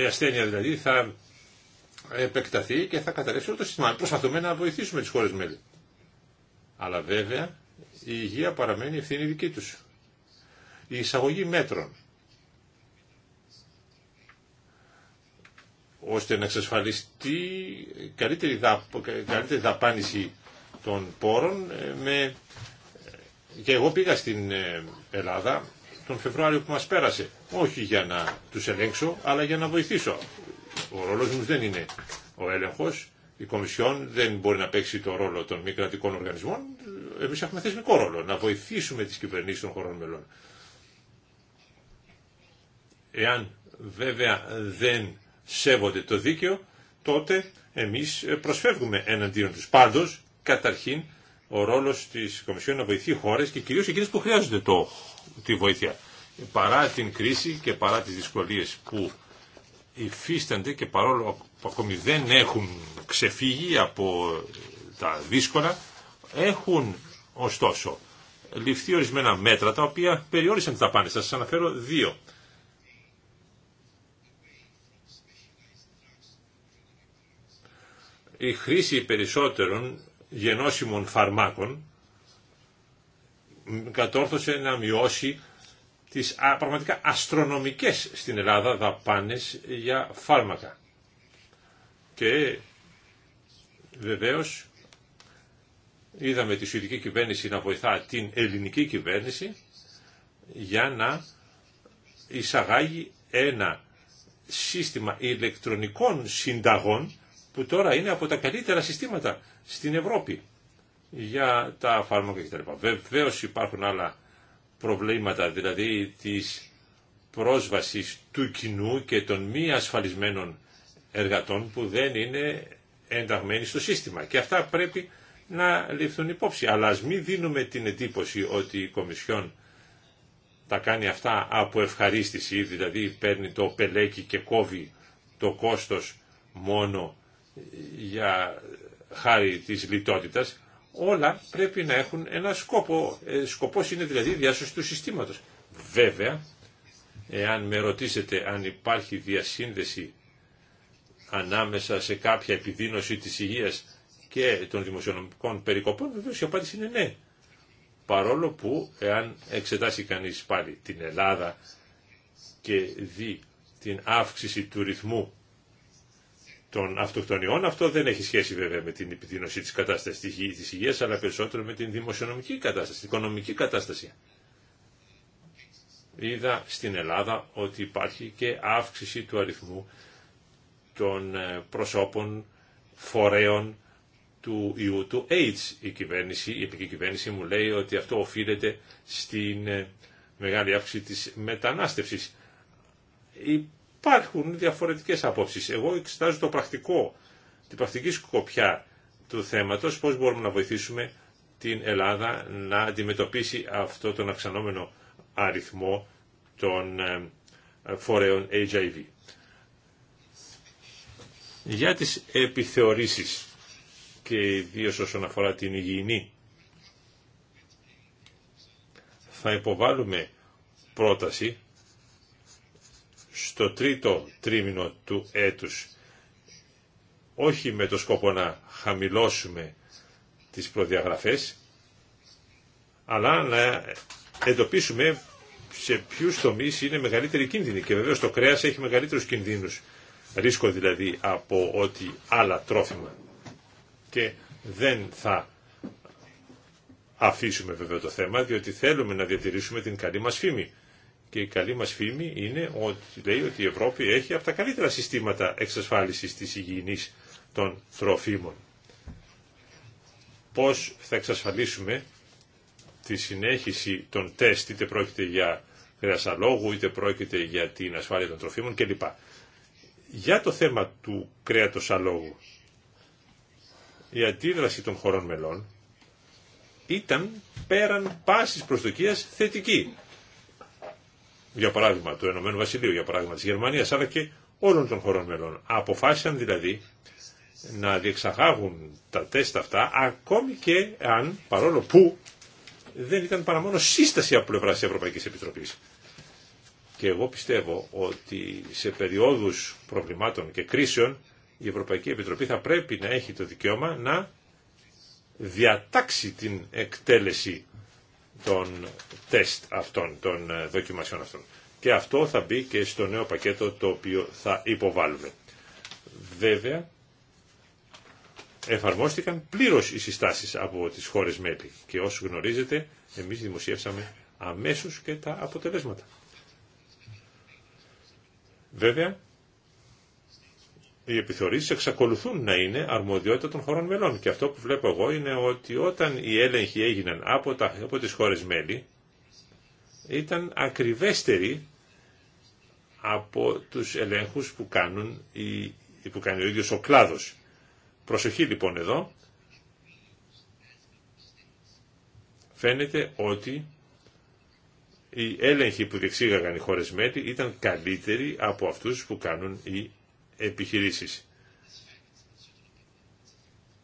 [SPEAKER 1] η ασθένεια δηλαδή θα επεκταθεί και θα καταρρεύσει όλο το σύστημα. Προσπαθούμε να βοηθήσουμε τις χώρες μέλη. Αλλά βέβαια η υγεία παραμένει ευθύνη δική τους. Η εισαγωγή μέτρων ώστε να εξασφαλιστεί καλύτερη, δα, καλύτερη δαπάνηση των πόρων ε, με... και εγώ πήγα στην ε, Ελλάδα τον Φεβρουάριο που μας πέρασε όχι για να τους ελέγξω αλλά για να βοηθήσω ο ρόλος μου δεν είναι ο έλεγχος η Κομισιόν δεν μπορεί να παίξει το ρόλο των μη κρατικών οργανισμών. Εμείς έχουμε θεσμικό ρόλο, να βοηθήσουμε τις κυβερνήσεις των χωρών μελών. Εάν βέβαια δεν σέβονται το δίκαιο, τότε εμείς προσφεύγουμε εναντίον τους. Πάντως, καταρχήν, ο ρόλος της Κομισιόν να βοηθεί χώρες και κυρίως εκείνες που χρειάζονται το, τη βοήθεια. Παρά την κρίση και παρά τις δυσκολίες που υφίστανται και παρόλο που ακόμη δεν έχουν ξεφύγει από τα δύσκολα, έχουν ωστόσο ληφθεί ορισμένα μέτρα τα οποία περιόρισαν τα πάνε. Σας αναφέρω δύο. Η χρήση περισσότερων γενώσιμων φαρμάκων κατόρθωσε να μειώσει τις πραγματικά αστρονομικές στην Ελλάδα δαπάνες για φάρμακα. Και βεβαίως είδαμε τη Σουηδική κυβέρνηση να βοηθά την ελληνική κυβέρνηση για να εισαγάγει ένα σύστημα ηλεκτρονικών συνταγών που τώρα είναι από τα καλύτερα συστήματα στην Ευρώπη για τα φάρμακα κτλ. Βεβαίω υπάρχουν άλλα προβλήματα, δηλαδή της πρόσβασης του κοινού και των μη ασφαλισμένων εργατών που δεν είναι ενταγμένοι στο σύστημα. Και αυτά πρέπει να ληφθούν υπόψη. Αλλά ας μην δίνουμε την εντύπωση ότι η Κομισιόν τα κάνει αυτά από ευχαρίστηση, δηλαδή παίρνει το πελέκι και κόβει το κόστος μόνο για χάρη της λιτότητας, όλα πρέπει να έχουν ένα σκόπο. Ε, σκοπός είναι δηλαδή η διάσωση του συστήματος. Βέβαια, εάν με ρωτήσετε αν υπάρχει διασύνδεση ανάμεσα σε κάποια επιδείνωση της υγείας και των δημοσιονομικών περικοπών, βεβαίως η απάντηση είναι ναι. Παρόλο που, εάν εξετάσει κανείς πάλι την Ελλάδα και δει την αύξηση του ρυθμού των αυτοκτονιών, αυτό δεν έχει σχέση βέβαια με την επιδείνωση της κατάστασης της υγείας, αλλά περισσότερο με την δημοσιονομική κατάσταση, την οικονομική κατάσταση. Είδα στην Ελλάδα ότι υπάρχει και αύξηση του αριθμού των ε, προσώπων φορέων του ιού του AIDS. Η κυβέρνηση, η μου λέει ότι αυτό οφείλεται στην ε, μεγάλη αύξηση της μετανάστευσης. Υπάρχουν διαφορετικές απόψεις. Εγώ εξετάζω το πρακτικό, την πρακτική σκοπιά του θέματος, πώς μπορούμε να βοηθήσουμε την Ελλάδα να αντιμετωπίσει αυτό τον αυξανόμενο αριθμό των ε, φορέων HIV για τις επιθεωρήσεις και ιδίω όσον αφορά την υγιεινή. Θα υποβάλουμε πρόταση στο τρίτο τρίμηνο του έτους, όχι με το σκόπο να χαμηλώσουμε τις προδιαγραφές, αλλά να εντοπίσουμε σε ποιους τομείς είναι μεγαλύτερη κίνδυνη. Και βεβαίως το κρέας έχει μεγαλύτερους κινδύνους ρίσκο δηλαδή από ότι άλλα τρόφιμα και δεν θα αφήσουμε βέβαια το θέμα διότι θέλουμε να διατηρήσουμε την καλή μας φήμη και η καλή μας φήμη είναι ότι λέει ότι η Ευρώπη έχει από τα καλύτερα συστήματα εξασφάλισης της υγιεινής των τροφίμων. Πώς θα εξασφαλίσουμε τη συνέχιση των τεστ, είτε πρόκειται για αλόγου είτε πρόκειται για την ασφάλεια των τροφίμων κλπ. Για το θέμα του κρέατος αλόγου, η αντίδραση των χωρών μελών ήταν πέραν πάσης προσδοκίας θετική. Για παράδειγμα του Ενωμένου Βασιλείου, για παράδειγμα της Γερμανίας, αλλά και όλων των χωρών μελών. Αποφάσισαν δηλαδή να διεξαγάγουν τα τεστ αυτά, ακόμη και αν, παρόλο που, δεν ήταν παρά μόνο σύσταση από πλευρά της Ευρωπαϊκής Επιτροπής. Και εγώ πιστεύω ότι σε περιόδους προβλημάτων και κρίσεων η Ευρωπαϊκή Επιτροπή θα πρέπει να έχει το δικαίωμα να διατάξει την εκτέλεση των τεστ αυτών, των ε, δοκιμασιών αυτών. Και αυτό θα μπει και στο νέο πακέτο το οποίο θα υποβάλουμε. Βέβαια, εφαρμόστηκαν πλήρως οι συστάσεις από τις χώρες μέλη και όσο γνωρίζετε εμείς δημοσιεύσαμε αμέσως και τα αποτελέσματα. Βέβαια, οι επιθεωρήσεις εξακολουθούν να είναι αρμοδιότητα των χωρών μελών και αυτό που βλέπω εγώ είναι ότι όταν οι έλεγχοι έγιναν από, τα, από τις χώρες μέλη ήταν ακριβέστεροι από τους ελέγχους που, κάνουν οι, που κάνει ο ίδιος ο κλάδος. Προσοχή λοιπόν εδώ. Φαίνεται ότι οι έλεγχοι που διεξήγαγαν οι χώρες μέλη ήταν καλύτεροι από αυτούς που κάνουν οι επιχειρήσεις.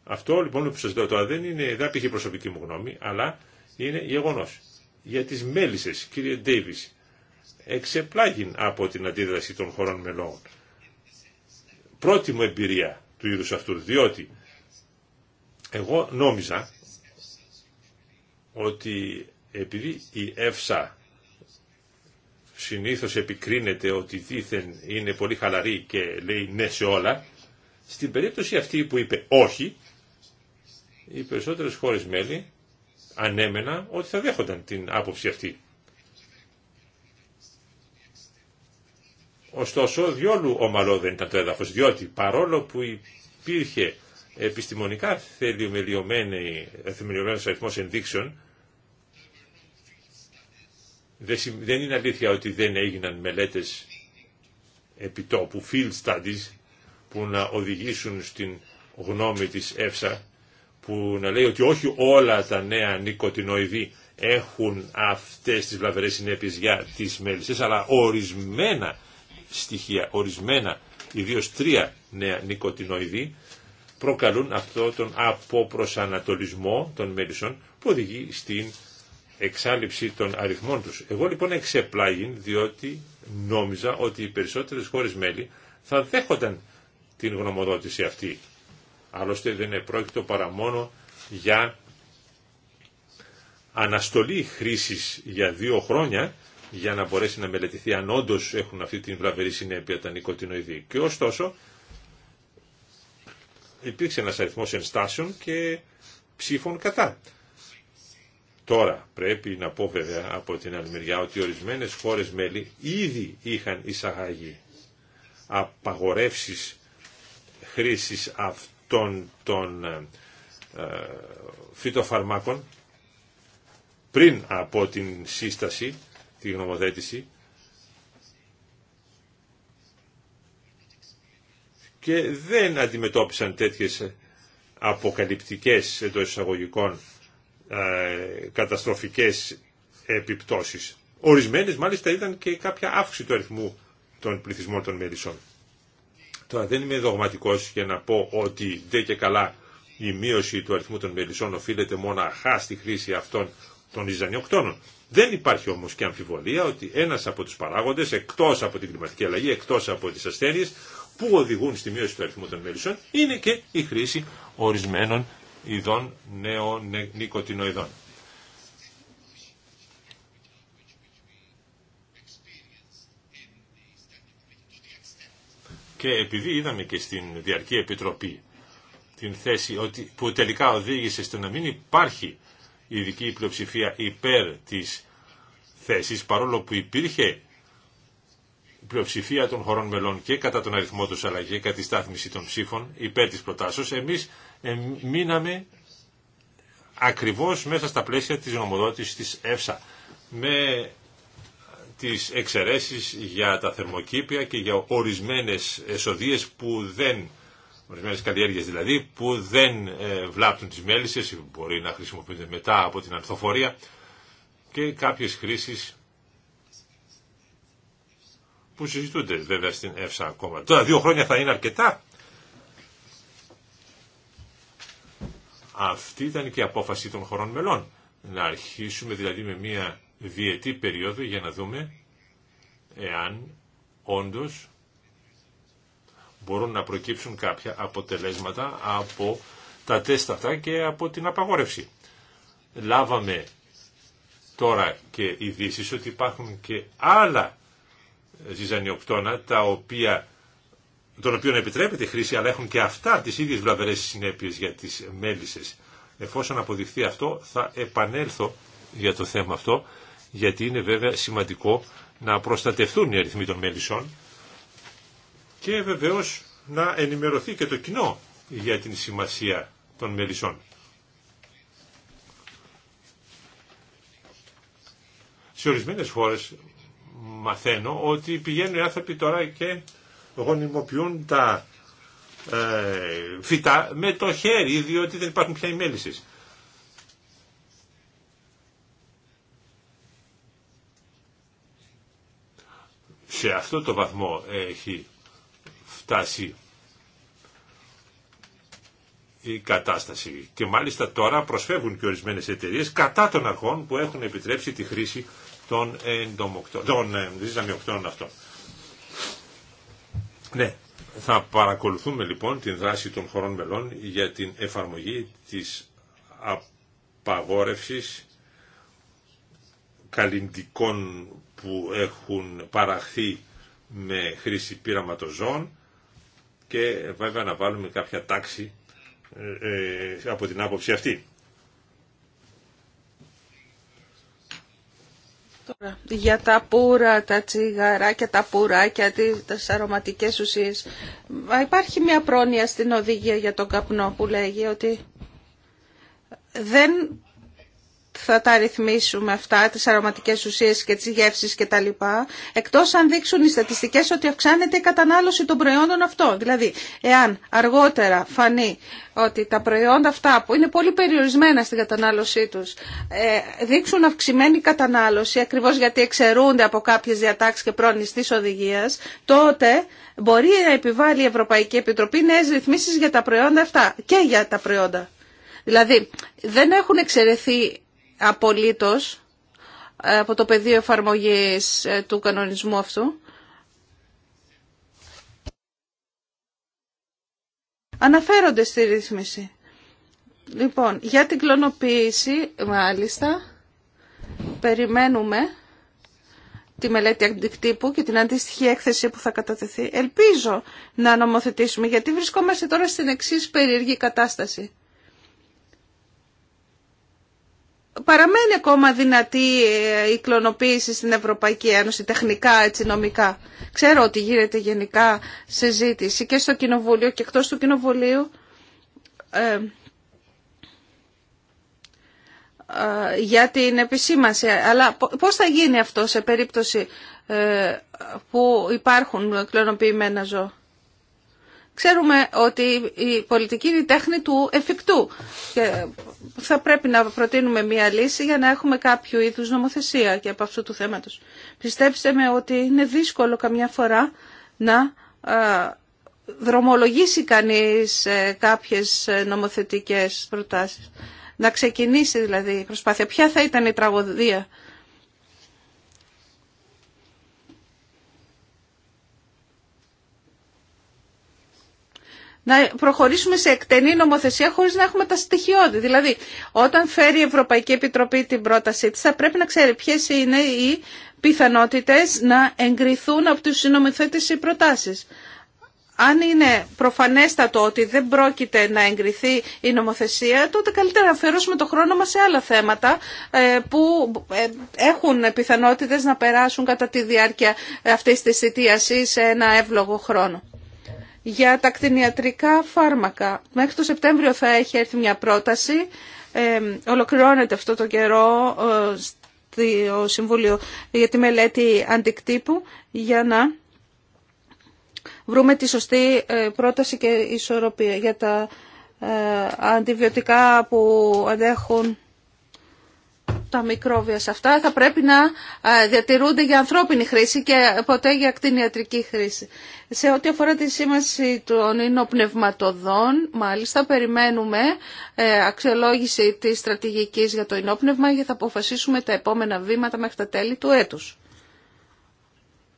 [SPEAKER 1] Αυτό λοιπόν που σας λέω τώρα δεν είναι δάπηχη προσωπική μου γνώμη, αλλά είναι γεγονός. Για τις μέλισσες, κύριε Ντέιβις, εξεπλάγην από την αντίδραση των χωρών μελών. Πρώτη μου εμπειρία του είδους αυτού, διότι εγώ νόμιζα ότι επειδή η ΕΦΣΑ συνήθως επικρίνεται ότι δήθεν είναι πολύ χαλαρή και λέει ναι σε όλα, στην περίπτωση αυτή που είπε όχι, οι περισσότερες χώρες μέλη ανέμενα ότι θα δέχονταν την άποψη αυτή. Ωστόσο, διόλου ομαλό δεν ήταν το έδαφος, διότι παρόλο που υπήρχε επιστημονικά θεμελιωμένος αριθμός ενδείξεων, δεν είναι αλήθεια ότι δεν έγιναν μελέτες επιτόπου, field studies, που να οδηγήσουν στην γνώμη της ΕΦΣΑ, που να λέει ότι όχι όλα τα νέα νοικοτινοειδή έχουν αυτές τις βλαβερές συνέπειες για τις μέλισσες, αλλά ορισμένα στοιχεία, ορισμένα, ιδίως τρία νέα νοικοτινοειδή, προκαλούν αυτό τον αποπροσανατολισμό των μέλισσων που οδηγεί στην εξάλληψη των αριθμών τους. Εγώ λοιπόν εξεπλάγιν διότι νόμιζα ότι οι περισσότερες χώρες μέλη θα δέχονταν την γνωμοδότηση αυτή. Άλλωστε δεν επρόκειτο παρά μόνο για αναστολή χρήσης για δύο χρόνια για να μπορέσει να μελετηθεί αν όντω έχουν αυτή την βλαβερή συνέπεια τα νοικοτινοειδή. Και ωστόσο υπήρξε ένας αριθμός ενστάσεων και ψήφων κατά. Τώρα πρέπει να πω βέβαια από την άλλη μεριά ότι ορισμένες χώρες μέλη ήδη είχαν εισαγάγει απαγορεύσεις χρήσης αυτών των ε, ε, φυτοφαρμάκων πριν από την σύσταση, τη γνωμοδέτηση και δεν αντιμετώπισαν τέτοιες αποκαλυπτικές εντό εισαγωγικών ε, καταστροφικές επιπτώσεις. Ορισμένες μάλιστα ήταν και κάποια αύξηση του αριθμού των πληθυσμών των μελισσών. Τώρα δεν είμαι δογματικός για να πω ότι δεν και καλά η μείωση του αριθμού των μελισσών οφείλεται μόνο χά στη χρήση αυτών των Ιζανιοκτώνων. Δεν υπάρχει όμως και αμφιβολία ότι ένας από τους παράγοντες, εκτός από την κλιματική αλλαγή, εκτός από τις ασθένειες, που οδηγούν στη μείωση του αριθμού των μελισσών, είναι και η χρήση ορισμένων ειδών νέων νικοτινοειδών Και επειδή είδαμε και στην Διαρκή Επιτροπή την θέση ότι, που τελικά οδήγησε στο να μην υπάρχει ειδική πλειοψηφία υπέρ της θέσης, παρόλο που υπήρχε πλειοψηφία των χωρών μελών και κατά τον αριθμό τους αλλά και κατά τη στάθμιση των ψήφων υπέρ της προτάσεως, εμείς μείναμε ακριβώς μέσα στα πλαίσια της νομοδότησης της ΕΦΣΑ με τις εξαιρέσεις για τα θερμοκήπια και για ορισμένες εσοδίες που δεν ορισμένες καλλιέργειες δηλαδή, που δεν ε, βλάπτουν τις μέλισσες, μπορεί να χρησιμοποιούνται μετά από την ανθοφορία και κάποιες χρήσεις που συζητούνται βέβαια στην ΕΦΣΑ ακόμα. Τώρα δύο χρόνια θα είναι αρκετά Αυτή ήταν και η απόφαση των χωρών μελών. Να αρχίσουμε δηλαδή με μια διετή περίοδο για να δούμε εάν όντως μπορούν να προκύψουν κάποια αποτελέσματα από τα τεστ αυτά και από την απαγόρευση. Λάβαμε τώρα και ειδήσει ότι υπάρχουν και άλλα ζυζανιοκτώνα τα οποία των οποίων επιτρέπεται η χρήση, αλλά έχουν και αυτά τις ίδιες βλαβερές συνέπειες για τις μέλισσες. Εφόσον αποδειχθεί αυτό, θα επανέλθω για το θέμα αυτό, γιατί είναι βέβαια σημαντικό να προστατευτούν οι αριθμοί των μέλισσών και βεβαίως να ενημερωθεί και το κοινό για την σημασία των μελισσών. Σε ορισμένες χώρες μαθαίνω ότι πηγαίνουν οι άνθρωποι τώρα και γονιμοποιούν τα ε, φυτά με το χέρι, διότι δεν υπάρχουν πια οι μέλησες. Σε αυτό το βαθμό έχει φτάσει η κατάσταση. Και μάλιστα τώρα προσφεύγουν και ορισμένες εταιρείες κατά των αρχών που έχουν επιτρέψει τη χρήση των, των ε, αυτών. Ναι, θα παρακολουθούμε λοιπόν την δράση των χωρών μελών για την εφαρμογή της απαγόρευσης καλλιντικών που έχουν παραχθεί με χρήση πειραματοζών και βέβαια να βάλουμε κάποια τάξη ε, ε, από την άποψη αυτή.
[SPEAKER 3] για τα πουρα, τα τσιγαράκια, τα πουράκια, τις αρωματικές ουσίες. Υπάρχει μια πρόνοια στην οδηγία για τον καπνό που λέγει ότι δεν θα τα ρυθμίσουμε αυτά, τις αρωματικές ουσίες και τις γεύσεις και τα λοιπά, εκτός αν δείξουν οι στατιστικές ότι αυξάνεται η κατανάλωση των προϊόντων αυτών. Δηλαδή, εάν αργότερα φανεί ότι τα προϊόντα αυτά που είναι πολύ περιορισμένα στην κατανάλωσή τους ε, δείξουν αυξημένη κατανάλωση ακριβώς γιατί εξαιρούνται από κάποιες διατάξεις και πρόνοιες της οδηγίας, τότε μπορεί να επιβάλλει η Ευρωπαϊκή Επιτροπή νέες ρυθμίσεις για τα προϊόντα αυτά και για τα προϊόντα. Δηλαδή δεν έχουν εξαιρεθεί απολύτως ε, από το πεδίο εφαρμογής ε, του κανονισμού αυτού. Αναφέρονται στη ρύθμιση. Λοιπόν, για την κλωνοποίηση, μάλιστα, περιμένουμε τη μελέτη αντικτύπου και την αντίστοιχη έκθεση που θα κατατεθεί. Ελπίζω να νομοθετήσουμε, γιατί βρισκόμαστε τώρα στην εξή περίεργη κατάσταση. παραμένει ακόμα δυνατή ε, η κλωνοποίηση στην Ευρωπαϊκή Ένωση, τεχνικά, έτσι, νομικά. Ξέρω ότι γίνεται γενικά συζήτηση και στο Κοινοβούλιο και εκτός του Κοινοβουλίου ε, ε για την επισήμανση. Αλλά πώς θα γίνει αυτό σε περίπτωση ε, που υπάρχουν κλωνοποιημένα ζώα. Ξέρουμε ότι η πολιτική είναι η τέχνη του εφικτού και θα πρέπει να προτείνουμε μία λύση για να έχουμε κάποιο είδου νομοθεσία και από αυτού του θέματος. Πιστέψτε με ότι είναι δύσκολο καμιά φορά να δρομολογήσει κανείς ε, κάποιες ε, νομοθετικές προτάσεις. Να ξεκινήσει δηλαδή η προσπάθεια. Ποια θα ήταν η τραγωδία να προχωρήσουμε σε εκτενή νομοθεσία χωρίς να έχουμε τα στοιχειώδη. Δηλαδή, όταν φέρει η Ευρωπαϊκή Επιτροπή την πρότασή της, θα πρέπει να ξέρει ποιε είναι οι πιθανότητες να εγκριθούν από τους συνομιθέτες οι προτάσεις. Αν είναι προφανέστατο ότι δεν πρόκειται να εγκριθεί η νομοθεσία, τότε καλύτερα να αφαιρώσουμε το χρόνο μας σε άλλα θέματα ε, που ε, έχουν πιθανότητες να περάσουν κατά τη διάρκεια αυτής της θητείας ή σε ένα εύλογο χρόνο για τα κτηνιατρικά φάρμακα. Μέχρι το Σεπτέμβριο θα έχει έρθει μια πρόταση. Ε, ολοκληρώνεται αυτό το καιρό ε, στο Συμβούλιο για τη μελέτη αντικτύπου για να βρούμε τη σωστή ε, πρόταση και ισορροπία για τα ε, αντιβιωτικά που αντέχουν τα μικρόβια σε αυτά θα πρέπει να ε, διατηρούνται για ανθρώπινη χρήση και ποτέ για ακτινιατρική χρήση. Σε ό,τι αφορά τη σήμανση των ινοπνευματοδών, μάλιστα περιμένουμε ε, αξιολόγηση της στρατηγικής για το ινόπνευμα και θα αποφασίσουμε τα επόμενα βήματα μέχρι τα τέλη του έτους.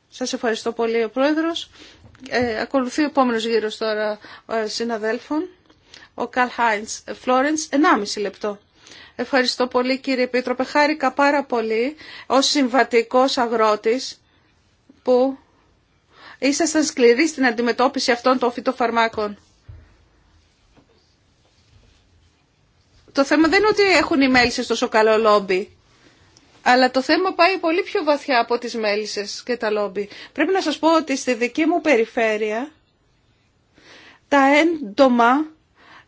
[SPEAKER 3] Σας ευχαριστώ πολύ ο Πρόεδρος. Ε, ακολουθεί ο επόμενος γύρος τώρα συναδέλφων, ο Καλ Χάιντς Φλόρεντς, 1,5 λεπτό. Ευχαριστώ πολύ κύριε Επίτροπε. Χάρηκα πάρα πολύ ως συμβατικός αγρότης που ήσασταν σκληροί στην αντιμετώπιση αυτών των φυτοφαρμάκων. Το θέμα δεν είναι ότι έχουν οι μέλισσες τόσο καλό λόμπι. Αλλά το θέμα πάει πολύ πιο βαθιά από τις μέλισσες και τα λόμπι. Πρέπει να σας πω ότι στη δική μου περιφέρεια τα έντομα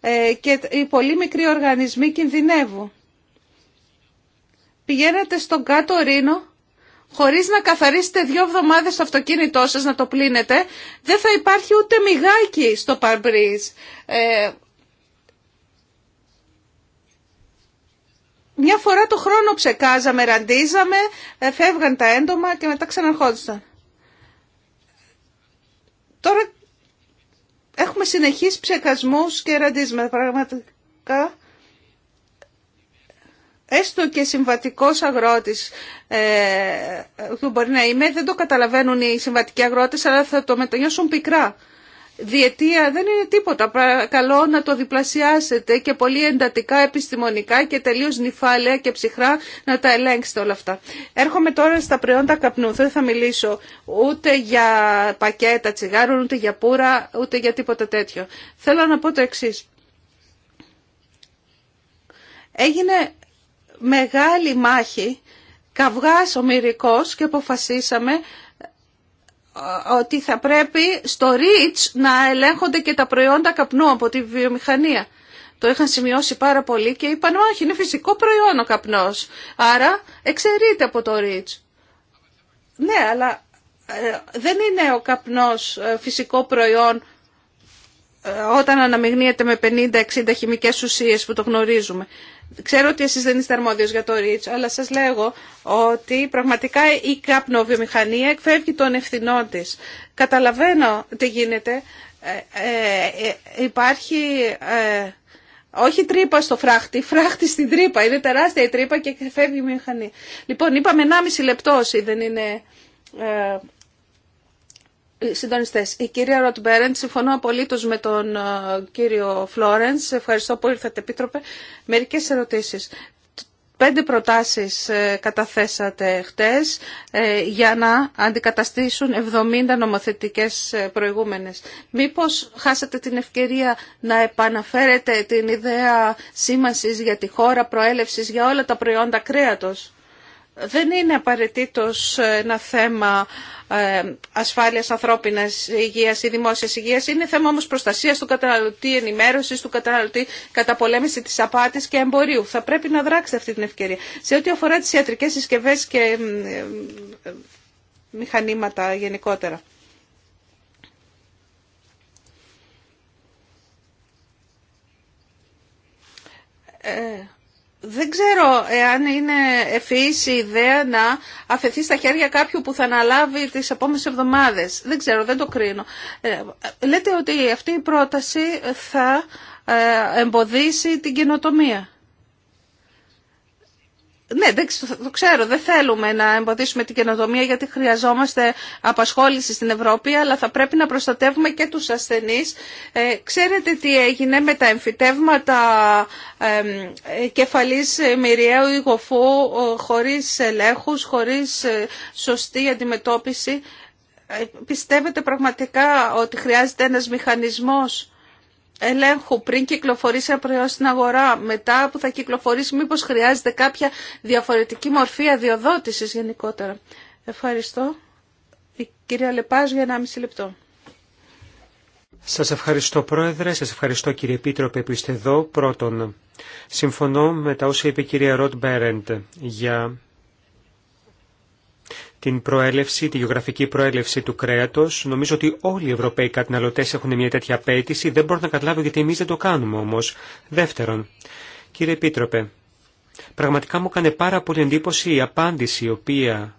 [SPEAKER 3] ε, και οι πολύ μικροί οργανισμοί κινδυνεύουν πηγαίνετε στον κάτω ρήνο χωρίς να καθαρίσετε δύο εβδομάδες το αυτοκίνητό σας να το πλύνετε, δεν θα υπάρχει ούτε μιγάκι στο παρμπρίζ. Ε, μια φορά το χρόνο ψεκάζαμε, ραντίζαμε, ε, φεύγαν τα έντομα και μετά ξαναρχόντουσαν. Τώρα έχουμε συνεχείς ψεκασμούς και ραντίζουμε πραγματικά έστω και συμβατικός αγρότης ε, που μπορεί να είμαι, δεν το καταλαβαίνουν οι συμβατικοί αγρότες, αλλά θα το μετανιώσουν πικρά. Διετία δεν είναι τίποτα. Παρακαλώ να το διπλασιάσετε και πολύ εντατικά, επιστημονικά και τελείω νυφάλαια και ψυχρά να τα ελέγξετε όλα αυτά. Έρχομαι τώρα στα προϊόντα καπνού. Δεν θα μιλήσω ούτε για πακέτα τσιγάρων, ούτε για πουρα, ούτε για τίποτα τέτοιο. Θέλω να πω το εξή. Έγινε μεγάλη μάχη, καυγάς ομυρικός και αποφασίσαμε ε, ότι θα πρέπει στο REACH να ελέγχονται και τα προϊόντα καπνού από τη βιομηχανία. Το είχαν σημειώσει πάρα πολύ και είπαν όχι είναι φυσικό προϊόν ο καπνός, άρα εξαιρείται από το REACH. Ναι, αλλά ε, δεν είναι ο καπνός ε, φυσικό προϊόν όταν αναμειγνύεται με 50-60 χημικές ουσίες που το γνωρίζουμε. Ξέρω ότι εσείς δεν είστε αρμόδιο για το ΡΙΤΣ, αλλά σας λέγω ότι πραγματικά η καπνοβιομηχανία εκφεύγει των ευθυνών τη. Καταλαβαίνω τι γίνεται. Ε, ε, ε υπάρχει... Ε, όχι τρύπα στο φράχτη, φράχτη στην τρύπα. Είναι τεράστια η τρύπα και φεύγει η μηχανή. Λοιπόν, είπαμε 1,5 λεπτό, δεν είναι ε, Η κυρία Ροτμπέρεν, συμφωνώ απολύτω με τον ε, κύριο Φλόρενς. Ευχαριστώ που ήρθατε, Επίτροπε. Μερικές ερωτήσεις. Πέντε προτάσεις ε, καταθέσατε χτες για να αντικαταστήσουν 70 νομοθετικές προηγούμενες. Μήπως χάσατε την ευκαιρία να επαναφέρετε την ιδέα σήμαση για τη χώρα προέλευσης για όλα τα προϊόντα κρέατος δεν είναι απαραίτητο ε, ένα θέμα ε, ασφάλειας ανθρώπινας υγείας ή δημόσιας υγείας. Είναι θέμα όμως προστασίας του καταναλωτή, ενημέρωσης του καταναλωτή, καταπολέμηση της απάτης και εμπορίου. Θα πρέπει να δράξετε αυτή την ευκαιρία. Σε ό,τι αφορά τις ιατρικές συσκευές και ε, μηχανήματα γενικότερα. Ε, δεν ξέρω εάν είναι ευφυής η ιδέα να αφαιθεί στα χέρια κάποιου που θα αναλάβει τις επόμενες εβδομάδες. Δεν ξέρω, δεν το κρίνω. Ε, λέτε ότι αυτή η πρόταση θα ε, εμποδίσει την καινοτομία. Ναι, δεν, το ξέρω, δεν θέλουμε να εμποδίσουμε την καινοτομία γιατί χρειαζόμαστε απασχόληση στην Ευρώπη, αλλά θα πρέπει να προστατεύουμε και τους ασθενείς. Ε, ξέρετε τι έγινε με τα εμφυτεύματα ε, κεφαλής ή υγοφού χωρίς ελέγχους, χωρίς ε, σωστή αντιμετώπιση. Ε, πιστεύετε πραγματικά ότι χρειάζεται ένας μηχανισμός ελέγχου πριν κυκλοφορήσει ένα προϊόν στην αγορά, μετά που θα κυκλοφορήσει, μήπως χρειάζεται κάποια διαφορετική μορφή αδειοδότησης γενικότερα. Ευχαριστώ. Η κυρία Λεπάζ για μισή λεπτό.
[SPEAKER 2] Σας ευχαριστώ Πρόεδρε, σας ευχαριστώ κύριε Επίτροπε που είστε εδώ. Πρώτον, συμφωνώ με τα όσα είπε η κυρία Ροτ Μπέρεντ για την προέλευση, τη γεωγραφική προέλευση του κρέατος. Νομίζω ότι όλοι οι Ευρωπαίοι καταναλωτέ έχουν μια τέτοια απέτηση. Δεν μπορώ να καταλάβω γιατί εμεί δεν το κάνουμε όμω. Δεύτερον, κύριε Επίτροπε, πραγματικά μου έκανε πάρα πολύ εντύπωση η απάντηση η οποία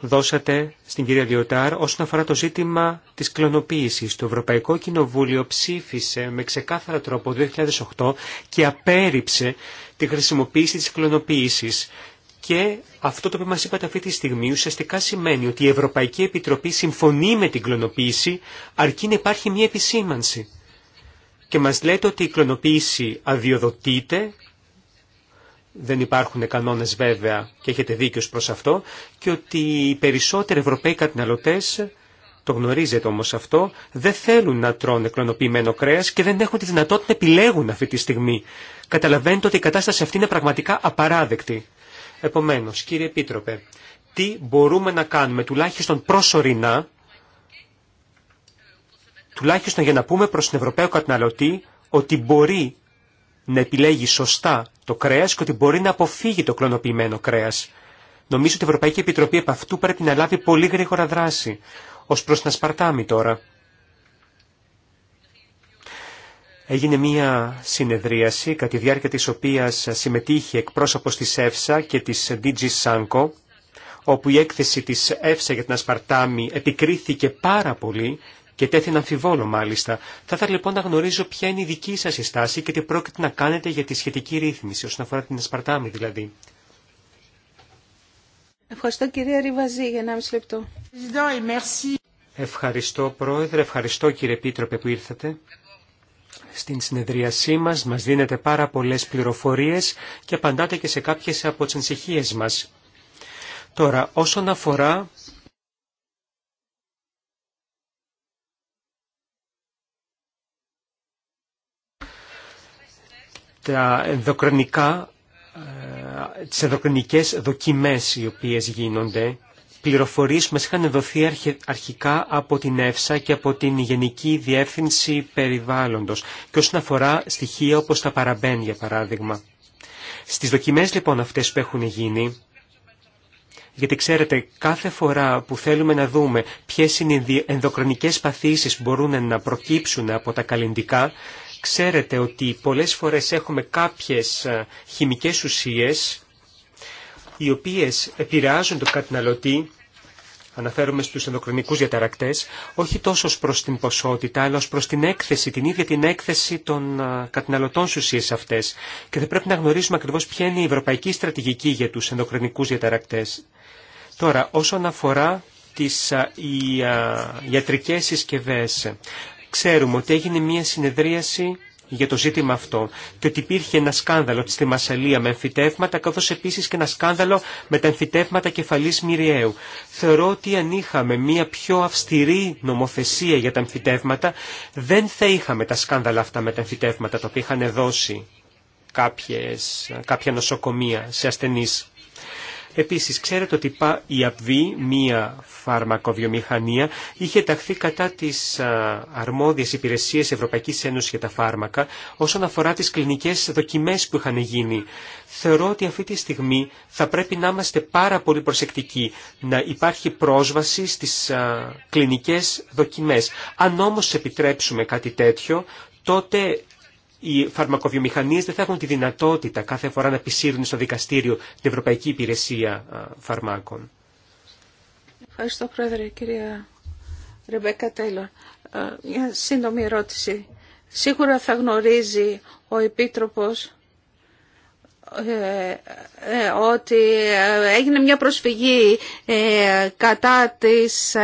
[SPEAKER 2] δώσατε στην κυρία Διωτάρ όσον αφορά το ζήτημα τη κλωνοποίησης. Το Ευρωπαϊκό Κοινοβούλιο ψήφισε με ξεκάθαρο τρόπο 2008 και απέρριψε τη χρησιμοποίηση της κλωνοποίησης. Και αυτό το που μας είπατε αυτή τη στιγμή ουσιαστικά σημαίνει ότι η Ευρωπαϊκή Επιτροπή συμφωνεί με την κλωνοποίηση αρκεί να υπάρχει μια επισήμανση. Και μας λέτε ότι η κλωνοποίηση αδειοδοτείται, δεν υπάρχουν κανόνες βέβαια και έχετε δίκιο προς αυτό, και ότι οι περισσότεροι Ευρωπαίοι καταναλωτές, το γνωρίζετε όμως αυτό, δεν θέλουν να τρώνε κλωνοποιημένο κρέας και δεν έχουν τη δυνατότητα να επιλέγουν αυτή τη στιγμή. Καταλαβαίνετε ότι η κατάσταση αυτή είναι πραγματικά απαράδεκτη. Επομένως, κύριε Επίτροπε, τι μπορούμε να κάνουμε τουλάχιστον προσωρινά, τουλάχιστον για να πούμε προς τον Ευρωπαίο καταναλωτή ότι μπορεί να επιλέγει σωστά το κρέας και ότι μπορεί να αποφύγει το κλωνοποιημένο κρέας. Νομίζω ότι η Ευρωπαϊκή Επιτροπή επ' αυτού πρέπει να λάβει πολύ γρήγορα δράση. Ως προς την Ασπαρτάμι τώρα. Έγινε μία συνεδρίαση κατά τη διάρκεια της οποίας συμμετείχε εκπρόσωπος της ΕΦΣΑ και της DG Sanko, όπου η έκθεση της ΕΦΣΑ για την Ασπαρτάμι επικρίθηκε πάρα πολύ και τέθη αμφιβόλο αμφιβόλω μάλιστα. Θα ήθελα λοιπόν να γνωρίζω ποια είναι η δική σας η στάση και τι πρόκειται να κάνετε για τη σχετική ρύθμιση όσον αφορά την Ασπαρτάμι δηλαδή.
[SPEAKER 3] Ευχαριστώ κυρία Ριβαζή για μισό λεπτό.
[SPEAKER 2] Ευχαριστώ πρόεδρε, ευχαριστώ κύριε επίτροπε που ήρθατε στην συνεδρίασή μας, μας δίνετε πάρα πολλές πληροφορίες και απαντάτε και σε κάποιες από τις ανησυχίες μας. Τώρα, όσον αφορά τα ενδοκρινικά, ε, τις ενδοκρινικές δοκιμές οι οποίες γίνονται, πληροφορίες που μας είχαν δοθεί αρχικά από την ΕΦΣΑ και από την Γενική Διεύθυνση Περιβάλλοντος και όσον αφορά στοιχεία όπως τα παραμπέν για παράδειγμα. Στις δοκιμές λοιπόν αυτές που έχουν γίνει, γιατί ξέρετε κάθε φορά που θέλουμε να δούμε ποιες είναι οι ενδοκρονικές παθήσεις που μπορούν να προκύψουν από τα καλλιντικά, ξέρετε ότι πολλές φορές έχουμε κάποιες ε, χημικές ουσίες οι οποίες επηρεάζουν τον καταναλωτή, αναφέρουμε στους ενδοκρινικούς διαταρακτές, όχι τόσο ως προς την ποσότητα, αλλά ως προς την έκθεση, την ίδια την έκθεση των καταναλωτών στους ουσίες αυτές. Και θα πρέπει να γνωρίζουμε ακριβώς ποια είναι η ευρωπαϊκή στρατηγική για τους ενδοκρινικούς διαταρακτές. Τώρα, όσον αφορά τις ιατρικές συσκευές, ξέρουμε ότι έγινε μια συνεδρίαση για το ζήτημα αυτό και ότι υπήρχε ένα σκάνδαλο στη Μασαλία με εμφυτεύματα καθώς επίσης και ένα σκάνδαλο με τα εμφυτεύματα κεφαλής μυριαίου. Θεωρώ ότι αν είχαμε μια πιο αυστηρή νομοθεσία για τα εμφυτεύματα δεν θα είχαμε τα σκάνδαλα αυτά με τα εμφυτεύματα τα οποία είχαν δώσει κάποιες, κάποια νοσοκομεία σε ασθενείς. Επίσης, ξέρετε ότι η ΑΠΒΗ, μία φαρμακοβιομηχανία, είχε ταχθεί κατά τις αρμόδιες υπηρεσίες Ευρωπαϊκής Ένωσης για τα φάρμακα όσον αφορά τις κλινικές δοκιμές που είχαν γίνει. Θεωρώ ότι αυτή τη στιγμή θα πρέπει να είμαστε πάρα πολύ προσεκτικοί να υπάρχει πρόσβαση στις κλινικές δοκιμές. Αν όμως επιτρέψουμε κάτι τέτοιο, τότε οι φαρμακοβιομηχανίες δεν θα έχουν τη δυνατότητα κάθε φορά να επισύρουν στο δικαστήριο την Ευρωπαϊκή Υπηρεσία Φαρμάκων.
[SPEAKER 3] Ευχαριστώ Πρόεδρε, κυρία Ρεμπέκα Τέιλορ. Ε, μια σύντομη ερώτηση. Σίγουρα θα γνωρίζει ο Επίτροπος ε, ε, ότι ε, έγινε μια προσφυγή κατά της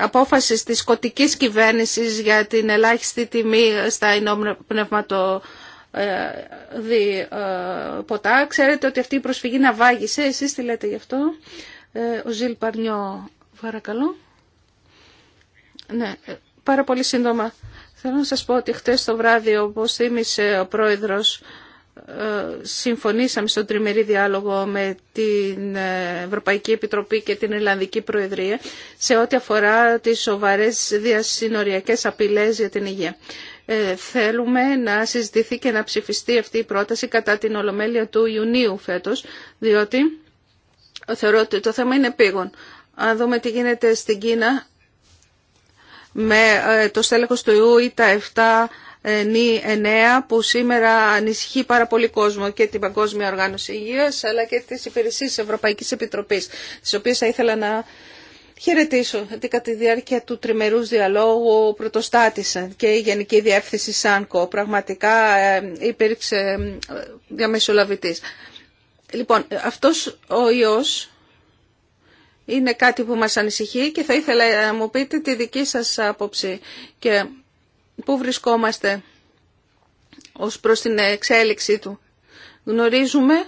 [SPEAKER 3] απόφασης της σκοτικής κυβέρνησης για την ελάχιστη τιμή στα πνευματο δι, ποτά. Ξέρετε ότι αυτή η προσφυγή να βάγισε. Εσείς τι λέτε γι' αυτό. ο Ζιλ Παρνιό, παρακαλώ. Ναι, πάρα πολύ σύντομα. Θέλω να σας πω ότι χτες το βράδυ, όπως θύμισε ο πρόεδρος, συμφωνήσαμε στον τριμερή διάλογο με την Ευρωπαϊκή Επιτροπή και την Ελλανδική Προεδρία σε ό,τι αφορά τις σοβαρές διασυνοριακές απειλές για την υγεία. Ε, θέλουμε να συζητηθεί και να ψηφιστεί αυτή η πρόταση κατά την Ολομέλεια του Ιουνίου φέτος, διότι θεωρώ ότι το θέμα είναι πήγον. Αν δούμε τι γίνεται στην Κίνα με ε, το στέλεχος του ιού ή τα 7 νη 9 που σήμερα ανησυχεί πάρα πολύ κόσμο και την Παγκόσμια Οργάνωση Υγείας αλλά και τις υπηρεσίες της Ευρωπαϊκής Επιτροπής τις οποίες θα ήθελα να χαιρετήσω γιατί κατά τη διάρκεια του τριμερούς διαλόγου πρωτοστάτησαν και η Γενική Διεύθυνση ΣΑΝΚΟ πραγματικά ε, υπήρξε ε, διαμεσολαβητής. Λοιπόν, αυτός ο ιός είναι κάτι που μας ανησυχεί και θα ήθελα να μου πείτε τη δική σας άποψη και πού βρισκόμαστε ως προς την εξέλιξή του. Γνωρίζουμε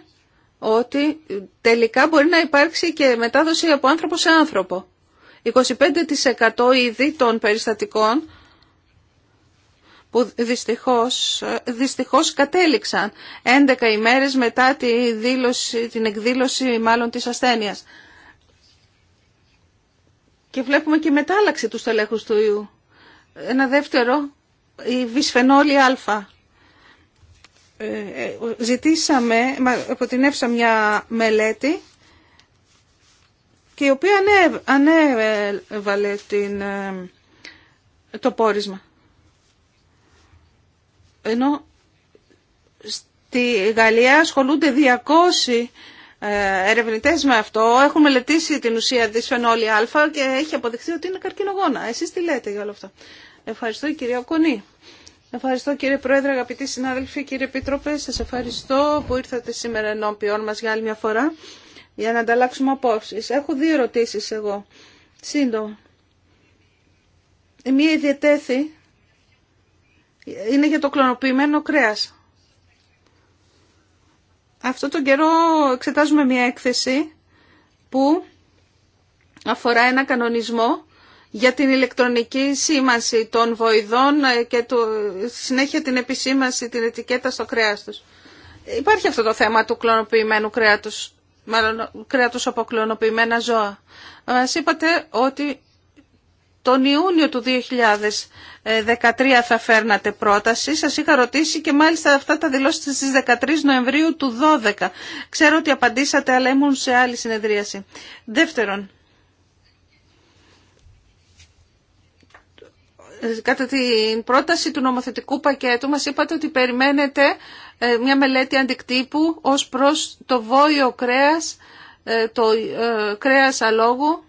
[SPEAKER 3] ότι τελικά μπορεί να υπάρξει και μετάδοση από άνθρωπο σε άνθρωπο. 25% ήδη των περιστατικών που δυστυχώς, δυστυχώς κατέληξαν 11 ημέρες μετά τη δήλωση, την εκδήλωση μάλλον της ασθένειας. Και βλέπουμε και μετάλλαξη του στελέχους του ιού. Ένα δεύτερο η βυσφενόλη α. Ε, ε, ζητήσαμε, αποτινεύσα μια μελέτη και η οποία ανέβαλε ε, το πόρισμα. Ενώ στη Γαλλία ασχολούνται 200 ερευνητέ με αυτό, έχουν μελετήσει την ουσία τη φαινόλη α και έχει αποδειχθεί ότι είναι καρκινογόνα. Εσείς τι λέτε για όλο αυτό. Ευχαριστώ Κύριε Ακονή. Ευχαριστώ κύριε Πρόεδρε, αγαπητοί συνάδελφοι, κύριε Επίτροπε. Σας ευχαριστώ που ήρθατε σήμερα ενώπιον μας για άλλη μια φορά για να ανταλλάξουμε απόψεις. Έχω δύο ερωτήσεις εγώ. Σύντομα. Η μία ιδιαιτέθη είναι για το κλωνοποιημένο κρέας. Αυτό τον καιρό εξετάζουμε μια έκθεση που αφορά ένα κανονισμό για την ηλεκτρονική σήμανση των βοηδών ε, και του, συνέχεια την επισήμανση, την ετικέτα στο κρέας τους. Υπάρχει αυτό το θέμα του κλωνοποιημένου κρέατος, μάλλον κρέατος από κλωνοποιημένα ζώα. Μας είπατε ότι τον Ιούνιο του 2013 θα φέρνατε πρόταση. Σας είχα ρωτήσει και μάλιστα αυτά τα δηλώσατε στις 13 Νοεμβρίου του 2012. Ξέρω ότι απαντήσατε αλλά ήμουν σε άλλη συνεδρίαση. Δεύτερον, κατά την πρόταση του νομοθετικού πακέτου μας είπατε ότι περιμένετε ε, μια μελέτη αντικτύπου ως προς το βόλιο κρέας, ε, το ε, κρέας αλόγου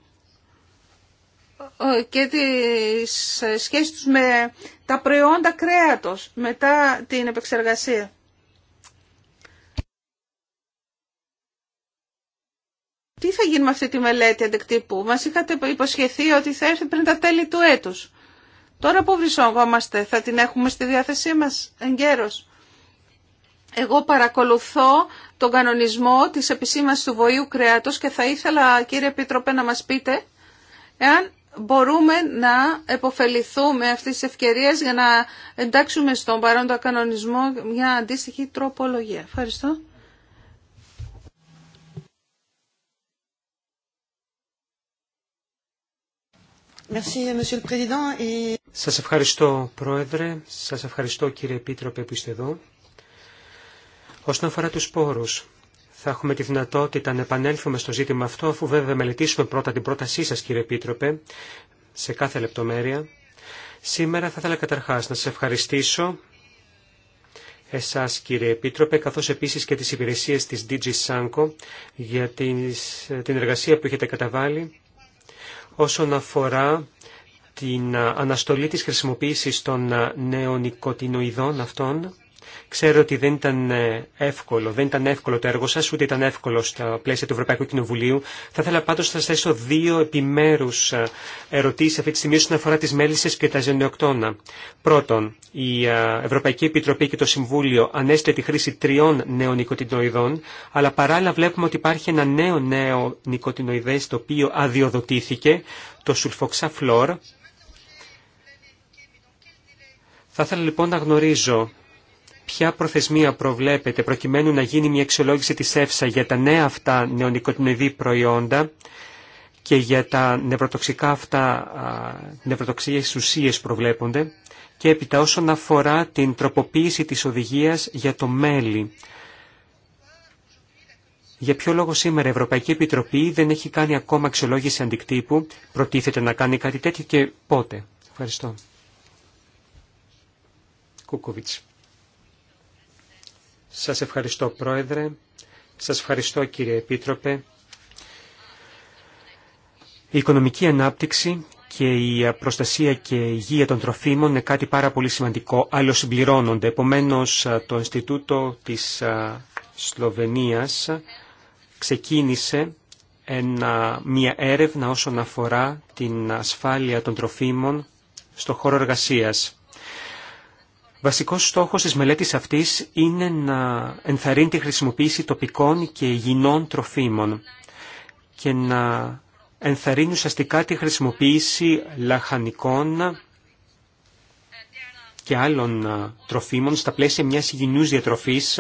[SPEAKER 3] και τις σχέσεις τους με τα προϊόντα κρέατος μετά την επεξεργασία. Τι θα γίνει με αυτή τη μελέτη αντικτύπου. Μας είχατε υποσχεθεί ότι θα έρθει πριν τα τέλη του έτους. Τώρα που βρισκόμαστε, θα την έχουμε στη διάθεσή μας εγκαίρως. Εγώ παρακολουθώ τον κανονισμό της επισήμανσης του βοήου κρέατος και θα ήθελα κύριε Επίτροπε να μας πείτε εάν μπορούμε να επωφεληθούμε αυτής της ευκαιρίας για να εντάξουμε στον παρόντο κανονισμό μια αντίστοιχη τροπολογία. Ευχαριστώ.
[SPEAKER 2] Σας ευχαριστώ Πρόεδρε, σας ευχαριστώ κύριε Επίτροπε που είστε εδώ. Όσον αφορά τους πόρους, θα έχουμε τη δυνατότητα να επανέλθουμε στο ζήτημα αυτό, αφού βέβαια μελετήσουμε πρώτα την πρότασή σας κύριε Επίτροπε, σε κάθε λεπτομέρεια. Σήμερα θα ήθελα καταρχάς να σας ευχαριστήσω εσάς κύριε Επίτροπε, καθώς επίσης και τις υπηρεσίες της DG Sanko για την εργασία που έχετε καταβάλει όσον αφορά την ε, αναστολή της χρησιμοποίησης των ε, νεονικοτινοειδών αυτών Ξέρω ότι δεν ήταν ε, εύκολο, δεν ήταν εύκολο το έργο σας, ούτε ήταν εύκολο στα πλαίσια του Ευρωπαϊκού Κοινοβουλίου. Θα ήθελα πάντως να σας θέσω δύο επιμέρους ε, ερωτήσεις αυτή τη στιγμή όσον αφορά τις μέλησες και τα ζενεοκτώνα. Πρώτον, η ε, Ευρωπαϊκή Επιτροπή και το Συμβούλιο ανέστηται τη χρήση τριών νέων νοικοτινοειδών, αλλά παράλληλα βλέπουμε ότι υπάρχει ένα νέο νέο νοικοτινοειδές το οποίο αδειοδοτήθηκε, το φλόρ. Θα ήθελα λοιπόν να γνωρίζω ποια προθεσμία προβλέπετε προκειμένου να γίνει μια αξιολόγηση της ΕΦΣΑ για τα νέα αυτά νεονικοτινοειδή προϊόντα και για τα νευροτοξικά αυτά νευροτοξίες ουσίες προβλέπονται και έπειτα όσον αφορά την τροποποίηση της οδηγίας για το μέλι. Για ποιο λόγο σήμερα η Ευρωπαϊκή Επιτροπή δεν έχει κάνει ακόμα αξιολόγηση αντικτύπου, προτίθεται να κάνει κάτι τέτοιο και πότε. Ευχαριστώ. Κούκοβιτς. Σας ευχαριστώ Πρόεδρε, σας ευχαριστώ κύριε Επίτροπε. Η οικονομική ανάπτυξη και η προστασία και η υγεία των τροφίμων είναι κάτι πάρα πολύ σημαντικό, άλλο συμπληρώνονται. Επομένως, το Ινστιτούτο της Σλοβενίας ξεκίνησε ένα, μια έρευνα όσον αφορά την ασφάλεια των τροφίμων στο χώρο εργασίας. Βασικός στόχος της μελέτης αυτής είναι να ενθαρρύνει τη χρησιμοποίηση τοπικών και υγιεινών τροφίμων και να ενθαρρύνει ουσιαστικά τη χρησιμοποίηση λαχανικών και άλλων ε, τροφίμων στα πλαίσια μιας υγιεινούς διατροφής,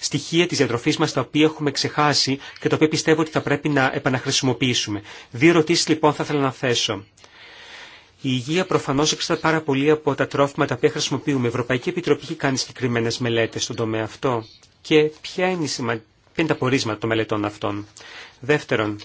[SPEAKER 2] στοιχεία της διατροφής μας τα οποία έχουμε ξεχάσει και τα οποία πιστεύω ότι θα πρέπει να επαναχρησιμοποιήσουμε. Δύο ερωτήσει λοιπόν θα ήθελα να θέσω. Η υγεία προφανώ εξαρτάται πάρα πολύ από τα τρόφιμα τα οποία χρησιμοποιούμε. Η Ευρωπαϊκή Επιτροπή έχει κάνει συγκεκριμένε μελέτε στον τομέα αυτό. Και ποια είναι, η σημα... ποια είναι τα πορίσματα των μελετών αυτών. Δεύτερον,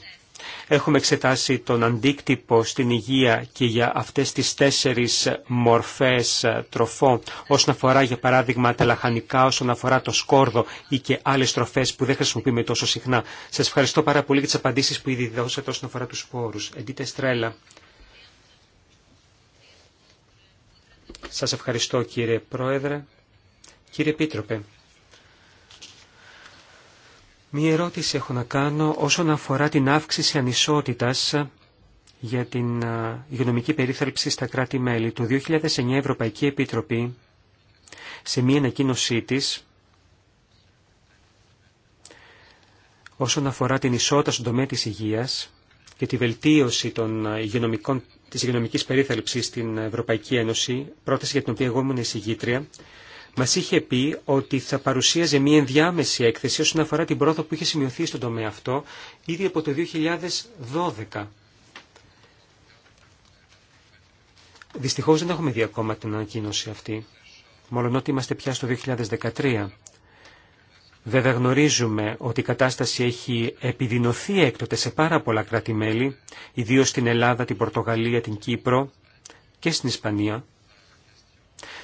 [SPEAKER 2] έχουμε εξετάσει τον αντίκτυπο στην υγεία και για αυτέ τι τέσσερι μορφέ ε, τροφό όσον αφορά για παράδειγμα τα λαχανικά, όσον αφορά το σκόρδο ή και άλλε τροφές που δεν χρησιμοποιούμε τόσο συχνά. Σα ευχαριστώ πάρα πολύ για τι απαντήσει που ήδη δώσατε όσον αφορά του σπόρου. Εντίτε Στρέλα. Σας ευχαριστώ κύριε Πρόεδρε. Κύριε Επίτροπε, μία ερώτηση έχω να κάνω όσον αφορά την αύξηση ανισότητας για την υγειονομική περίθαλψη στα κράτη-μέλη. Το 2009 Ευρωπαϊκή Επίτροπη σε μία ανακοίνωσή της όσον αφορά την ισότητα στον τομέα της υγείας και τη βελτίωση των υγειονομικών τη υγειονομικής περίθαλψης στην Ευρωπαϊκή Ένωση, πρόταση για την οποία εγώ ήμουν εισηγήτρια, μας είχε πει ότι θα παρουσίαζε μια ενδιάμεση έκθεση όσον αφορά την πρόοδο που είχε σημειωθεί στον τομέα αυτό ήδη από το 2012. Δυστυχώς δεν έχουμε δει ακόμα την ανακοίνωση αυτή, μόλον ότι είμαστε πια στο 2013. Βέβαια γνωρίζουμε ότι η κατάσταση έχει επιδεινωθεί έκτοτε σε πάρα πολλά κράτη-μέλη, ιδίως στην Ελλάδα, την Πορτογαλία, την Κύπρο και στην Ισπανία.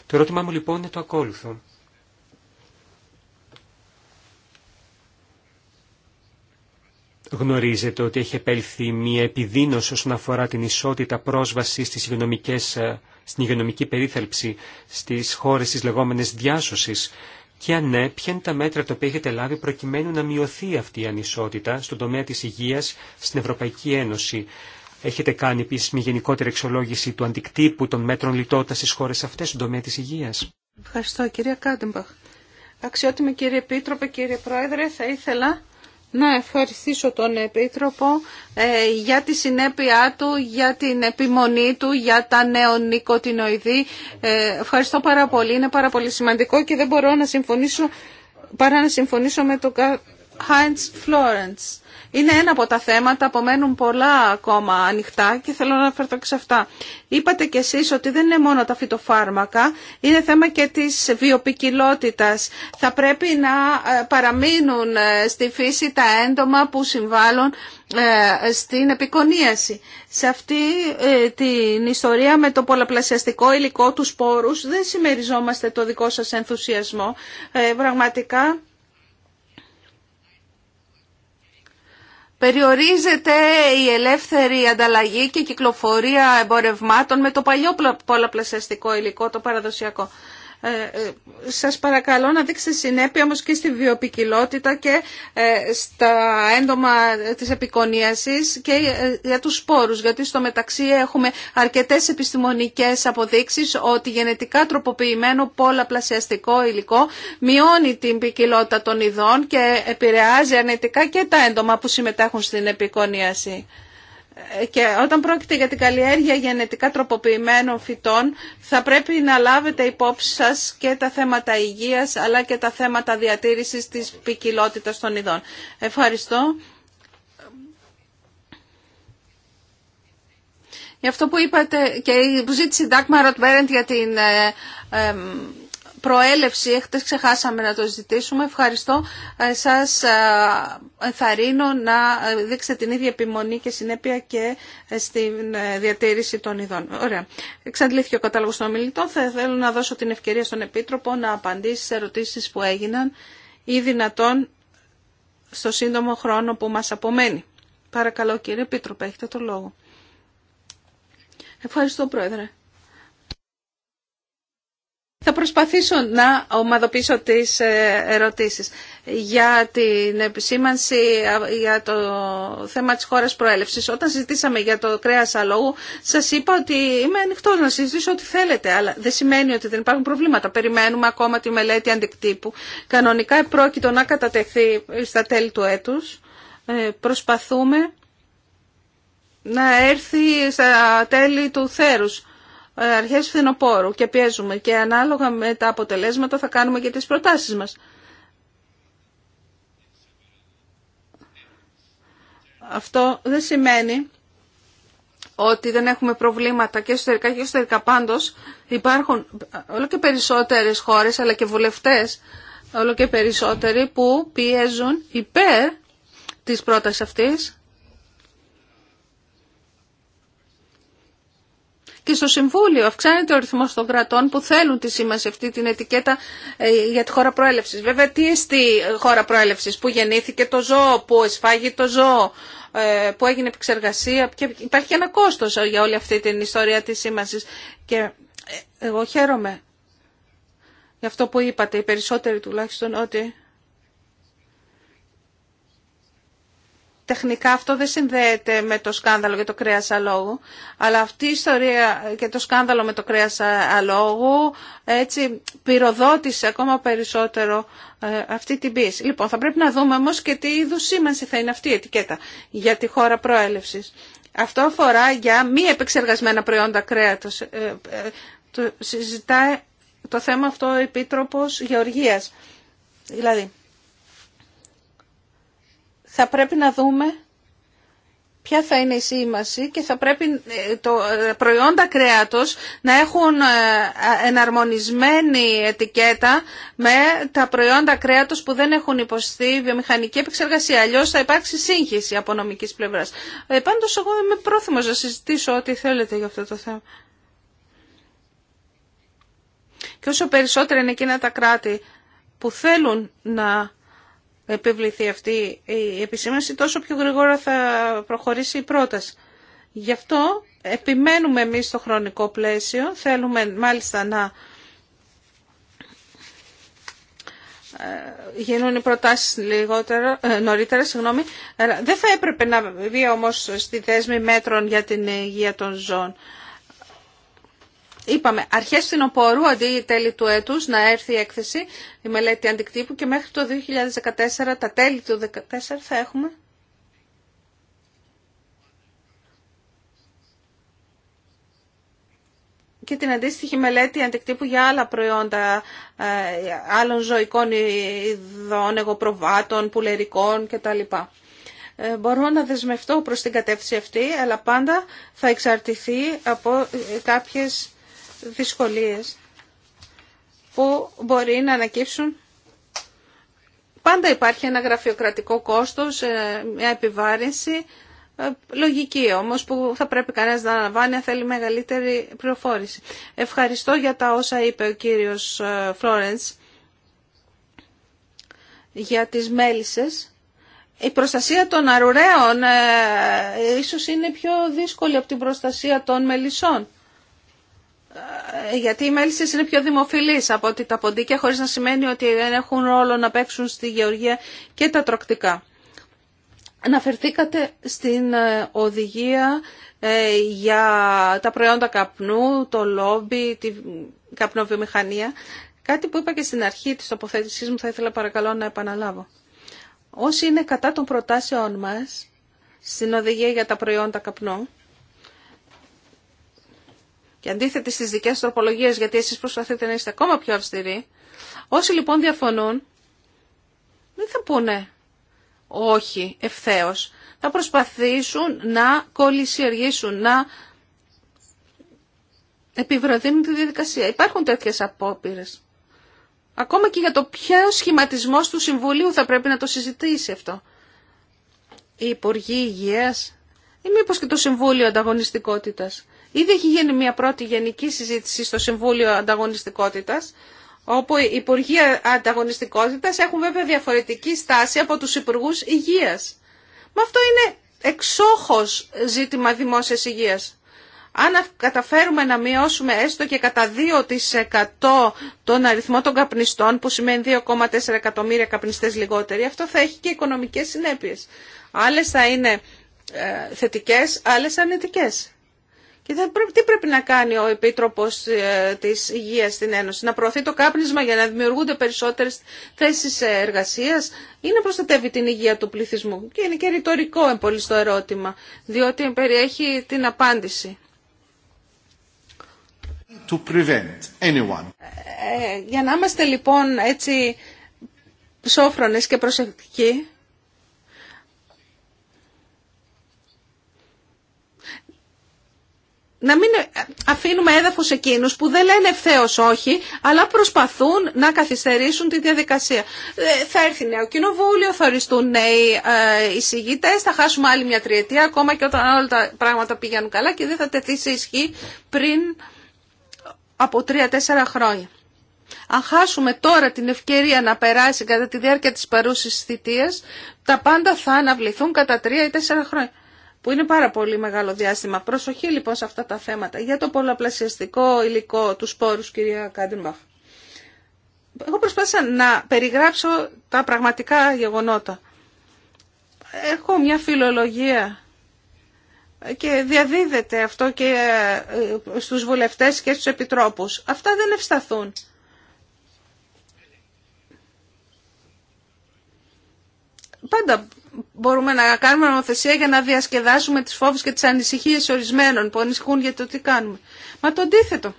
[SPEAKER 2] Το ερώτημά μου λοιπόν είναι το ακόλουθο. Γνωρίζετε ότι έχει επέλθει μια επιδείνωση όσον αφορά την ισότητα πρόσβασης στις ε, στην υγειονομική περίθαλψη στις χώρες της λεγόμενης διάσωσης και αν ναι, ποια είναι τα μέτρα τα οποία έχετε λάβει προκειμένου να μειωθεί αυτή η ανισότητα στον τομέα της υγείας στην Ευρωπαϊκή Ένωση. Έχετε κάνει επίση μια γενικότερη εξολόγηση του αντικτύπου των μέτρων λιτότητα στι χώρε αυτέ στον τομέα τη υγεία.
[SPEAKER 3] Ευχαριστώ, κυρία Κάντεμπαχ. Αξιότιμη κύριε Επίτροπε, κύριε Πρόεδρε, θα ήθελα να ευχαριστήσω τον Επίτροπο ε, για τη συνέπειά του, για την επιμονή του, για τα νεονικοτινοειδή. Ε, ευχαριστώ πάρα πολύ. Είναι πάρα πολύ σημαντικό και δεν μπορώ να συμφωνήσω παρά να συμφωνήσω με τον Χάιντς Φλόρεντς είναι ένα από τα θέματα, απομένουν πολλά ακόμα ανοιχτά και θέλω να αναφερθώ και σε αυτά. Είπατε κι εσείς ότι δεν είναι μόνο τα φυτοφάρμακα, είναι θέμα και της βιοπικιλότητας. Θα πρέπει να ε, παραμείνουν ε, στη φύση τα έντομα που συμβάλλουν ε, στην επικονίαση. Σε αυτή την ιστορία με το πολλαπλασιαστικό υλικό του σπόρους δεν συμμεριζόμαστε το δικό σας ενθουσιασμό. Πραγματικά Περιορίζεται η ελεύθερη ανταλλαγή και κυκλοφορία εμπορευμάτων με το παλιό πολλαπλασιαστικό υλικό, το παραδοσιακό. Ε, ε, σας παρακαλώ να δείξετε συνέπεια όμως και στη βιοπικιλότητα και ε, στα έντομα της επικονίασης και για τους σπόρους, γιατί στο μεταξύ έχουμε αρκετές επιστημονικές αποδείξεις ότι γενετικά τροποποιημένο πολλαπλασιαστικό υλικό μειώνει την ποικιλότητα των ειδών και επηρεάζει αρνητικά και τα έντομα που συμμετέχουν στην επικονίαση και όταν πρόκειται για την καλλιέργεια γενετικά τροποποιημένων φυτών θα πρέπει να λάβετε υπόψη σας και τα θέματα υγείας αλλά και τα θέματα διατήρησης της ποικιλότητα των ειδών. Ευχαριστώ. Για αυτό που είπατε και που ζήτησε η Ντάκμα για την ε, ε, προέλευση, χτες ξεχάσαμε να το ζητήσουμε. Ευχαριστώ. Ε, σας ε, ενθαρρύνω να ε, δείξετε την ίδια επιμονή και συνέπεια και στην διατήρηση των ειδών. Ωραία. Εξαντλήθηκε ο κατάλογος των ομιλητών. Θα θέλω να δώσω την ευκαιρία στον Επίτροπο να απαντήσει σε ερωτήσεις που έγιναν ή δυνατόν στο σύντομο χρόνο που μας απομένει. Παρακαλώ κύριε Επίτροπε, έχετε το λόγο. Ευχαριστώ Πρόεδρε. Θα προσπαθήσω να ομαδοποιήσω τις ε, ερωτήσεις για την επισήμανση για το θέμα της χώρας προέλευσης. Όταν συζητήσαμε για το κρέας αλόγου, σας είπα ότι είμαι ανοιχτός να συζητήσω ό,τι θέλετε, αλλά δεν σημαίνει ότι δεν υπάρχουν προβλήματα. Περιμένουμε ακόμα τη μελέτη αντικτύπου. Κανονικά επρόκειτο να κατατεθεί στα τέλη του έτους. Ε, προσπαθούμε να έρθει στα τέλη του θέρους αρχές φθινοπόρου και πιέζουμε και ανάλογα με τα αποτελέσματα θα κάνουμε και τις προτάσεις μας. Αυτό δεν σημαίνει ότι δεν έχουμε προβλήματα και εσωτερικά και εσωτερικά πάντως υπάρχουν όλο και περισσότερες χώρες αλλά και βουλευτές όλο και περισσότεροι που πιέζουν υπέρ της πρότασης αυτής και στο Συμβούλιο αυξάνεται ο αριθμό των κρατών που θέλουν τη σήμανση αυτή την ετικέτα ε, για τη χώρα προέλευση. Βέβαια, τι εστί ε, χώρα προέλευση, που γεννήθηκε το ζώο, που εσφάγει το ζώο, ε, που έγινε επεξεργασία. Και υπάρχει ένα κόστο για όλη αυτή την ιστορία τη σήμανση. Και εγώ χαίρομαι για αυτό που είπατε, οι περισσότεροι τουλάχιστον, ότι τεχνικά αυτό δεν συνδέεται με το σκάνδαλο για το κρέας αλόγου, αλλά αυτή η ιστορία και το σκάνδαλο με το κρέας αλόγου έτσι πυροδότησε ακόμα περισσότερο ε, αυτή την πίεση. Λοιπόν, θα πρέπει να δούμε όμως και τι είδου σήμανση θα είναι αυτή η ετικέτα για τη χώρα προέλευσης. Αυτό αφορά για μη επεξεργασμένα προϊόντα κρέατος. Ε, ε, το συζητάει το θέμα αυτό ο Επίτροπος Γεωργίας. Δηλαδή, θα πρέπει να δούμε ποια θα είναι η σήμαση και θα πρέπει ε, το ε, προϊόντα κρέατος να έχουν ε, εναρμονισμένη ετικέτα με τα προϊόντα κρέατος που δεν έχουν υποστεί βιομηχανική επεξεργασία. Αλλιώς θα υπάρξει σύγχυση από νομικής πλευράς. Ε, εγώ είμαι πρόθυμος να συζητήσω ό,τι θέλετε για αυτό το θέμα. Και όσο περισσότερα είναι εκείνα τα κράτη που θέλουν να επιβληθεί αυτή η επισήμανση, τόσο πιο γρήγορα θα προχωρήσει η πρόταση. Γι' αυτό επιμένουμε εμείς στο χρονικό πλαίσιο, θέλουμε μάλιστα να ε, γίνουν οι προτάσεις λιγότερο ε, νωρίτερα, συγγνώμη. Ε, δεν θα έπρεπε να βγει όμως στη δέσμη μέτρων για την υγεία των ζώων είπαμε αρχές φθινοπόρου αντί τέλη του έτους να έρθει η έκθεση, η μελέτη αντικτύπου και μέχρι το 2014, τα τέλη του 2014 θα έχουμε. και την αντίστοιχη μελέτη αντικτύπου για άλλα προϊόντα ε, άλλων ζωικών ειδών, εγωπροβάτων, πουλερικών κτλ. Ε, μπορώ να δεσμευτώ προς την κατεύθυνση αυτή, αλλά πάντα θα εξαρτηθεί από ε, κάποιες δυσκολίες που μπορεί να ανακύψουν. Πάντα υπάρχει ένα γραφειοκρατικό κόστος, ε, μια επιβάρυνση, ε, λογική όμως που θα πρέπει κανένας να αναβάνει αν θέλει μεγαλύτερη πληροφόρηση. Ευχαριστώ για τα όσα είπε ο κύριος ε, Φλόρενς για τις μέλισσες. Η προστασία των αρουραίων ε, ίσως είναι πιο δύσκολη από την προστασία των μελισσών. Ε, γιατί οι μέλισσε είναι πιο δημοφιλείς από ότι τα ποντίκια, χωρίς να σημαίνει ότι δεν έχουν ρόλο να παίξουν στη γεωργία και τα τροκτικά. Αναφερθήκατε στην ε, οδηγία ε, για τα προϊόντα καπνού, το λόμπι, την καπνοβιομηχανία. Κάτι που είπα και στην αρχή της τοποθέτησής μου θα ήθελα παρακαλώ να επαναλάβω. Όσοι είναι κατά των προτάσεών μας στην οδηγία για τα προϊόντα καπνού, και αντίθετη στις δικές τροπολογίες, γιατί εσείς προσπαθείτε να είστε ακόμα πιο αυστηροί, όσοι λοιπόν διαφωνούν, δεν θα πούνε όχι ευθέως. Θα προσπαθήσουν να κολλησιεργήσουν, να επιβραδύνουν τη διαδικασία. Υπάρχουν τέτοιες απόπειρε. Ακόμα και για το ποιο σχηματισμό του Συμβουλίου θα πρέπει να το συζητήσει αυτό. Οι Υπουργοί Υγείας ή μήπως και το Συμβούλιο Ανταγωνιστικότητας. Ήδη έχει γίνει μια πρώτη γενική συζήτηση στο Συμβούλιο Ανταγωνιστικότητας, όπου οι Υπουργοί Ανταγωνιστικότητας έχουν βέβαια διαφορετική στάση από τους Υπουργούς Υγείας. Μα αυτό είναι εξόχως ζήτημα δημόσιας υγείας. Αν καταφέρουμε να μειώσουμε έστω και κατά 2% τον αριθμό των καπνιστών, που σημαίνει 2,4 εκατομμύρια καπνιστές λιγότεροι, αυτό θα έχει και οικονομικές συνέπειες. Άλλες θα είναι ε, θετικές, άλλες αρνητικές. Τι πρέπει να κάνει ο Επίτροπος ε, της Υγείας στην Ένωση, να προωθεί το κάπνισμα για να δημιουργούνται περισσότερες θέσεις εργασίας ή να προστατεύει την υγεία του πληθυσμού. Και είναι και ρητορικό πολύ στο ερώτημα, διότι περιέχει την απάντηση.
[SPEAKER 1] To ε, ε,
[SPEAKER 3] για να είμαστε λοιπόν έτσι σόφρονες και προσεκτικοί, να μην αφήνουμε έδαφος εκείνους που δεν λένε ευθέω όχι, αλλά προσπαθούν να καθυστερήσουν τη διαδικασία. Ε, θα έρθει νέο κοινοβούλιο, θα οριστούν νέοι ε, εισηγητές, θα χάσουμε άλλη μια τριετία, ακόμα και όταν όλα τα πράγματα πηγαίνουν καλά και δεν θα τεθεί σε ισχύ πριν από τρία-τέσσερα χρόνια. Αν χάσουμε τώρα την ευκαιρία να περάσει κατά τη διάρκεια της παρούσης θητείας, τα πάντα θα αναβληθούν κατά τρία ή τέσσερα χρόνια που είναι πάρα πολύ μεγάλο διάστημα. Προσοχή λοιπόν σε αυτά τα θέματα. Για το πολλαπλασιαστικό υλικό, του σπόρους, κυρία Κάντεμπαχ. Εγώ προσπάθησα να περιγράψω τα πραγματικά γεγονότα. Έχω μια φιλολογία και διαδίδεται αυτό και ε, στους βουλευτές και στους επιτρόπους. Αυτά δεν ευσταθούν. Πάντα μπορούμε να κάνουμε νομοθεσία για να διασκεδάσουμε τις φόβους και τις ανησυχίες ορισμένων που ανησυχούν για το τι κάνουμε. Μα το αντίθετο.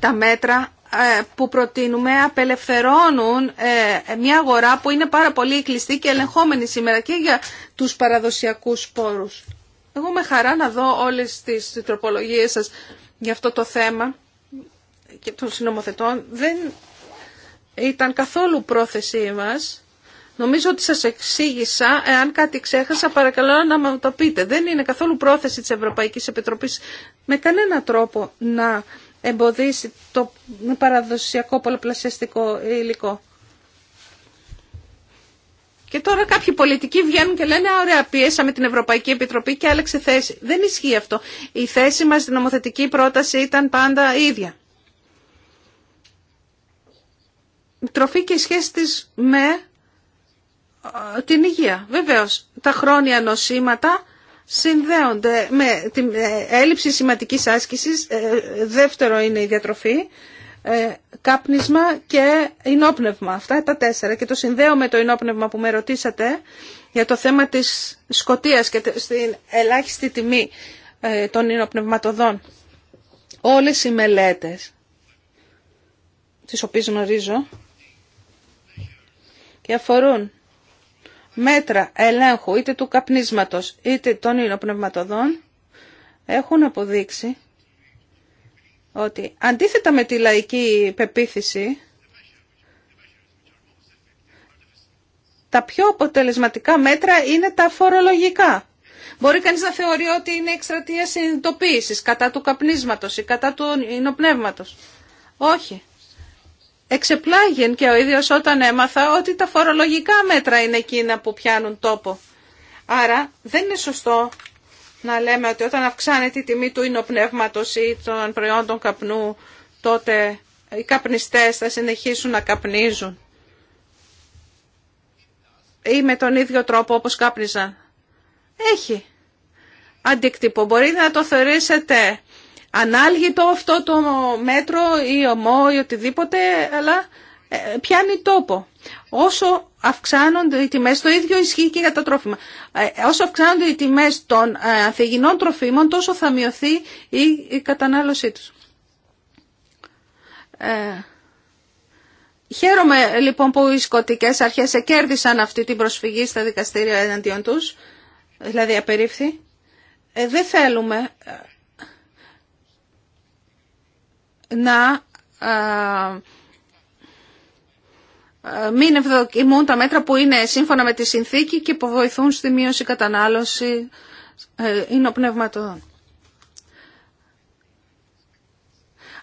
[SPEAKER 3] Τα μέτρα ε, που προτείνουμε απελευθερώνουν ε, μια αγορά που είναι πάρα πολύ κλειστή και ελεγχόμενη σήμερα και για τους παραδοσιακούς πόρους. Εγώ με χαρά να δω όλες τις τροπολογίες σας για αυτό το θέμα και των συνομοθετών. Δεν ήταν καθόλου πρόθεσή μας Νομίζω ότι σας εξήγησα, εάν κάτι ξέχασα παρακαλώ να μου το πείτε. Δεν είναι καθόλου πρόθεση της Ευρωπαϊκής Επιτροπής με κανένα τρόπο να εμποδίσει το παραδοσιακό πολλαπλασιαστικό υλικό. Και τώρα κάποιοι πολιτικοί βγαίνουν και λένε ωραία πιέσαμε την Ευρωπαϊκή Επιτροπή και άλλαξε θέση. Δεν ισχύει αυτό. Η θέση μας στην νομοθετική πρόταση ήταν πάντα ίδια. τροφή και σχέση της με την υγεία. Βεβαίως, τα χρόνια νοσήματα συνδέονται με την ε, έλλειψη σημαντικής άσκησης, ε, δεύτερο είναι η διατροφή, ε, κάπνισμα και ενόπνευμα. Αυτά τα τέσσερα. Και το συνδέω με το ενόπνευμα που με ρωτήσατε για το θέμα της σκοτίας και στην ελάχιστη τιμή των ενόπνευματοδών. Όλες οι μελέτες, τις οποίες γνωρίζω, και αφορούν μέτρα ελέγχου είτε του καπνίσματος είτε των υλοπνευματοδών έχουν αποδείξει ότι αντίθετα με τη λαϊκή πεποίθηση τα πιο αποτελεσματικά μέτρα είναι τα φορολογικά. Μπορεί κανείς να θεωρεί ότι είναι εκστρατεία συνειδητοποίησης κατά του καπνίσματος ή κατά του υνοπνεύματος. Όχι. Εξεπλάγεν και ο ίδιος όταν έμαθα ότι τα φορολογικά μέτρα είναι εκείνα που πιάνουν τόπο. Άρα δεν είναι σωστό να λέμε ότι όταν αυξάνεται η τιμή του ινοπνεύματος ή των προϊόντων καπνού, τότε οι καπνιστές θα συνεχίσουν να καπνίζουν. Ή με τον ίδιο τρόπο όπως κάπνιζαν. Έχει αντίκτυπο. Μπορείτε να το θεωρήσετε ανάλγητο αυτό το μέτρο ή ομό ή οτιδήποτε, αλλά ε, πιάνει τόπο. Όσο αυξάνονται οι τιμές, το ίδιο ισχύει και για τα τρόφιμα. Ε, όσο αυξάνονται οι τιμές των ε, ανθιγεινών τροφίμων, τόσο θα μειωθεί η κατανάλωσή τους. Χαίρομαι λοιπόν που οι σκοτικές αρχές εκέρδισαν αυτή την προσφυγή στα δικαστήρια εναντίον τους, δηλαδή απερίφθη. δεν θέλουμε να μην ευδοκιμούν τα μέτρα που είναι σύμφωνα με τη συνθήκη και που βοηθούν στη μείωση κατανάλωση υνοπνευματοδών. Ε,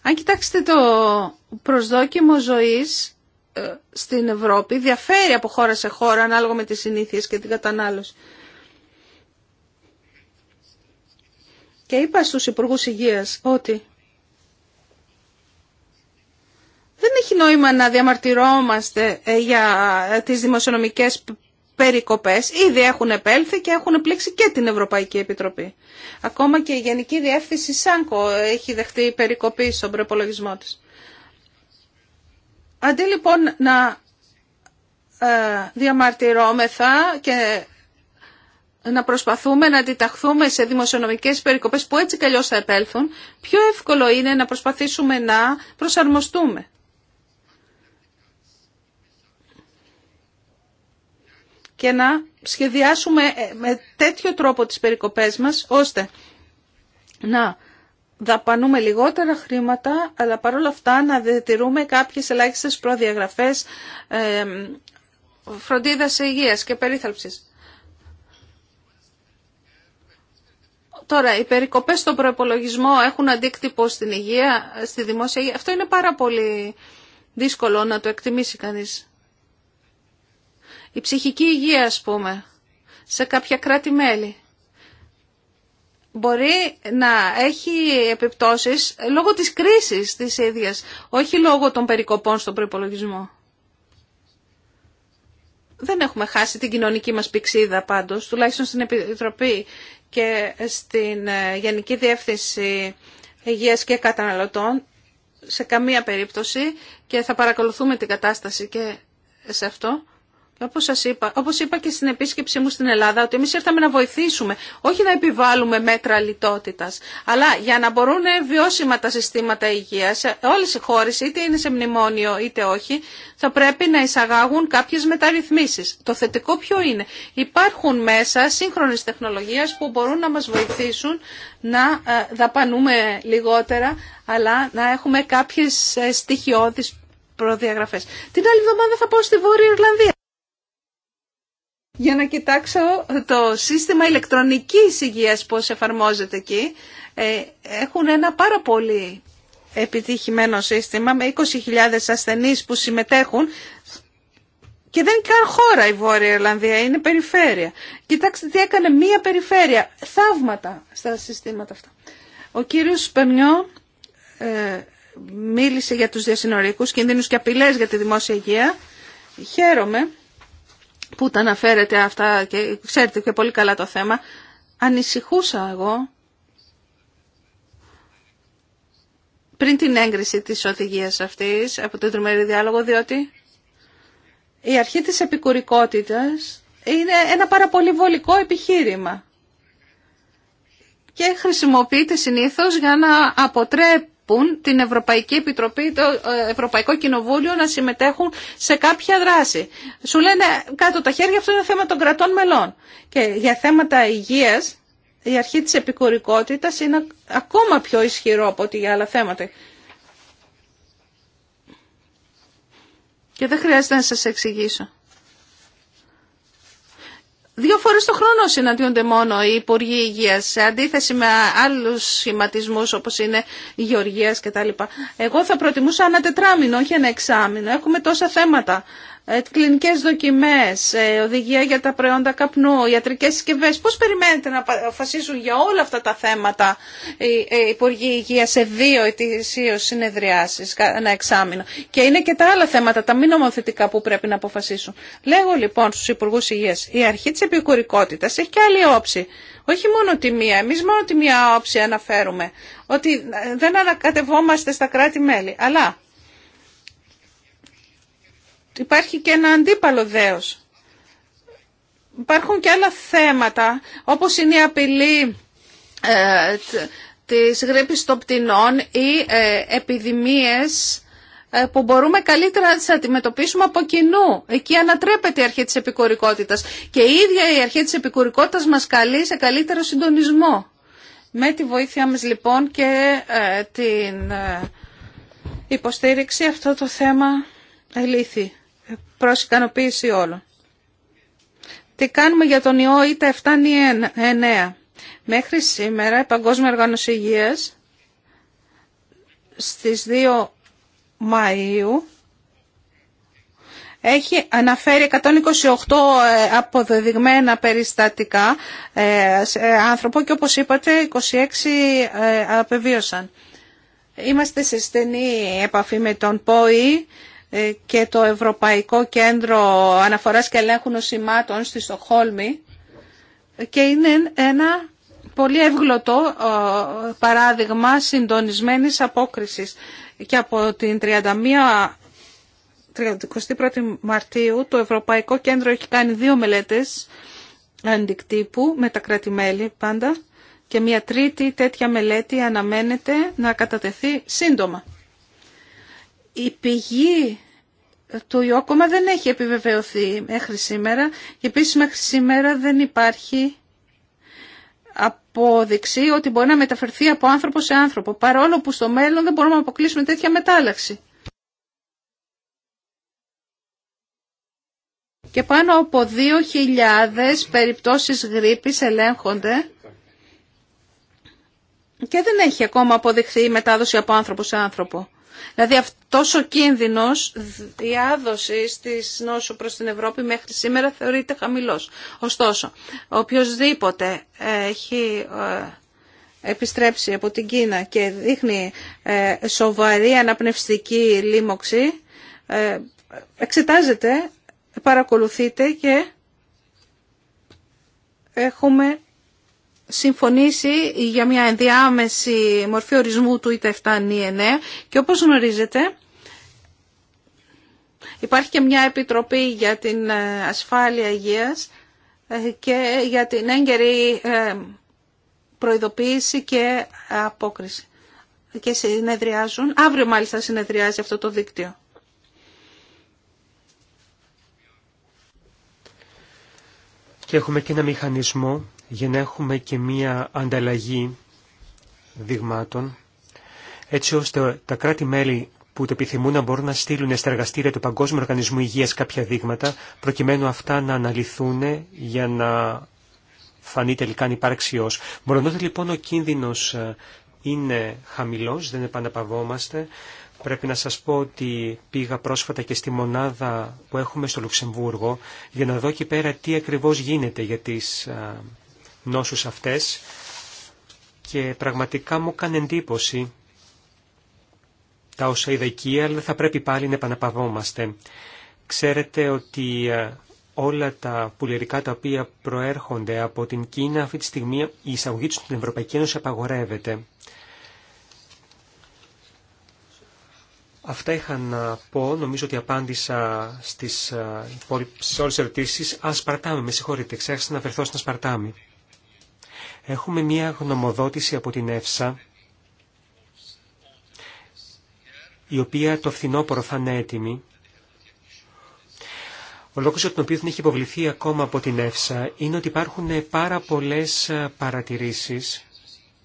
[SPEAKER 3] Αν κοιτάξετε το προσδόκιμο ζωής ε, στην Ευρώπη, διαφέρει από χώρα σε χώρα ανάλογα με τις συνήθειες και την κατανάλωση. Και είπα στους Υπουργούς Υγείας ότι Δεν έχει νόημα να διαμαρτυρόμαστε ε, για ε, τις δημοσιονομικές περικοπές. Ήδη έχουν επέλθει και έχουν πλήξει και την Ευρωπαϊκή Επιτροπή. Ακόμα και η Γενική Διεύθυνση ΣΑΝΚΟ έχει δεχτεί περικοπή στον προπολογισμό της. Αντί λοιπόν να ε, διαμαρτυρόμεθα και να προσπαθούμε να αντιταχθούμε σε δημοσιονομικές περικοπές που έτσι καλλιώς θα επέλθουν, πιο εύκολο είναι να προσπαθήσουμε να προσαρμοστούμε. και να σχεδιάσουμε ε, με τέτοιο τρόπο τις περικοπές μας, ώστε να δαπανούμε λιγότερα χρήματα, αλλά παρόλα αυτά να διατηρούμε κάποιες ελάχιστες προδιαγραφές ε, φροντίδας υγείας και περίθαλψης. Τώρα, οι περικοπές στον προπολογισμό έχουν αντίκτυπο στην υγεία, στη δημόσια υγεία. Αυτό είναι πάρα πολύ δύσκολο να το εκτιμήσει κανείς. Η ψυχική υγεία, ας πούμε, σε κάποια κράτη-μέλη μπορεί να έχει επιπτώσεις λόγω της κρίσης της ίδιας, όχι λόγω των περικοπών στον προϋπολογισμό. Δεν έχουμε χάσει την κοινωνική μας πηξίδα πάντως, τουλάχιστον στην Επιτροπή και στην ε, Γενική Διεύθυνση Υγείας και Καταναλωτών, σε καμία περίπτωση και θα παρακολουθούμε την κατάσταση και σε αυτό. Όπως, σας είπα, όπως είπα και στην επίσκεψή μου στην Ελλάδα, ότι εμείς ήρθαμε να βοηθήσουμε, όχι να επιβάλλουμε μέτρα λιτότητας, αλλά για να μπορούν βιώσιμα τα συστήματα υγείας, όλες οι χώρες, είτε είναι σε μνημόνιο είτε όχι, θα πρέπει να εισαγάγουν κάποιες μεταρρυθμίσεις. Το θετικό ποιο είναι. Υπάρχουν μέσα σύγχρονες τεχνολογίες που μπορούν να μας βοηθήσουν να ε, δαπανούμε λιγότερα, αλλά να έχουμε κάποιες ε, στοιχειώδεις προδιαγραφές. Την άλλη εβδομάδα θα πάω στη Βόρεια Ιρλανδία για να κοιτάξω το σύστημα ηλεκτρονικής υγείας πώς εφαρμόζεται εκεί. Ε, έχουν ένα πάρα πολύ επιτυχημένο σύστημα με 20.000 ασθενείς που συμμετέχουν και δεν είναι καν χώρα η Βόρεια Ιρλανδία, είναι περιφέρεια. Κοιτάξτε τι έκανε μία περιφέρεια. Θαύματα στα συστήματα αυτά. Ο κύριος Πεμιό ε, μίλησε για τους διασυνορικούς κινδύνους και απειλές για τη δημόσια υγεία. Χαίρομαι που τα αναφέρετε αυτά και ξέρετε και πολύ καλά το θέμα, ανησυχούσα εγώ πριν την έγκριση της οδηγίας αυτής από τον τριμερή διάλογο, διότι η αρχή της επικουρικότητας είναι ένα βολικό επιχείρημα και χρησιμοποιείται συνήθως για να αποτρέπει την Ευρωπαϊκή Επιτροπή, το ε, Ευρωπαϊκό Κοινοβούλιο να συμμετέχουν σε κάποια δράση. Σου λένε κάτω τα χέρια, αυτό είναι θέμα των κρατών μελών. Και για θέματα υγείας, η αρχή της επικουρικότητας είναι ακόμα πιο ισχυρό από ό,τι για άλλα θέματα. Και δεν χρειάζεται να σας εξηγήσω. Δύο φορές το χρόνο συναντιούνται μόνο οι Υπουργοί Υγεία, σε αντίθεση με άλλους σχηματισμού, όπως είναι η Γεωργίας κτλ. Εγώ θα προτιμούσα ένα τετράμινο, όχι ένα εξάμινο. Έχουμε τόσα θέματα ε, κλινικές δοκιμές, ε, οδηγία για τα προϊόντα καπνού, ιατρικές συσκευές. Πώς περιμένετε να αποφασίσουν για όλα αυτά τα θέματα οι ε, Υπουργοί Υγείας σε δύο ετησίως συνεδριάσεις, ένα εξάμεινο. Και είναι και τα άλλα θέματα, τα μη νομοθετικά που πρέπει να αποφασίσουν. Λέγω λοιπόν στους Υπουργούς Υγείας, η αρχή της επικουρικότητας έχει και άλλη όψη. Όχι μόνο τη μία, εμείς μόνο τη μία όψη αναφέρουμε, ότι δεν ανακατευόμαστε στα κράτη-μέλη, αλλά Υπάρχει και ένα αντίπαλο δέος. Υπάρχουν και άλλα θέματα, όπως είναι η απειλή ε, της γρήπης των πτηνών ή ε, επιδημίες ε, που μπορούμε καλύτερα να τις αντιμετωπίσουμε από κοινού. Εκεί ανατρέπεται η αρχή της επικουρικότητας και η ίδια η αρχή της επικουρικότητας μας καλεί σε καλύτερο συντονισμό. Με τη βοήθεια μας λοιπόν και ε, την ε, υποστήριξη αυτό το θέμα ελήθη προς ικανοποίηση όλων. Τι κάνουμε για τον ιό ιτα 7 ή 9. Μέχρι σήμερα Παγκόσμια Οργάνωση Υγείας στις 2 Μαΐου έχει αναφέρει 128 ε, αποδεδειγμένα περιστατικά ε, σε άνθρωπο και όπως είπατε 26 ε, απεβίωσαν. Είμαστε σε στενή επαφή με τον ΠΟΗ ε, και το Ευρωπαϊκό Κέντρο Αναφοράς και Ελέγχου Νοσημάτων στη Στοχόλμη και είναι ένα πολύ εύγλωτο ε, παράδειγμα συντονισμένης απόκρισης και από την 31 31η Μαρτίου το Ευρωπαϊκό Κέντρο έχει κάνει δύο μελέτες αντικτύπου με τα κρατη πάντα και μια τρίτη τέτοια μελέτη αναμένεται να κατατεθεί σύντομα η πηγή του ιού ακόμα δεν έχει επιβεβαιωθεί μέχρι σήμερα και επίσης μέχρι σήμερα δεν υπάρχει απόδειξη ότι μπορεί να μεταφερθεί από άνθρωπο σε άνθρωπο, παρόλο που στο μέλλον δεν μπορούμε να αποκλείσουμε τέτοια μετάλλαξη. Και πάνω από 2.000 περιπτώσεις γρήπης ελέγχονται και δεν έχει ακόμα αποδειχθεί η μετάδοση από άνθρωπο σε άνθρωπο. Δηλαδή αυτός ο κίνδυνος διάδοσης της νόσου προς την Ευρώπη μέχρι σήμερα θεωρείται χαμηλός. Ωστόσο, οποιοδήποτε έχει ε, επιστρέψει από την Κίνα και δείχνει ε, σοβαρή αναπνευστική λίμωξη, ε, εξετάζεται, παρακολουθείται και έχουμε συμφωνήσει για μια ενδιάμεση μορφή ορισμού του ΙΤΑ 7 9 και όπως γνωρίζετε υπάρχει και μια επιτροπή για την ε, ασφάλεια υγείας ε, και για την έγκαιρη ε, προειδοποίηση και απόκριση. Και συνεδριάζουν, αύριο μάλιστα συνεδριάζει αυτό το δίκτυο.
[SPEAKER 2] Και έχουμε και ένα μηχανισμό για να έχουμε και μία ανταλλαγή δειγμάτων, έτσι ώστε τα κράτη-μέλη που το επιθυμούν να μπορούν να στείλουν στα εργαστήρια του Παγκόσμιου Οργανισμού Υγείας κάποια δείγματα, προκειμένου αυτά να αναλυθούν για να φανεί τελικά αν υπάρξει ιός. Μολονότι λοιπόν ο κίνδυνος ε, είναι χαμηλός, δεν επαναπαυόμαστε, Πρέπει να σας πω ότι πήγα πρόσφατα και στη μονάδα που έχουμε στο Λουξεμβούργο για να δω εκεί πέρα τι ακριβώς γίνεται για τις νόσους αυτές και πραγματικά μου έκανε εντύπωση τα όσα είδα εκεί, αλλά θα πρέπει πάλι να επαναπαυόμαστε. Ξέρετε ότι όλα τα πουλερικά τα οποία προέρχονται από την Κίνα αυτή τη στιγμή η εισαγωγή τους στην Ευρωπαϊκή Ένωση απαγορεύεται. Αυτά είχα να πω. Νομίζω ότι απάντησα στις, ε, σε όλες τις ερωτήσεις. Α, Σπαρτάμι, με συγχωρείτε. Ξέχασα να βρεθώ στην Σπαρτάμι. Έχουμε μία γνωμοδότηση από την Εύσα, η οποία το φθινόπωρο θα είναι έτοιμη. Ο λόγος για τον οποίο δεν έχει υποβληθεί ακόμα από την Εύσα είναι ότι υπάρχουν πάρα πολλές παρατηρήσεις,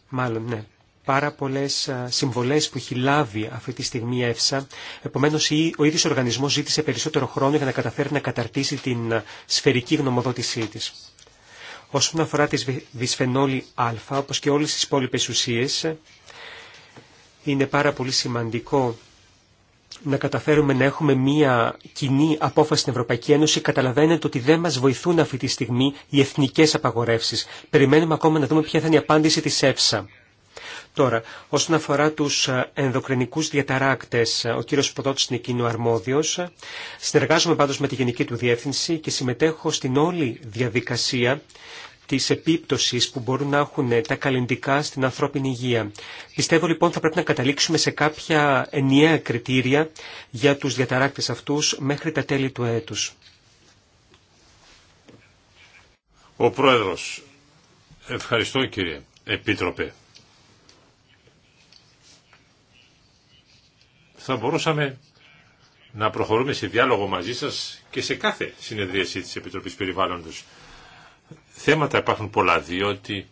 [SPEAKER 2] μάλλον ναι, πάρα πολλές συμβολές που έχει λάβει αυτή τη στιγμή η ΕΦΣΑ. Επομένως, ο ίδιος ο οργανισμός ζήτησε περισσότερο χρόνο για να καταφέρει να καταρτήσει την σφαιρική γνωμοδότησή της. Όσον αφορά τη βυσφενόλη α, όπως και όλες τις υπόλοιπε ουσίες, είναι πάρα πολύ σημαντικό να καταφέρουμε να έχουμε μία κοινή απόφαση στην Ευρωπαϊκή Ένωση, καταλαβαίνετε ότι δεν μας βοηθούν αυτή τη στιγμή οι εθνικές απαγορεύσεις. Περιμένουμε ακόμα να δούμε ποια θα είναι η απάντηση της ΕΦΣΑ. Τώρα, όσον αφορά τους ε, ενδοκρινικούς διαταράκτες, ε, ο κύριος Ποδότης είναι εκείνο αρμόδιος. Συνεργάζομαι πάντως με τη Γενική του Διεύθυνση και συμμετέχω στην όλη διαδικασία της επίπτωσης που μπορούν να έχουν ε, τα καλλιντικά στην ανθρώπινη υγεία. Πιστεύω λοιπόν θα πρέπει να καταλήξουμε σε κάποια ενιαία κριτήρια για τους διαταράκτες αυτούς μέχρι τα τέλη του έτους.
[SPEAKER 1] Ο Πρόεδρος, ευχαριστώ κύριε Επίτροπε. θα μπορούσαμε να προχωρούμε σε διάλογο μαζί σας και σε κάθε συνεδρίαση της Επιτροπής Περιβάλλοντος. Θέματα υπάρχουν πολλά, διότι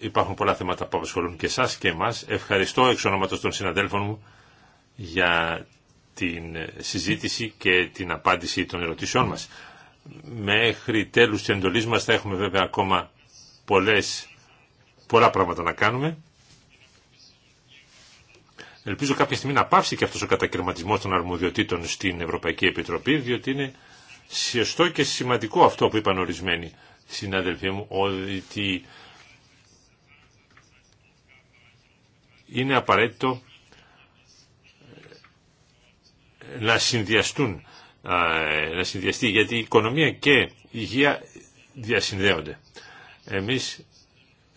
[SPEAKER 1] υπάρχουν πολλά θέματα που απασχολούν και εσάς και εμάς. Ευχαριστώ εξ ονόματος των συναδέλφων μου για την συζήτηση και την απάντηση των ερωτήσεών μας. Μέχρι τέλους της εντολής μας θα έχουμε βέβαια ακόμα πολλές, πολλά πράγματα να κάνουμε. Ελπίζω κάποια στιγμή να πάψει και αυτός ο κατακαιρματισμός των αρμοδιοτήτων στην Ευρωπαϊκή Επιτροπή, διότι είναι σωστό και σημαντικό αυτό που είπαν ορισμένοι συνάδελφοί μου, ότι είναι απαραίτητο ε, να συνδυαστούν, να συνδυαστεί, γιατί η οικονομία και η υγεία διασυνδέονται. Εμείς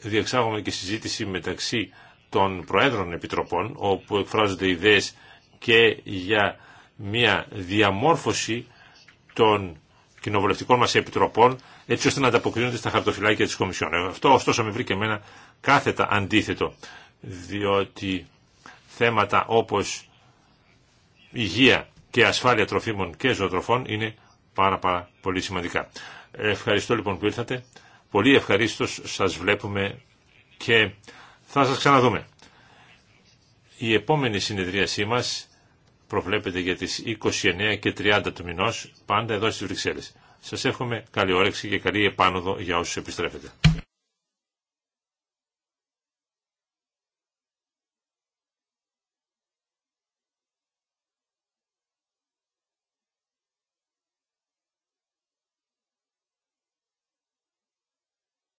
[SPEAKER 1] διεξάγουμε και συζήτηση μεταξύ των Προέδρων Επιτροπών, όπου εκφράζονται ιδέες και για μια διαμόρφωση των κοινοβουλευτικών μας επιτροπών, έτσι ώστε να ανταποκρίνονται στα χαρτοφυλάκια της Κομισιόν. Ε, αυτό ωστόσο με βρήκε εμένα κάθετα αντίθετο, διότι θέματα όπως υγεία και ασφάλεια τροφίμων και ζωοτροφών είναι πάρα πάρα πολύ σημαντικά. Ευχαριστώ λοιπόν που ήρθατε. Πολύ ευχαρίστως σας βλέπουμε και θα σας ξαναδούμε. Η επόμενη συνεδρίασή μας προβλέπεται για τις 29 και 30 του μηνός, πάντα εδώ στις Βρυξέλλες. Σας εύχομαι καλή όρεξη και καλή επάνωδο για όσους επιστρέφετε.